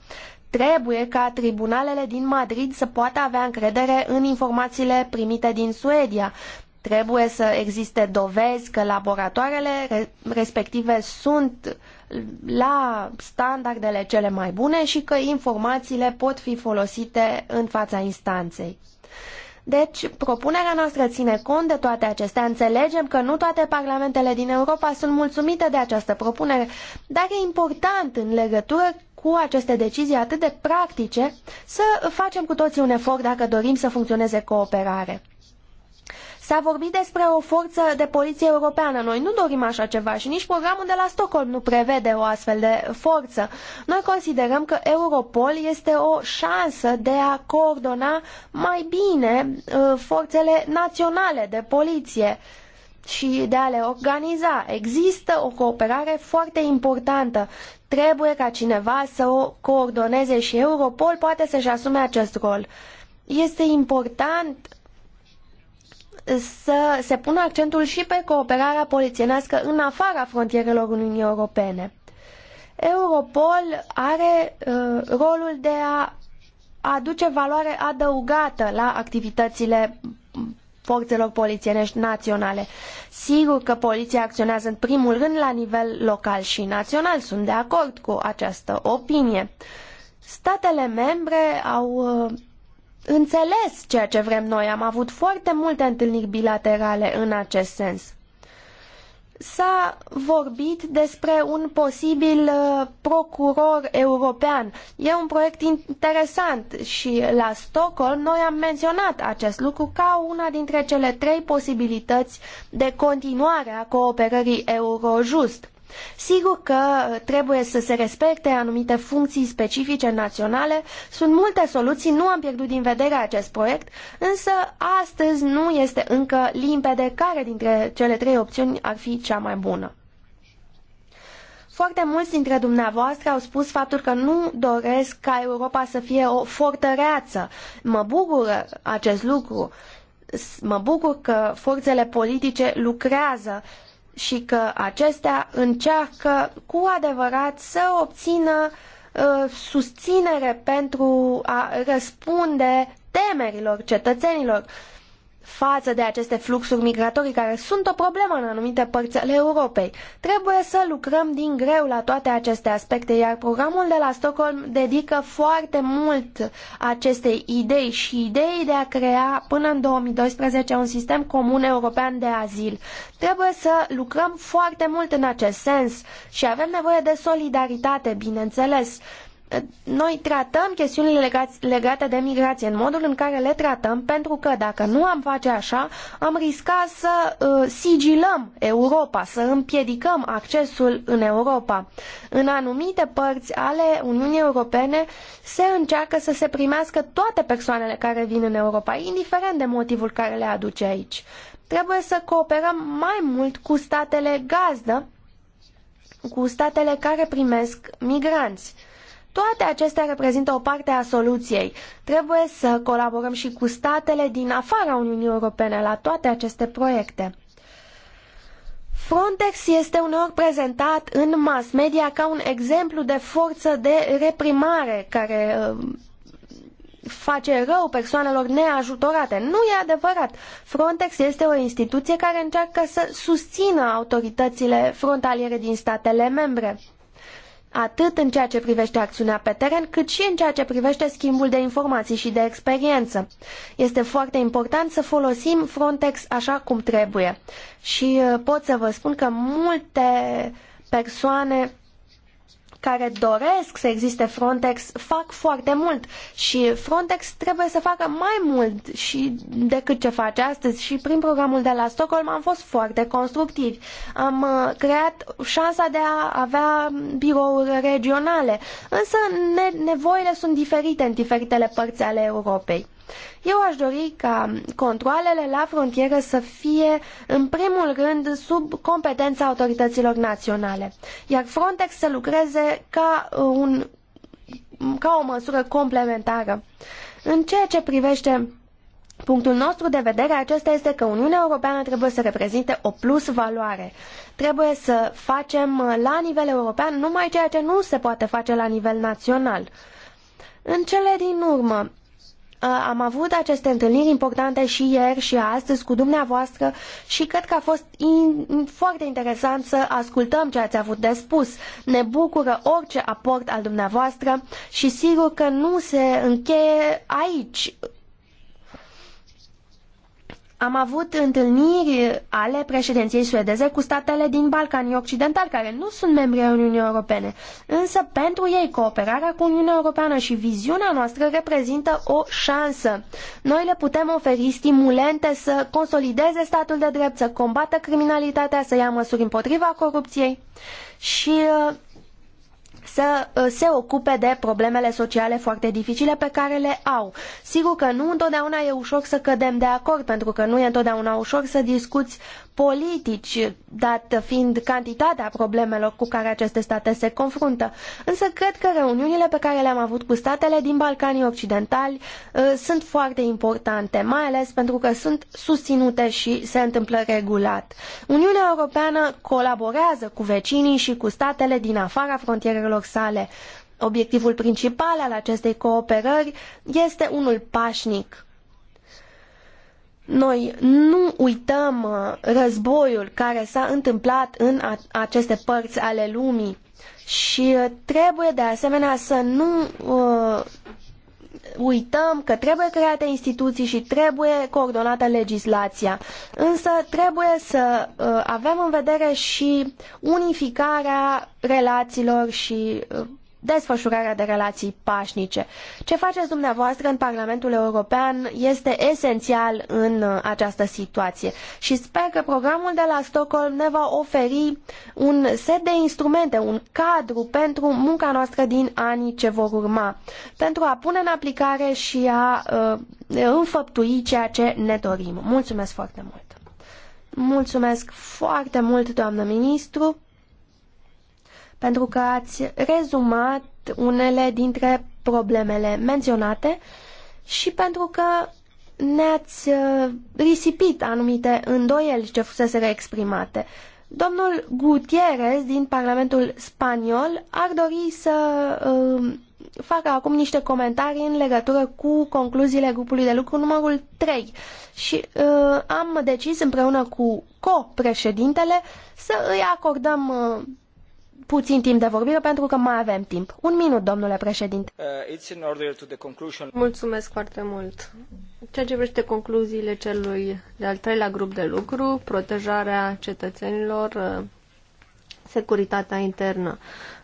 Trebuie ca tribunalele din Madrid să poată avea încredere în informațiile primite din Suedia. Trebuie să existe dovezi că laboratoarele respective sunt la standardele cele mai bune și că informațiile pot fi folosite în fața instanței. Deci, propunerea noastră ține cont de toate acestea. Înțelegem că nu toate parlamentele din Europa sunt mulțumite de această propunere, dar e important în legătură cu aceste decizii atât de practice să facem cu toții un efort dacă dorim să funcționeze cooperare. S-a vorbit despre o forță de poliție europeană. Noi nu dorim așa ceva și nici programul de la Stockholm nu prevede o astfel de forță. Noi considerăm că Europol este o șansă de a coordona mai bine uh, forțele naționale de poliție și de a le organiza. Există o cooperare foarte importantă. Trebuie ca cineva să o coordoneze și Europol poate să-și asume acest rol. Este important să se pună accentul și pe cooperarea polițienească în afara frontierelor Uniunii Europene. Europol are uh, rolul de a aduce valoare adăugată la activitățile forțelor polițienești naționale. Sigur că poliția acționează în primul rând la nivel local și național, sunt de acord cu această opinie. Statele membre au uh, înțeles ceea ce vrem noi. Am avut foarte multe întâlniri bilaterale în acest sens. S-a vorbit despre un posibil uh, procuror european. E un proiect interesant și la Stockholm noi am menționat acest lucru ca una dintre cele trei posibilități de continuare a cooperării Eurojust. Sigur că uh, trebuie să se respecte anumite funcții specifice naționale, sunt multe soluții, nu am pierdut din vedere acest proiect, însă astăzi nu este încă limpede care dintre cele trei opțiuni ar fi cea mai bună. Foarte mulți dintre dumneavoastră au spus faptul că nu doresc ca Europa să fie o fortăreață. Mă bucură acest lucru. Mă bucur că forțele politice lucrează și că acestea încearcă cu adevărat să obțină uh, susținere pentru a răspunde temerilor cetățenilor. Uh, față de aceste fluxuri migratorii care sunt o problemă în anumite părți ale Europei. Trebuie să lucrăm din greu la toate aceste aspecte, iar programul de la Stockholm dedică foarte mult acestei idei și ideii de a crea până în 2012 un sistem comun european de azil. Trebuie să lucrăm foarte mult în acest sens și avem nevoie de solidaritate, bineînțeles noi tratăm chestiunile legate de migrație în modul în care le tratăm, pentru că dacă nu am face așa, am risca să uh, sigilăm Europa, să împiedicăm accesul în Europa. În anumite părți ale Uniunii Europene se încearcă să se primească toate persoanele care vin în Europa, indiferent de motivul care le aduce aici. Trebuie să cooperăm mai mult cu statele gazdă, cu statele care primesc migranți toate acestea reprezintă o parte a soluției. Trebuie să colaborăm și cu statele din afara Uniunii Europene la toate aceste proiecte. Frontex este uneori prezentat în mass media ca un exemplu de forță de reprimare care uh, face rău persoanelor neajutorate. Nu e adevărat. Frontex este o instituție care încearcă să susțină autoritățile frontaliere din statele membre atât în ceea ce privește acțiunea pe teren, cât și în ceea ce privește schimbul de informații și de experiență. Este foarte important să folosim Frontex așa cum trebuie. Și uh, pot să vă spun că multe persoane care doresc să existe Frontex fac foarte mult și Frontex trebuie să facă mai mult și decât ce face astăzi și prin programul de la Stockholm am fost foarte constructivi. Am uh, creat șansa de a avea birouri regionale, însă nevoile sunt diferite în diferitele părți ale Europei. Eu aș dori ca controlele la frontieră să fie, în primul rând, sub competența autorităților naționale, iar Frontex să lucreze ca, un, ca o măsură complementară. În ceea ce privește Punctul nostru de vedere acesta este că Uniunea Europeană trebuie să reprezinte o plus valoare. Trebuie să facem la nivel european numai ceea ce nu se poate face la nivel național. În cele din urmă, Uh, am avut aceste întâlniri importante și ieri și astăzi cu dumneavoastră și cred că a fost in, foarte interesant să ascultăm ceea ce ați avut de spus. Ne bucură orice aport al dumneavoastră și sigur că nu se încheie aici am avut întâlniri ale președinției suedeze cu statele din Balcanii Occidentali, care nu sunt membri ai Uniunii Europene. Însă, pentru ei, cooperarea cu Uniunea Europeană și viziunea noastră reprezintă o șansă. Noi le putem oferi stimulente să consolideze statul de drept, să combată criminalitatea, să ia măsuri împotriva corupției și uh, să ă, se ocupe de problemele sociale foarte dificile pe care le au. Sigur că nu întotdeauna e ușor să cădem de acord, pentru că nu e întotdeauna ușor să discuți politici, dat fiind cantitatea problemelor cu care aceste state se confruntă. Însă cred că reuniunile pe care le-am avut cu statele din Balcanii Occidentali uh, sunt foarte importante, mai ales pentru că sunt susținute și se întâmplă regulat. Uniunea Europeană colaborează cu vecinii și cu statele din afara frontierelor sale. Obiectivul principal al acestei cooperări este unul pașnic noi nu uităm uh, războiul care s-a întâmplat în aceste părți ale lumii și uh, trebuie de asemenea să nu uh, uităm că trebuie create instituții și trebuie coordonată legislația. Însă trebuie să uh, avem în vedere și unificarea relațiilor și desfășurarea de relații pașnice. Ce faceți dumneavoastră în Parlamentul European este esențial în uh, această situație și sper că programul de la Stockholm ne va oferi un set de instrumente, un cadru pentru munca noastră din anii ce vor urma, pentru a pune în aplicare și a uh, înfăptui ceea ce ne dorim. Mulțumesc foarte mult! Mulțumesc foarte mult, doamnă ministru! pentru că ați rezumat unele dintre problemele menționate și pentru că ne-ați uh, risipit anumite îndoieli ce fusese exprimate. Domnul Gutierrez din Parlamentul Spaniol ar dori să uh, facă acum niște comentarii în legătură cu concluziile grupului de lucru numărul 3 și uh, am decis împreună cu co-președintele să îi acordăm uh, puțin timp de vorbire pentru că mai avem timp. Un minut, domnule președinte. Uh, Mulțumesc foarte mult. Ceea ce vrește concluziile celui de-al treilea grup de lucru, protejarea cetățenilor, uh, securitatea internă.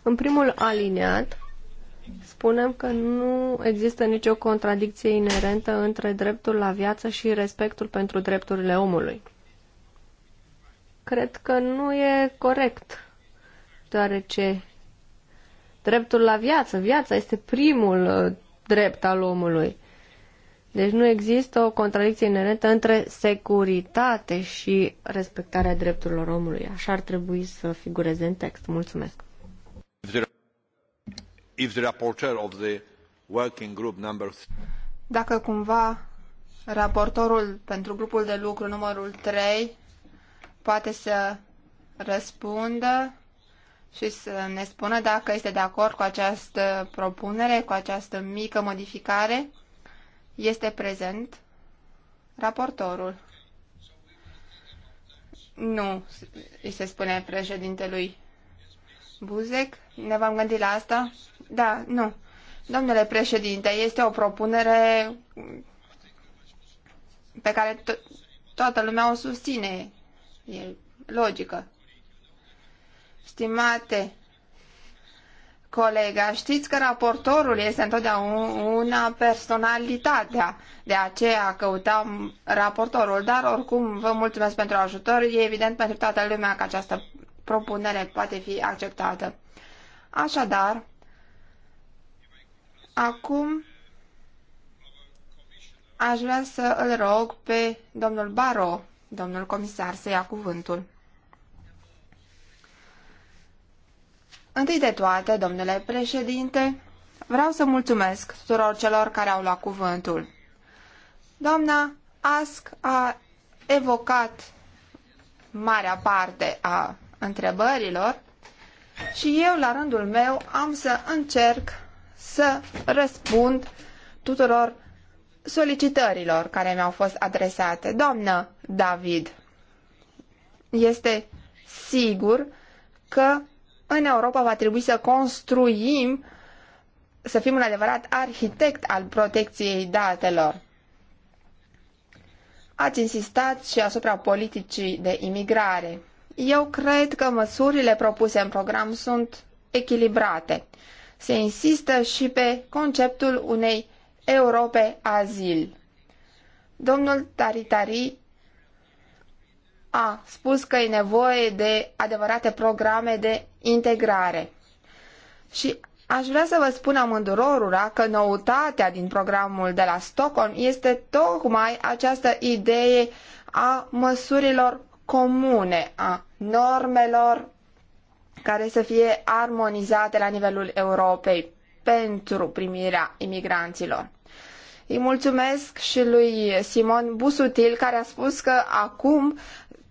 În primul aliniat, spunem că nu există nicio contradicție inerentă între dreptul la viață și respectul pentru drepturile omului. Cred că nu e corect deoarece dreptul la viață, viața este primul uh, drept al omului. Deci nu există o contradicție inerentă între securitate și respectarea drepturilor omului. Așa ar trebui să figureze în text. Mulțumesc. Dacă cumva raportorul pentru grupul de lucru numărul 3 poate să răspundă și să ne spună dacă este de acord cu această propunere, cu această mică modificare. Este prezent raportorul. Nu, îi se spune președintelui Buzek. Ne vom gândi la asta? Da, nu. Domnule președinte, este o propunere pe care to- toată lumea o susține. E logică. Stimate colega, știți că raportorul este întotdeauna personalitatea, de aceea căutam raportorul, dar oricum vă mulțumesc pentru ajutor, e evident pentru toată lumea că această propunere poate fi acceptată. Așadar, acum aș vrea să îl rog pe domnul Baro, domnul comisar, să ia cuvântul. Întâi de toate, domnule președinte, vreau să mulțumesc tuturor celor care au luat cuvântul. Doamna Ask a evocat marea parte a întrebărilor și eu, la rândul meu, am să încerc să răspund tuturor solicitărilor care mi-au fost adresate. Doamnă David, este sigur că în Europa va trebui să construim, să fim un adevărat arhitect al protecției datelor. Ați insistat și asupra politicii de imigrare. Eu cred că măsurile propuse în program sunt echilibrate. Se insistă și pe conceptul unei Europe azil. Domnul Taritari a spus că e nevoie de adevărate programe de integrare. Și aș vrea să vă spun amândurorura că noutatea din programul de la Stockholm este tocmai această idee a măsurilor comune, a normelor care să fie armonizate la nivelul Europei pentru primirea imigranților. Îi mulțumesc și lui Simon Busutil care a spus că acum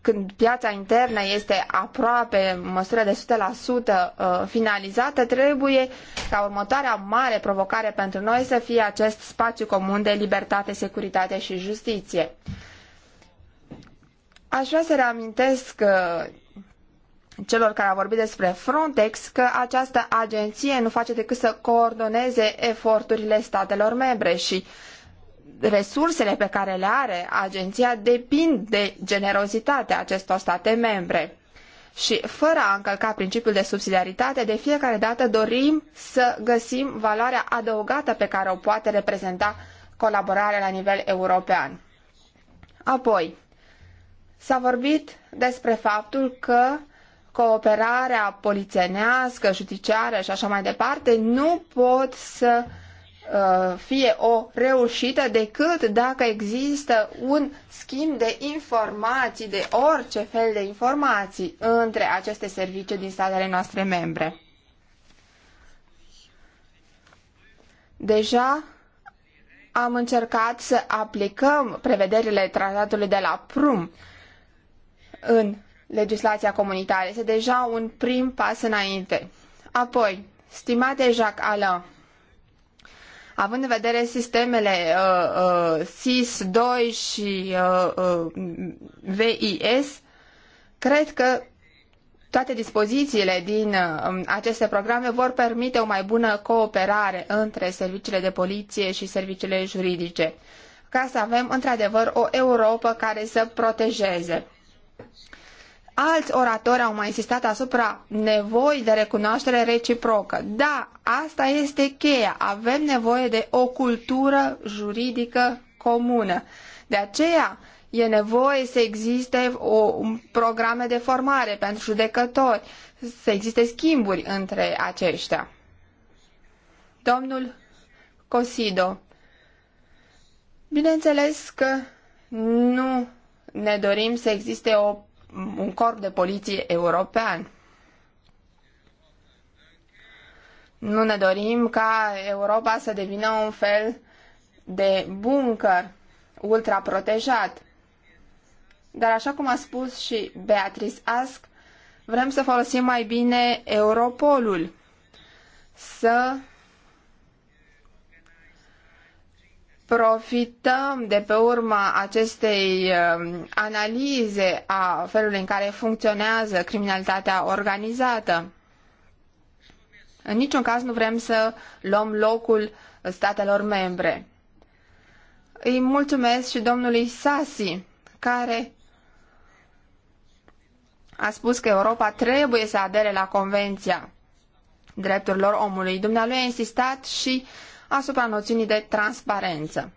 când piața internă este aproape în măsură de 100% uh, finalizată, trebuie ca următoarea mare provocare pentru noi să fie acest spațiu comun de libertate, securitate și justiție. Aș vrea să reamintesc uh, celor care au vorbit despre Frontex că această agenție nu face decât să coordoneze eforturile statelor membre și uh, resursele pe care le are agenția depind de generozitatea acestor state membre. Și fără a încălca principiul de subsidiaritate, de fiecare dată dorim să găsim valoarea adăugată pe care o poate reprezenta colaborarea la nivel european. Apoi, s-a vorbit despre faptul că cooperarea polițenească, judiciară și așa mai departe nu pot să Uh, fie o reușită decât dacă există un schimb de informații, de orice fel de informații între aceste servicii din statele noastre membre. Deja am încercat să aplicăm prevederile tratatului de la Prum în legislația comunitară. Este deja un prim pas înainte. Apoi, stimate Jacques Alain, având în vedere sistemele uh, uh, SIS-2 și uh, uh VIS, cred că toate dispozițiile din um, aceste programe vor permite o mai bună cooperare între serviciile de poliție și serviciile juridice, ca să avem într-adevăr o Europă care să protejeze. Alți oratori au mai insistat asupra nevoii de recunoaștere reciprocă. Da, asta este cheia. Avem nevoie de o cultură juridică comună. De aceea e nevoie să existe o, programe de formare pentru judecători, să existe schimburi între aceștia. Domnul Cosido, bineînțeles că nu ne dorim să existe o, un corp de poliție european. Nu ne dorim ca Europa să devină un fel de bunker ultraprotejat. Dar așa cum a spus și Beatrice Ask, vrem să folosim mai bine Europolul, să profităm de pe urma acestei um, analize a felului în care funcționează criminalitatea organizată. În niciun caz nu vrem să luăm locul statelor membre. Îi mulțumesc și domnului Sasi, care a spus că Europa trebuie să adere la Convenția Drepturilor Omului. Dumnealui a insistat și asupra noțiunii de transparență,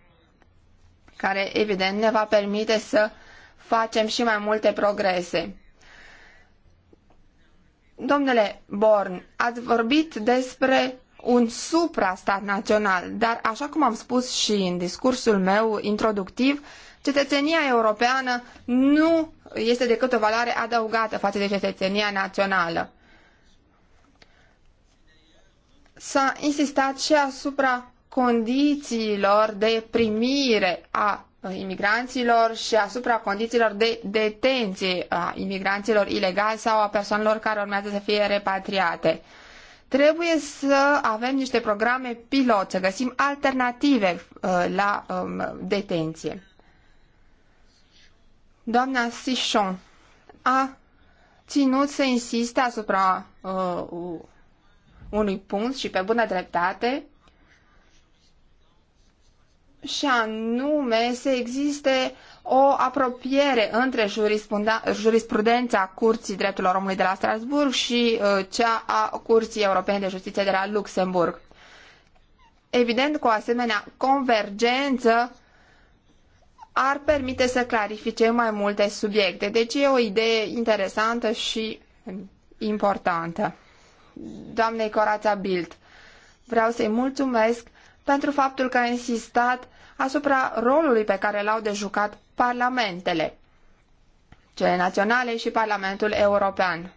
care evident ne va permite să facem și mai multe progrese. Domnule Born, ați vorbit despre un suprastat național, dar așa cum am spus și în discursul meu introductiv, cetățenia europeană nu este decât o valoare adăugată față de cetățenia națională. S-a insistat și asupra condițiilor de primire a Uh, imigranților și asupra condițiilor de detenție a imigranților ilegali sau a persoanelor care urmează să fie repatriate. Trebuie să avem niște programe pilot, să găsim alternative uh, la um, detenție. Doamna Sichon a ținut să insiste asupra uh, unui punct și pe bună dreptate și anume să existe o apropiere între jurisprudența Curții Drepturilor Omului de la Strasbourg și uh, cea a Curții Europene de Justiție de la Luxemburg. Evident, cu o asemenea convergență ar permite să clarifice mai multe subiecte. Deci e o idee interesantă și importantă. Doamnei Corața Bild, vreau să-i mulțumesc pentru faptul că a insistat asupra rolului pe care l-au de jucat parlamentele, cele naționale și Parlamentul European.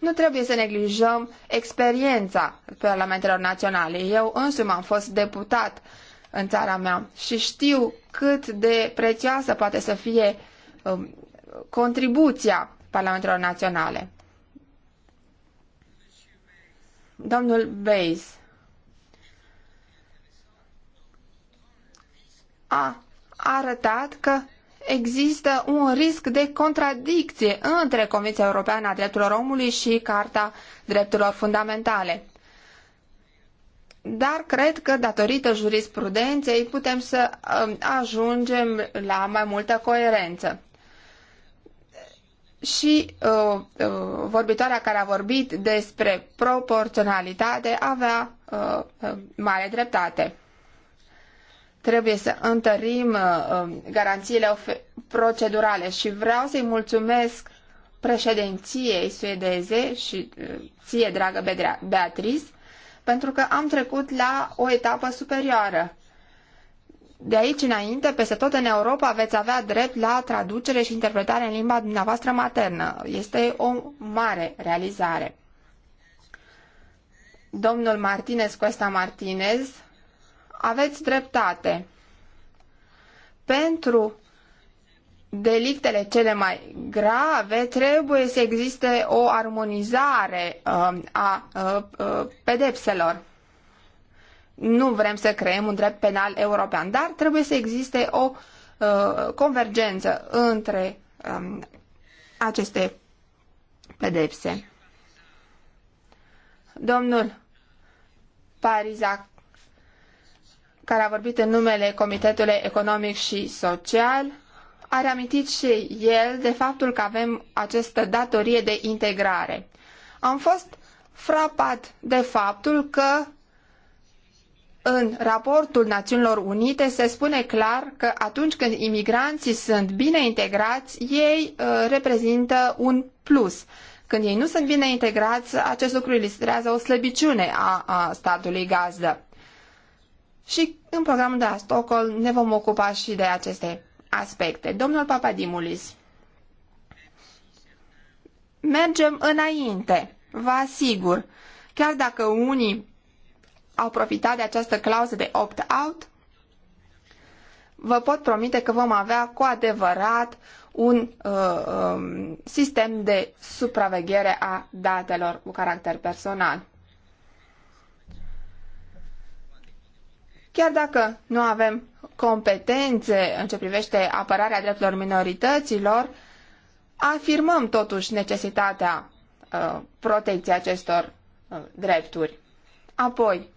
Nu trebuie să neglijăm experiența parlamentelor naționale. Eu însumi am fost deputat în țara mea și știu cât de prețioasă poate să fie um, contribuția parlamentelor naționale. Domnul Bays. a arătat că există un risc de contradicție între Convenția Europeană a Drepturilor Omului și Carta Drepturilor Fundamentale. Dar cred că, datorită jurisprudenței, putem să um, ajungem la mai multă coerență. Și uh, uh, vorbitoarea care a vorbit despre proporționalitate avea uh, uh mare dreptate. Trebuie să întărim uh, um, garanțiile procedurale și vreau să-i mulțumesc președinției suedeze și uh, ție, dragă Beatriz, pentru că am trecut la o etapă superioară. De aici înainte, peste tot în Europa, veți avea drept la traducere și interpretare în limba dumneavoastră maternă. Este o mare realizare. Domnul Martinez Cuesta Martinez aveți dreptate. Pentru delictele cele mai grave trebuie să existe o armonizare um, a uh, uh, pedepselor. Nu vrem să creăm un drept penal european, dar trebuie să existe o uh, convergență între um, aceste pedepse. Domnul Parizac care a vorbit în numele Comitetului Economic și Social, a reamintit și el de faptul că avem această datorie de integrare. Am fost frapat de faptul că în raportul Națiunilor Unite se spune clar că atunci când imigranții sunt bine integrați, ei uh, reprezintă un plus. Când ei nu sunt bine integrați, acest lucru ilustrează o slăbiciune a, a statului gazdă. Și în programul de la Stockholm ne vom ocupa și de aceste aspecte. Domnul Papadimulis, mergem înainte, vă asigur. Chiar dacă unii au profitat de această clauză de opt-out, vă pot promite că vom avea cu adevărat un uh, um, sistem de supraveghere a datelor cu caracter personal. Chiar dacă nu avem competențe în ce privește apărarea drepturilor minorităților, afirmăm totuși necesitatea uh, protecției acestor uh, drepturi. Apoi,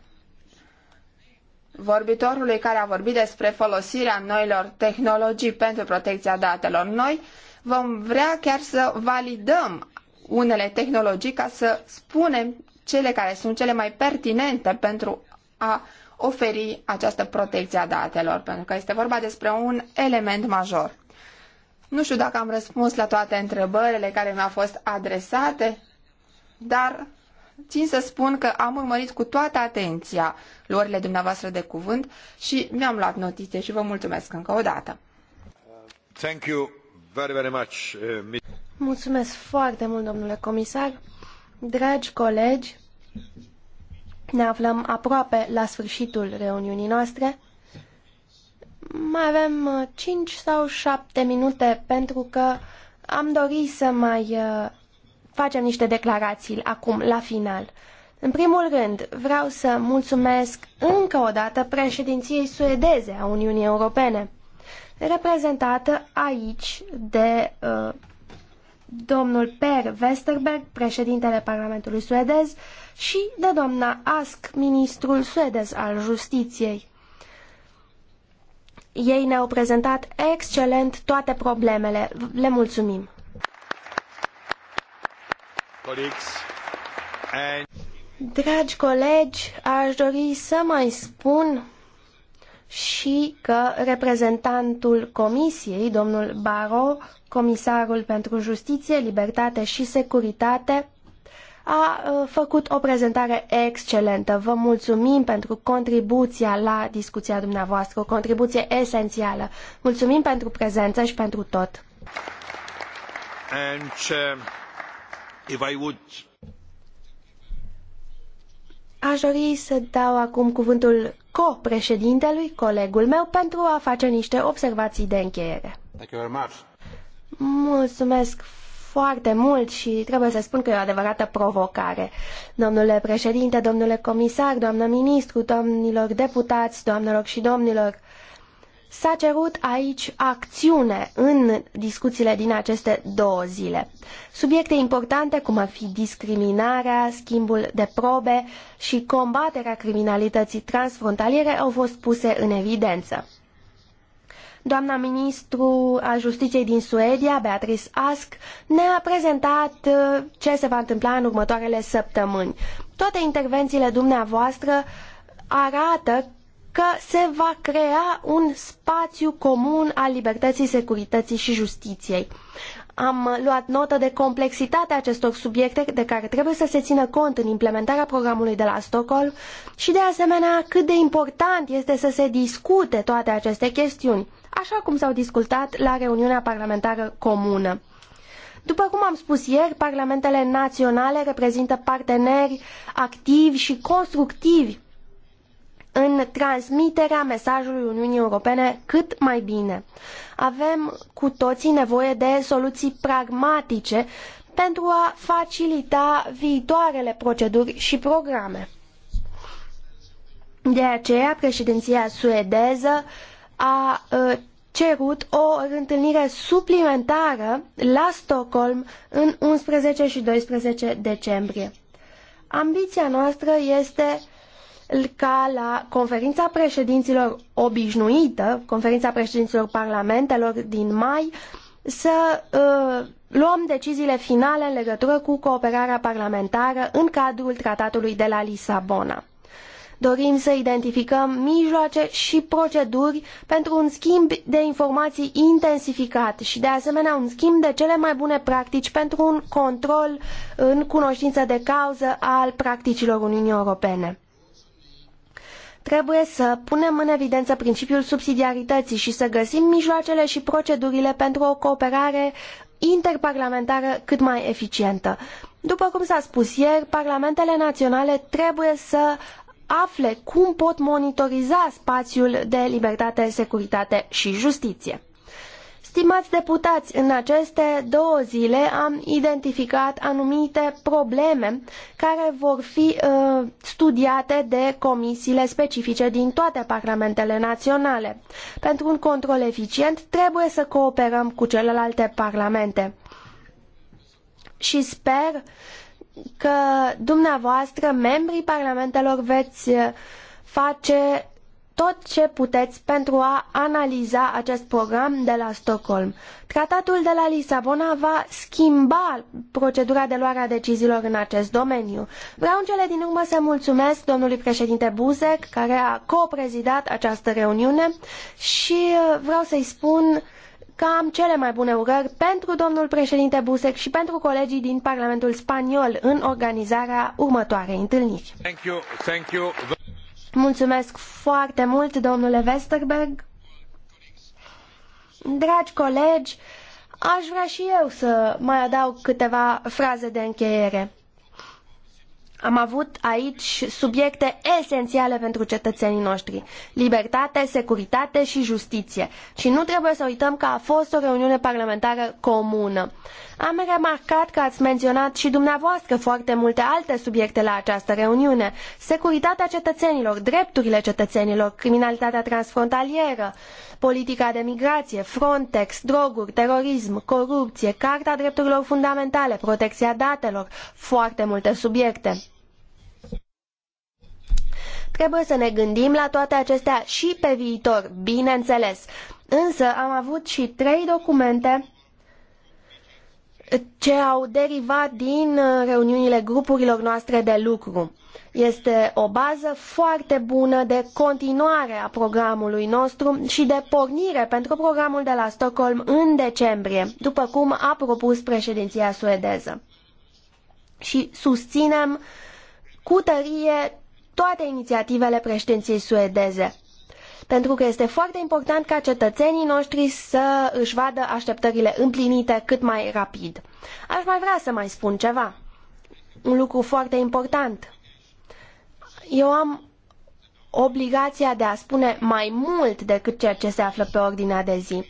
vorbitorului care a vorbit despre folosirea noilor tehnologii pentru protecția datelor. Noi vom vrea chiar să validăm unele tehnologii ca să spunem cele care sunt cele mai pertinente pentru a oferi această protecție a datelor, pentru că este vorba despre un element major. Nu știu dacă am răspuns la toate întrebările care mi-au fost adresate, dar țin să spun că am urmărit cu toată atenția luările dumneavoastră de cuvânt și mi-am luat notițe și vă mulțumesc încă o dată. Thank you very, very much, uh, Mulțumesc foarte mult, domnule comisar. Dragi colegi, ne aflăm aproape la sfârșitul reuniunii noastre. Mai avem 5 uh, sau 7 minute pentru că am dorit să mai uh, facem niște declarații acum, la final. În primul rând, vreau să mulțumesc încă o dată președinției suedeze a Uniunii Europene, reprezentată aici de uh, domnul Per Westerberg, președintele Parlamentului suedez, și de doamna Ask, ministrul suedez al justiției. Ei ne-au prezentat excelent toate problemele. Le mulțumim! Dragi colegi, aș dori să mai spun și că reprezentantul Comisiei, domnul Baro, Comisarul pentru Justiție, Libertate și Securitate a uh, făcut o prezentare excelentă. Vă mulțumim pentru contribuția la discuția dumneavoastră, o contribuție esențială. Mulțumim pentru prezență și pentru tot. And, uh, would... Aș dori să dau acum cuvântul co-președintelui, colegul meu, pentru a face niște observații de încheiere. Thank you very much. Mulțumesc foarte mult și trebuie să spun că e o adevărată provocare. Domnule președinte, domnule comisar, doamnă ministru, domnilor deputați, doamnelor și domnilor, s-a cerut aici acțiune în discuțiile din aceste două zile. Subiecte importante cum ar fi discriminarea, schimbul de probe și combaterea criminalității transfrontaliere au fost puse în evidență. Doamna ministru a justiției din Suedia, Beatrice Ask, ne-a prezentat uh, ce se va întâmpla în următoarele săptămâni. Toate intervențiile dumneavoastră arată că se va crea un spațiu comun al libertății, securității și justiției. Am luat notă de complexitatea acestor subiecte de care trebuie să se țină cont în implementarea programului de la Stockholm și de asemenea cât de important este să se discute toate aceste chestiuni, așa cum s-au discutat la reuniunea parlamentară comună. După cum am spus ieri, parlamentele naționale reprezintă parteneri activi și constructivi în transmiterea mesajului Uniunii Europene cât mai bine. Avem cu toții nevoie de soluții pragmatice pentru a facilita viitoarele proceduri și programe. De aceea, președinția suedeză a ă, cerut o întâlnire suplimentară la Stockholm în 11 și 12 decembrie. Ambiția noastră este ca la conferința președinților obișnuită, conferința președinților parlamentelor din mai, să uh, luăm deciziile finale în legătură cu cooperarea parlamentară în cadrul tratatului de la Lisabona. Dorim să identificăm mijloace și proceduri pentru un schimb de informații intensificat și de asemenea un schimb de cele mai bune practici pentru un control în cunoștință de cauză al practicilor Uniunii Europene. Trebuie să punem în evidență principiul subsidiarității și să găsim mijloacele și procedurile pentru o cooperare interparlamentară cât mai eficientă. După cum s-a spus ieri, parlamentele naționale trebuie să afle cum pot monitoriza spațiul de libertate, securitate și justiție. Stimați deputați, în aceste două zile am identificat anumite probleme care vor fi uh, studiate de comisiile specifice din toate parlamentele naționale. Pentru un control eficient trebuie să cooperăm cu celelalte parlamente. Și sper că dumneavoastră, membrii parlamentelor, veți face tot ce puteți pentru a analiza acest program de la Stockholm. Tratatul de la Lisabona va schimba procedura de luare a deciziilor în acest domeniu. Vreau în cele din urmă să mulțumesc domnului președinte Buzek, care a coprezidat această reuniune și uh, vreau să-i spun că am cele mai bune urări pentru domnul președinte Buzek și pentru colegii din Parlamentul Spaniol în organizarea următoarei întâlniri. Thank you, thank you. Mulțumesc foarte mult, domnule Westerberg. Dragi colegi, aș vrea și eu să mai adaug câteva fraze de încheiere am avut aici subiecte esențiale pentru cetățenii noștri. Libertate, securitate și justiție. Și nu trebuie să uităm că a fost o reuniune parlamentară comună. Am remarcat că ați menționat și dumneavoastră foarte multe alte subiecte la această reuniune. Securitatea cetățenilor, drepturile cetățenilor, criminalitatea transfrontalieră, politica de migrație, Frontex, droguri, terorism, corupție, Carta Drepturilor Fundamentale, protecția datelor, foarte multe subiecte. Trebuie să ne gândim la toate acestea și pe viitor, bineînțeles. Însă am avut și trei documente ce au derivat din uh, reuniunile grupurilor noastre de lucru. Este o bază foarte bună de continuare a programului nostru și de pornire pentru programul de la Stockholm în decembrie, după cum a propus președinția suedeză. Și susținem cu tărie toate inițiativele președinției suedeze pentru că este foarte important ca cetățenii noștri să își vadă așteptările împlinite cât mai rapid. Aș mai vrea să mai spun ceva. Un lucru foarte important. Eu am obligația de a spune mai mult decât ceea ce se află pe ordinea de zi.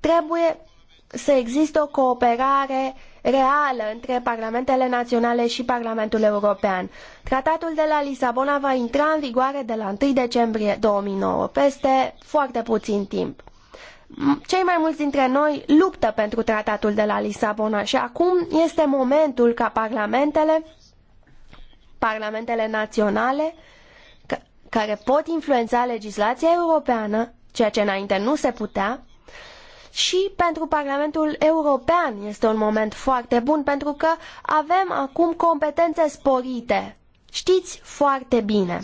Trebuie să existe o cooperare reală între parlamentele naționale și Parlamentul European. Tratatul de la Lisabona va intra în vigoare de la 1 decembrie 2009, peste foarte puțin timp. Cei mai mulți dintre noi luptă pentru tratatul de la Lisabona și acum este momentul ca parlamentele, parlamentele naționale, care pot influența legislația europeană, ceea ce înainte nu se putea, și pentru Parlamentul European este un moment foarte bun pentru că avem acum competențe sporite. Știți foarte bine.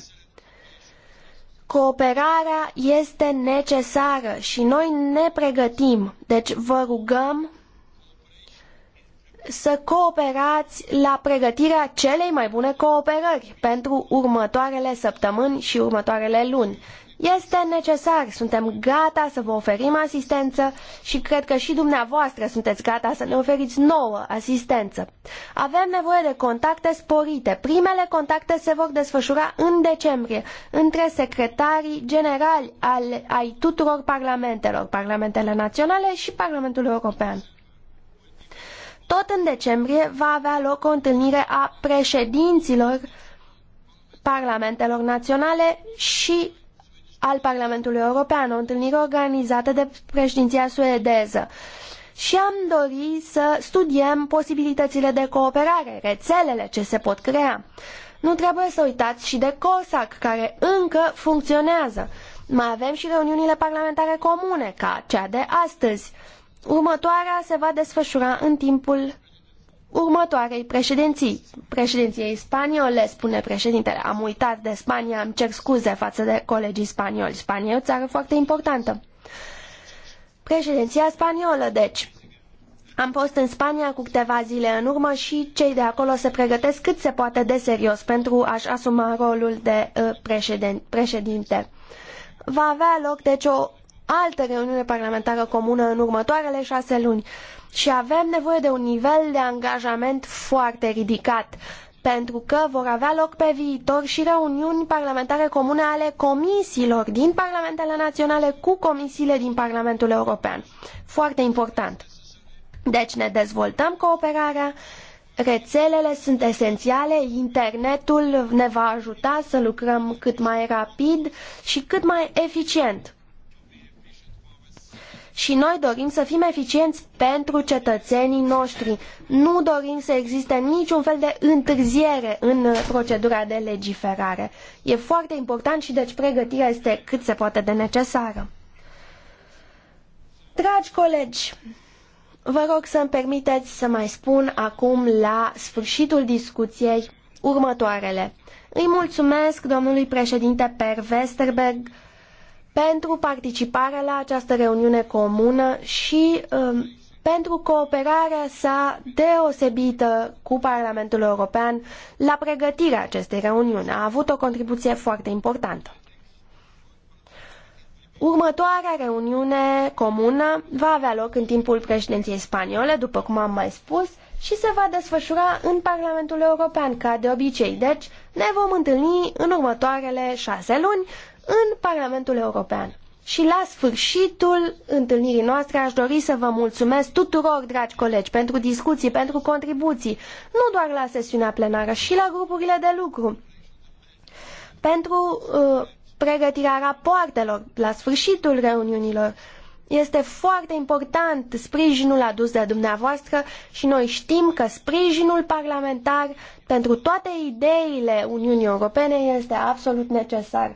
Cooperarea este necesară și noi ne pregătim. Deci vă rugăm să cooperați la pregătirea celei mai bune cooperări pentru următoarele săptămâni și următoarele luni. Este necesar, suntem gata să vă oferim asistență și cred că și dumneavoastră sunteți gata să ne oferiți nouă asistență. Avem nevoie de contacte sporite. Primele contacte se vor desfășura în decembrie între secretarii generali al, ai tuturor parlamentelor, parlamentele naționale și Parlamentul European. Tot în decembrie va avea loc o întâlnire a președinților parlamentelor naționale și al Parlamentului European, o întâlnire organizată de președinția suedeză. Și am dori să studiem posibilitățile de cooperare, rețelele ce se pot crea. Nu trebuie să uitați și de COSAC, care încă funcționează. Mai avem și reuniunile parlamentare comune, ca cea de astăzi. Următoarea se va desfășura în timpul următoarei președinții, președinției spaniole, spune președintele. Am uitat de Spania, îmi cer scuze față de colegii spanioli. Spania e o țară foarte importantă. Președinția spaniolă, deci. Am fost în Spania cu câteva zile în urmă și cei de acolo se pregătesc cât se poate de serios pentru a-și asuma rolul de uh, președinte. Va avea loc, deci, o altă reuniune parlamentară comună în următoarele șase luni și avem nevoie de un nivel de angajament foarte ridicat pentru că vor avea loc pe viitor și reuniuni parlamentare comune ale comisiilor din parlamentele naționale cu comisiile din Parlamentul European. Foarte important. Deci ne dezvoltăm cooperarea, rețelele sunt esențiale, internetul ne va ajuta să lucrăm cât mai rapid și cât mai eficient și noi dorim să fim eficienți pentru cetățenii noștri. Nu dorim să existe niciun fel de întârziere în procedura de legiferare. E foarte important și deci pregătirea este cât se poate de necesară. Dragi colegi, vă rog să-mi permiteți să mai spun acum la sfârșitul discuției următoarele. Îi mulțumesc domnului președinte Per Westerberg pentru participarea la această reuniune comună și um, pentru cooperarea sa deosebită cu Parlamentul European la pregătirea acestei reuniuni. A avut o contribuție foarte importantă. Următoarea reuniune comună va avea loc în timpul președinției spaniole, după cum am mai spus, și se va desfășura în Parlamentul European, ca de obicei. Deci, ne vom întâlni în următoarele șase luni în Parlamentul European. Și la sfârșitul întâlnirii noastre aș dori să vă mulțumesc tuturor, dragi colegi, pentru discuții, pentru contribuții, nu doar la sesiunea plenară, și la grupurile de lucru, pentru uh, pregătirea rapoartelor la sfârșitul reuniunilor. Este foarte important sprijinul adus de dumneavoastră și noi știm că sprijinul parlamentar pentru toate ideile Uniunii Europene este absolut necesar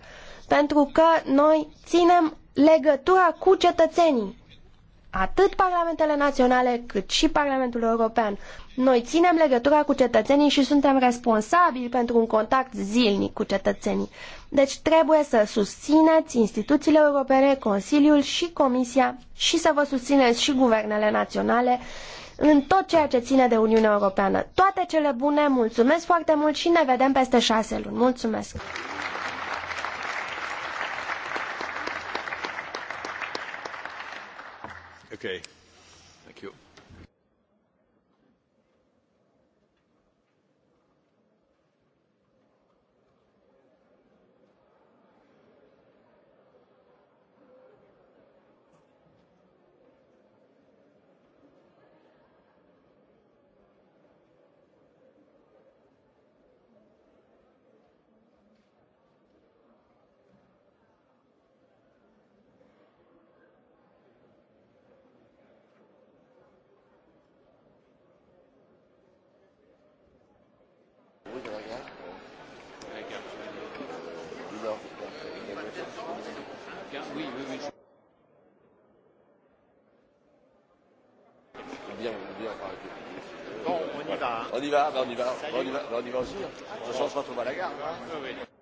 pentru că noi ținem legătura cu cetățenii. Atât parlamentele naționale cât și Parlamentul European. Noi ținem legătura cu cetățenii și suntem responsabili pentru un contact zilnic cu cetățenii. Deci trebuie să susțineți instituțiile europene, Consiliul și Comisia și să vă susțineți și guvernele naționale în tot ceea ce ține de Uniunea Europeană. Toate cele bune, mulțumesc foarte mult și ne vedem peste șase luni. Mulțumesc! Okay. y va, ben on y va, ben on y va, ben on y va aussi. Je on pas trop à la gare.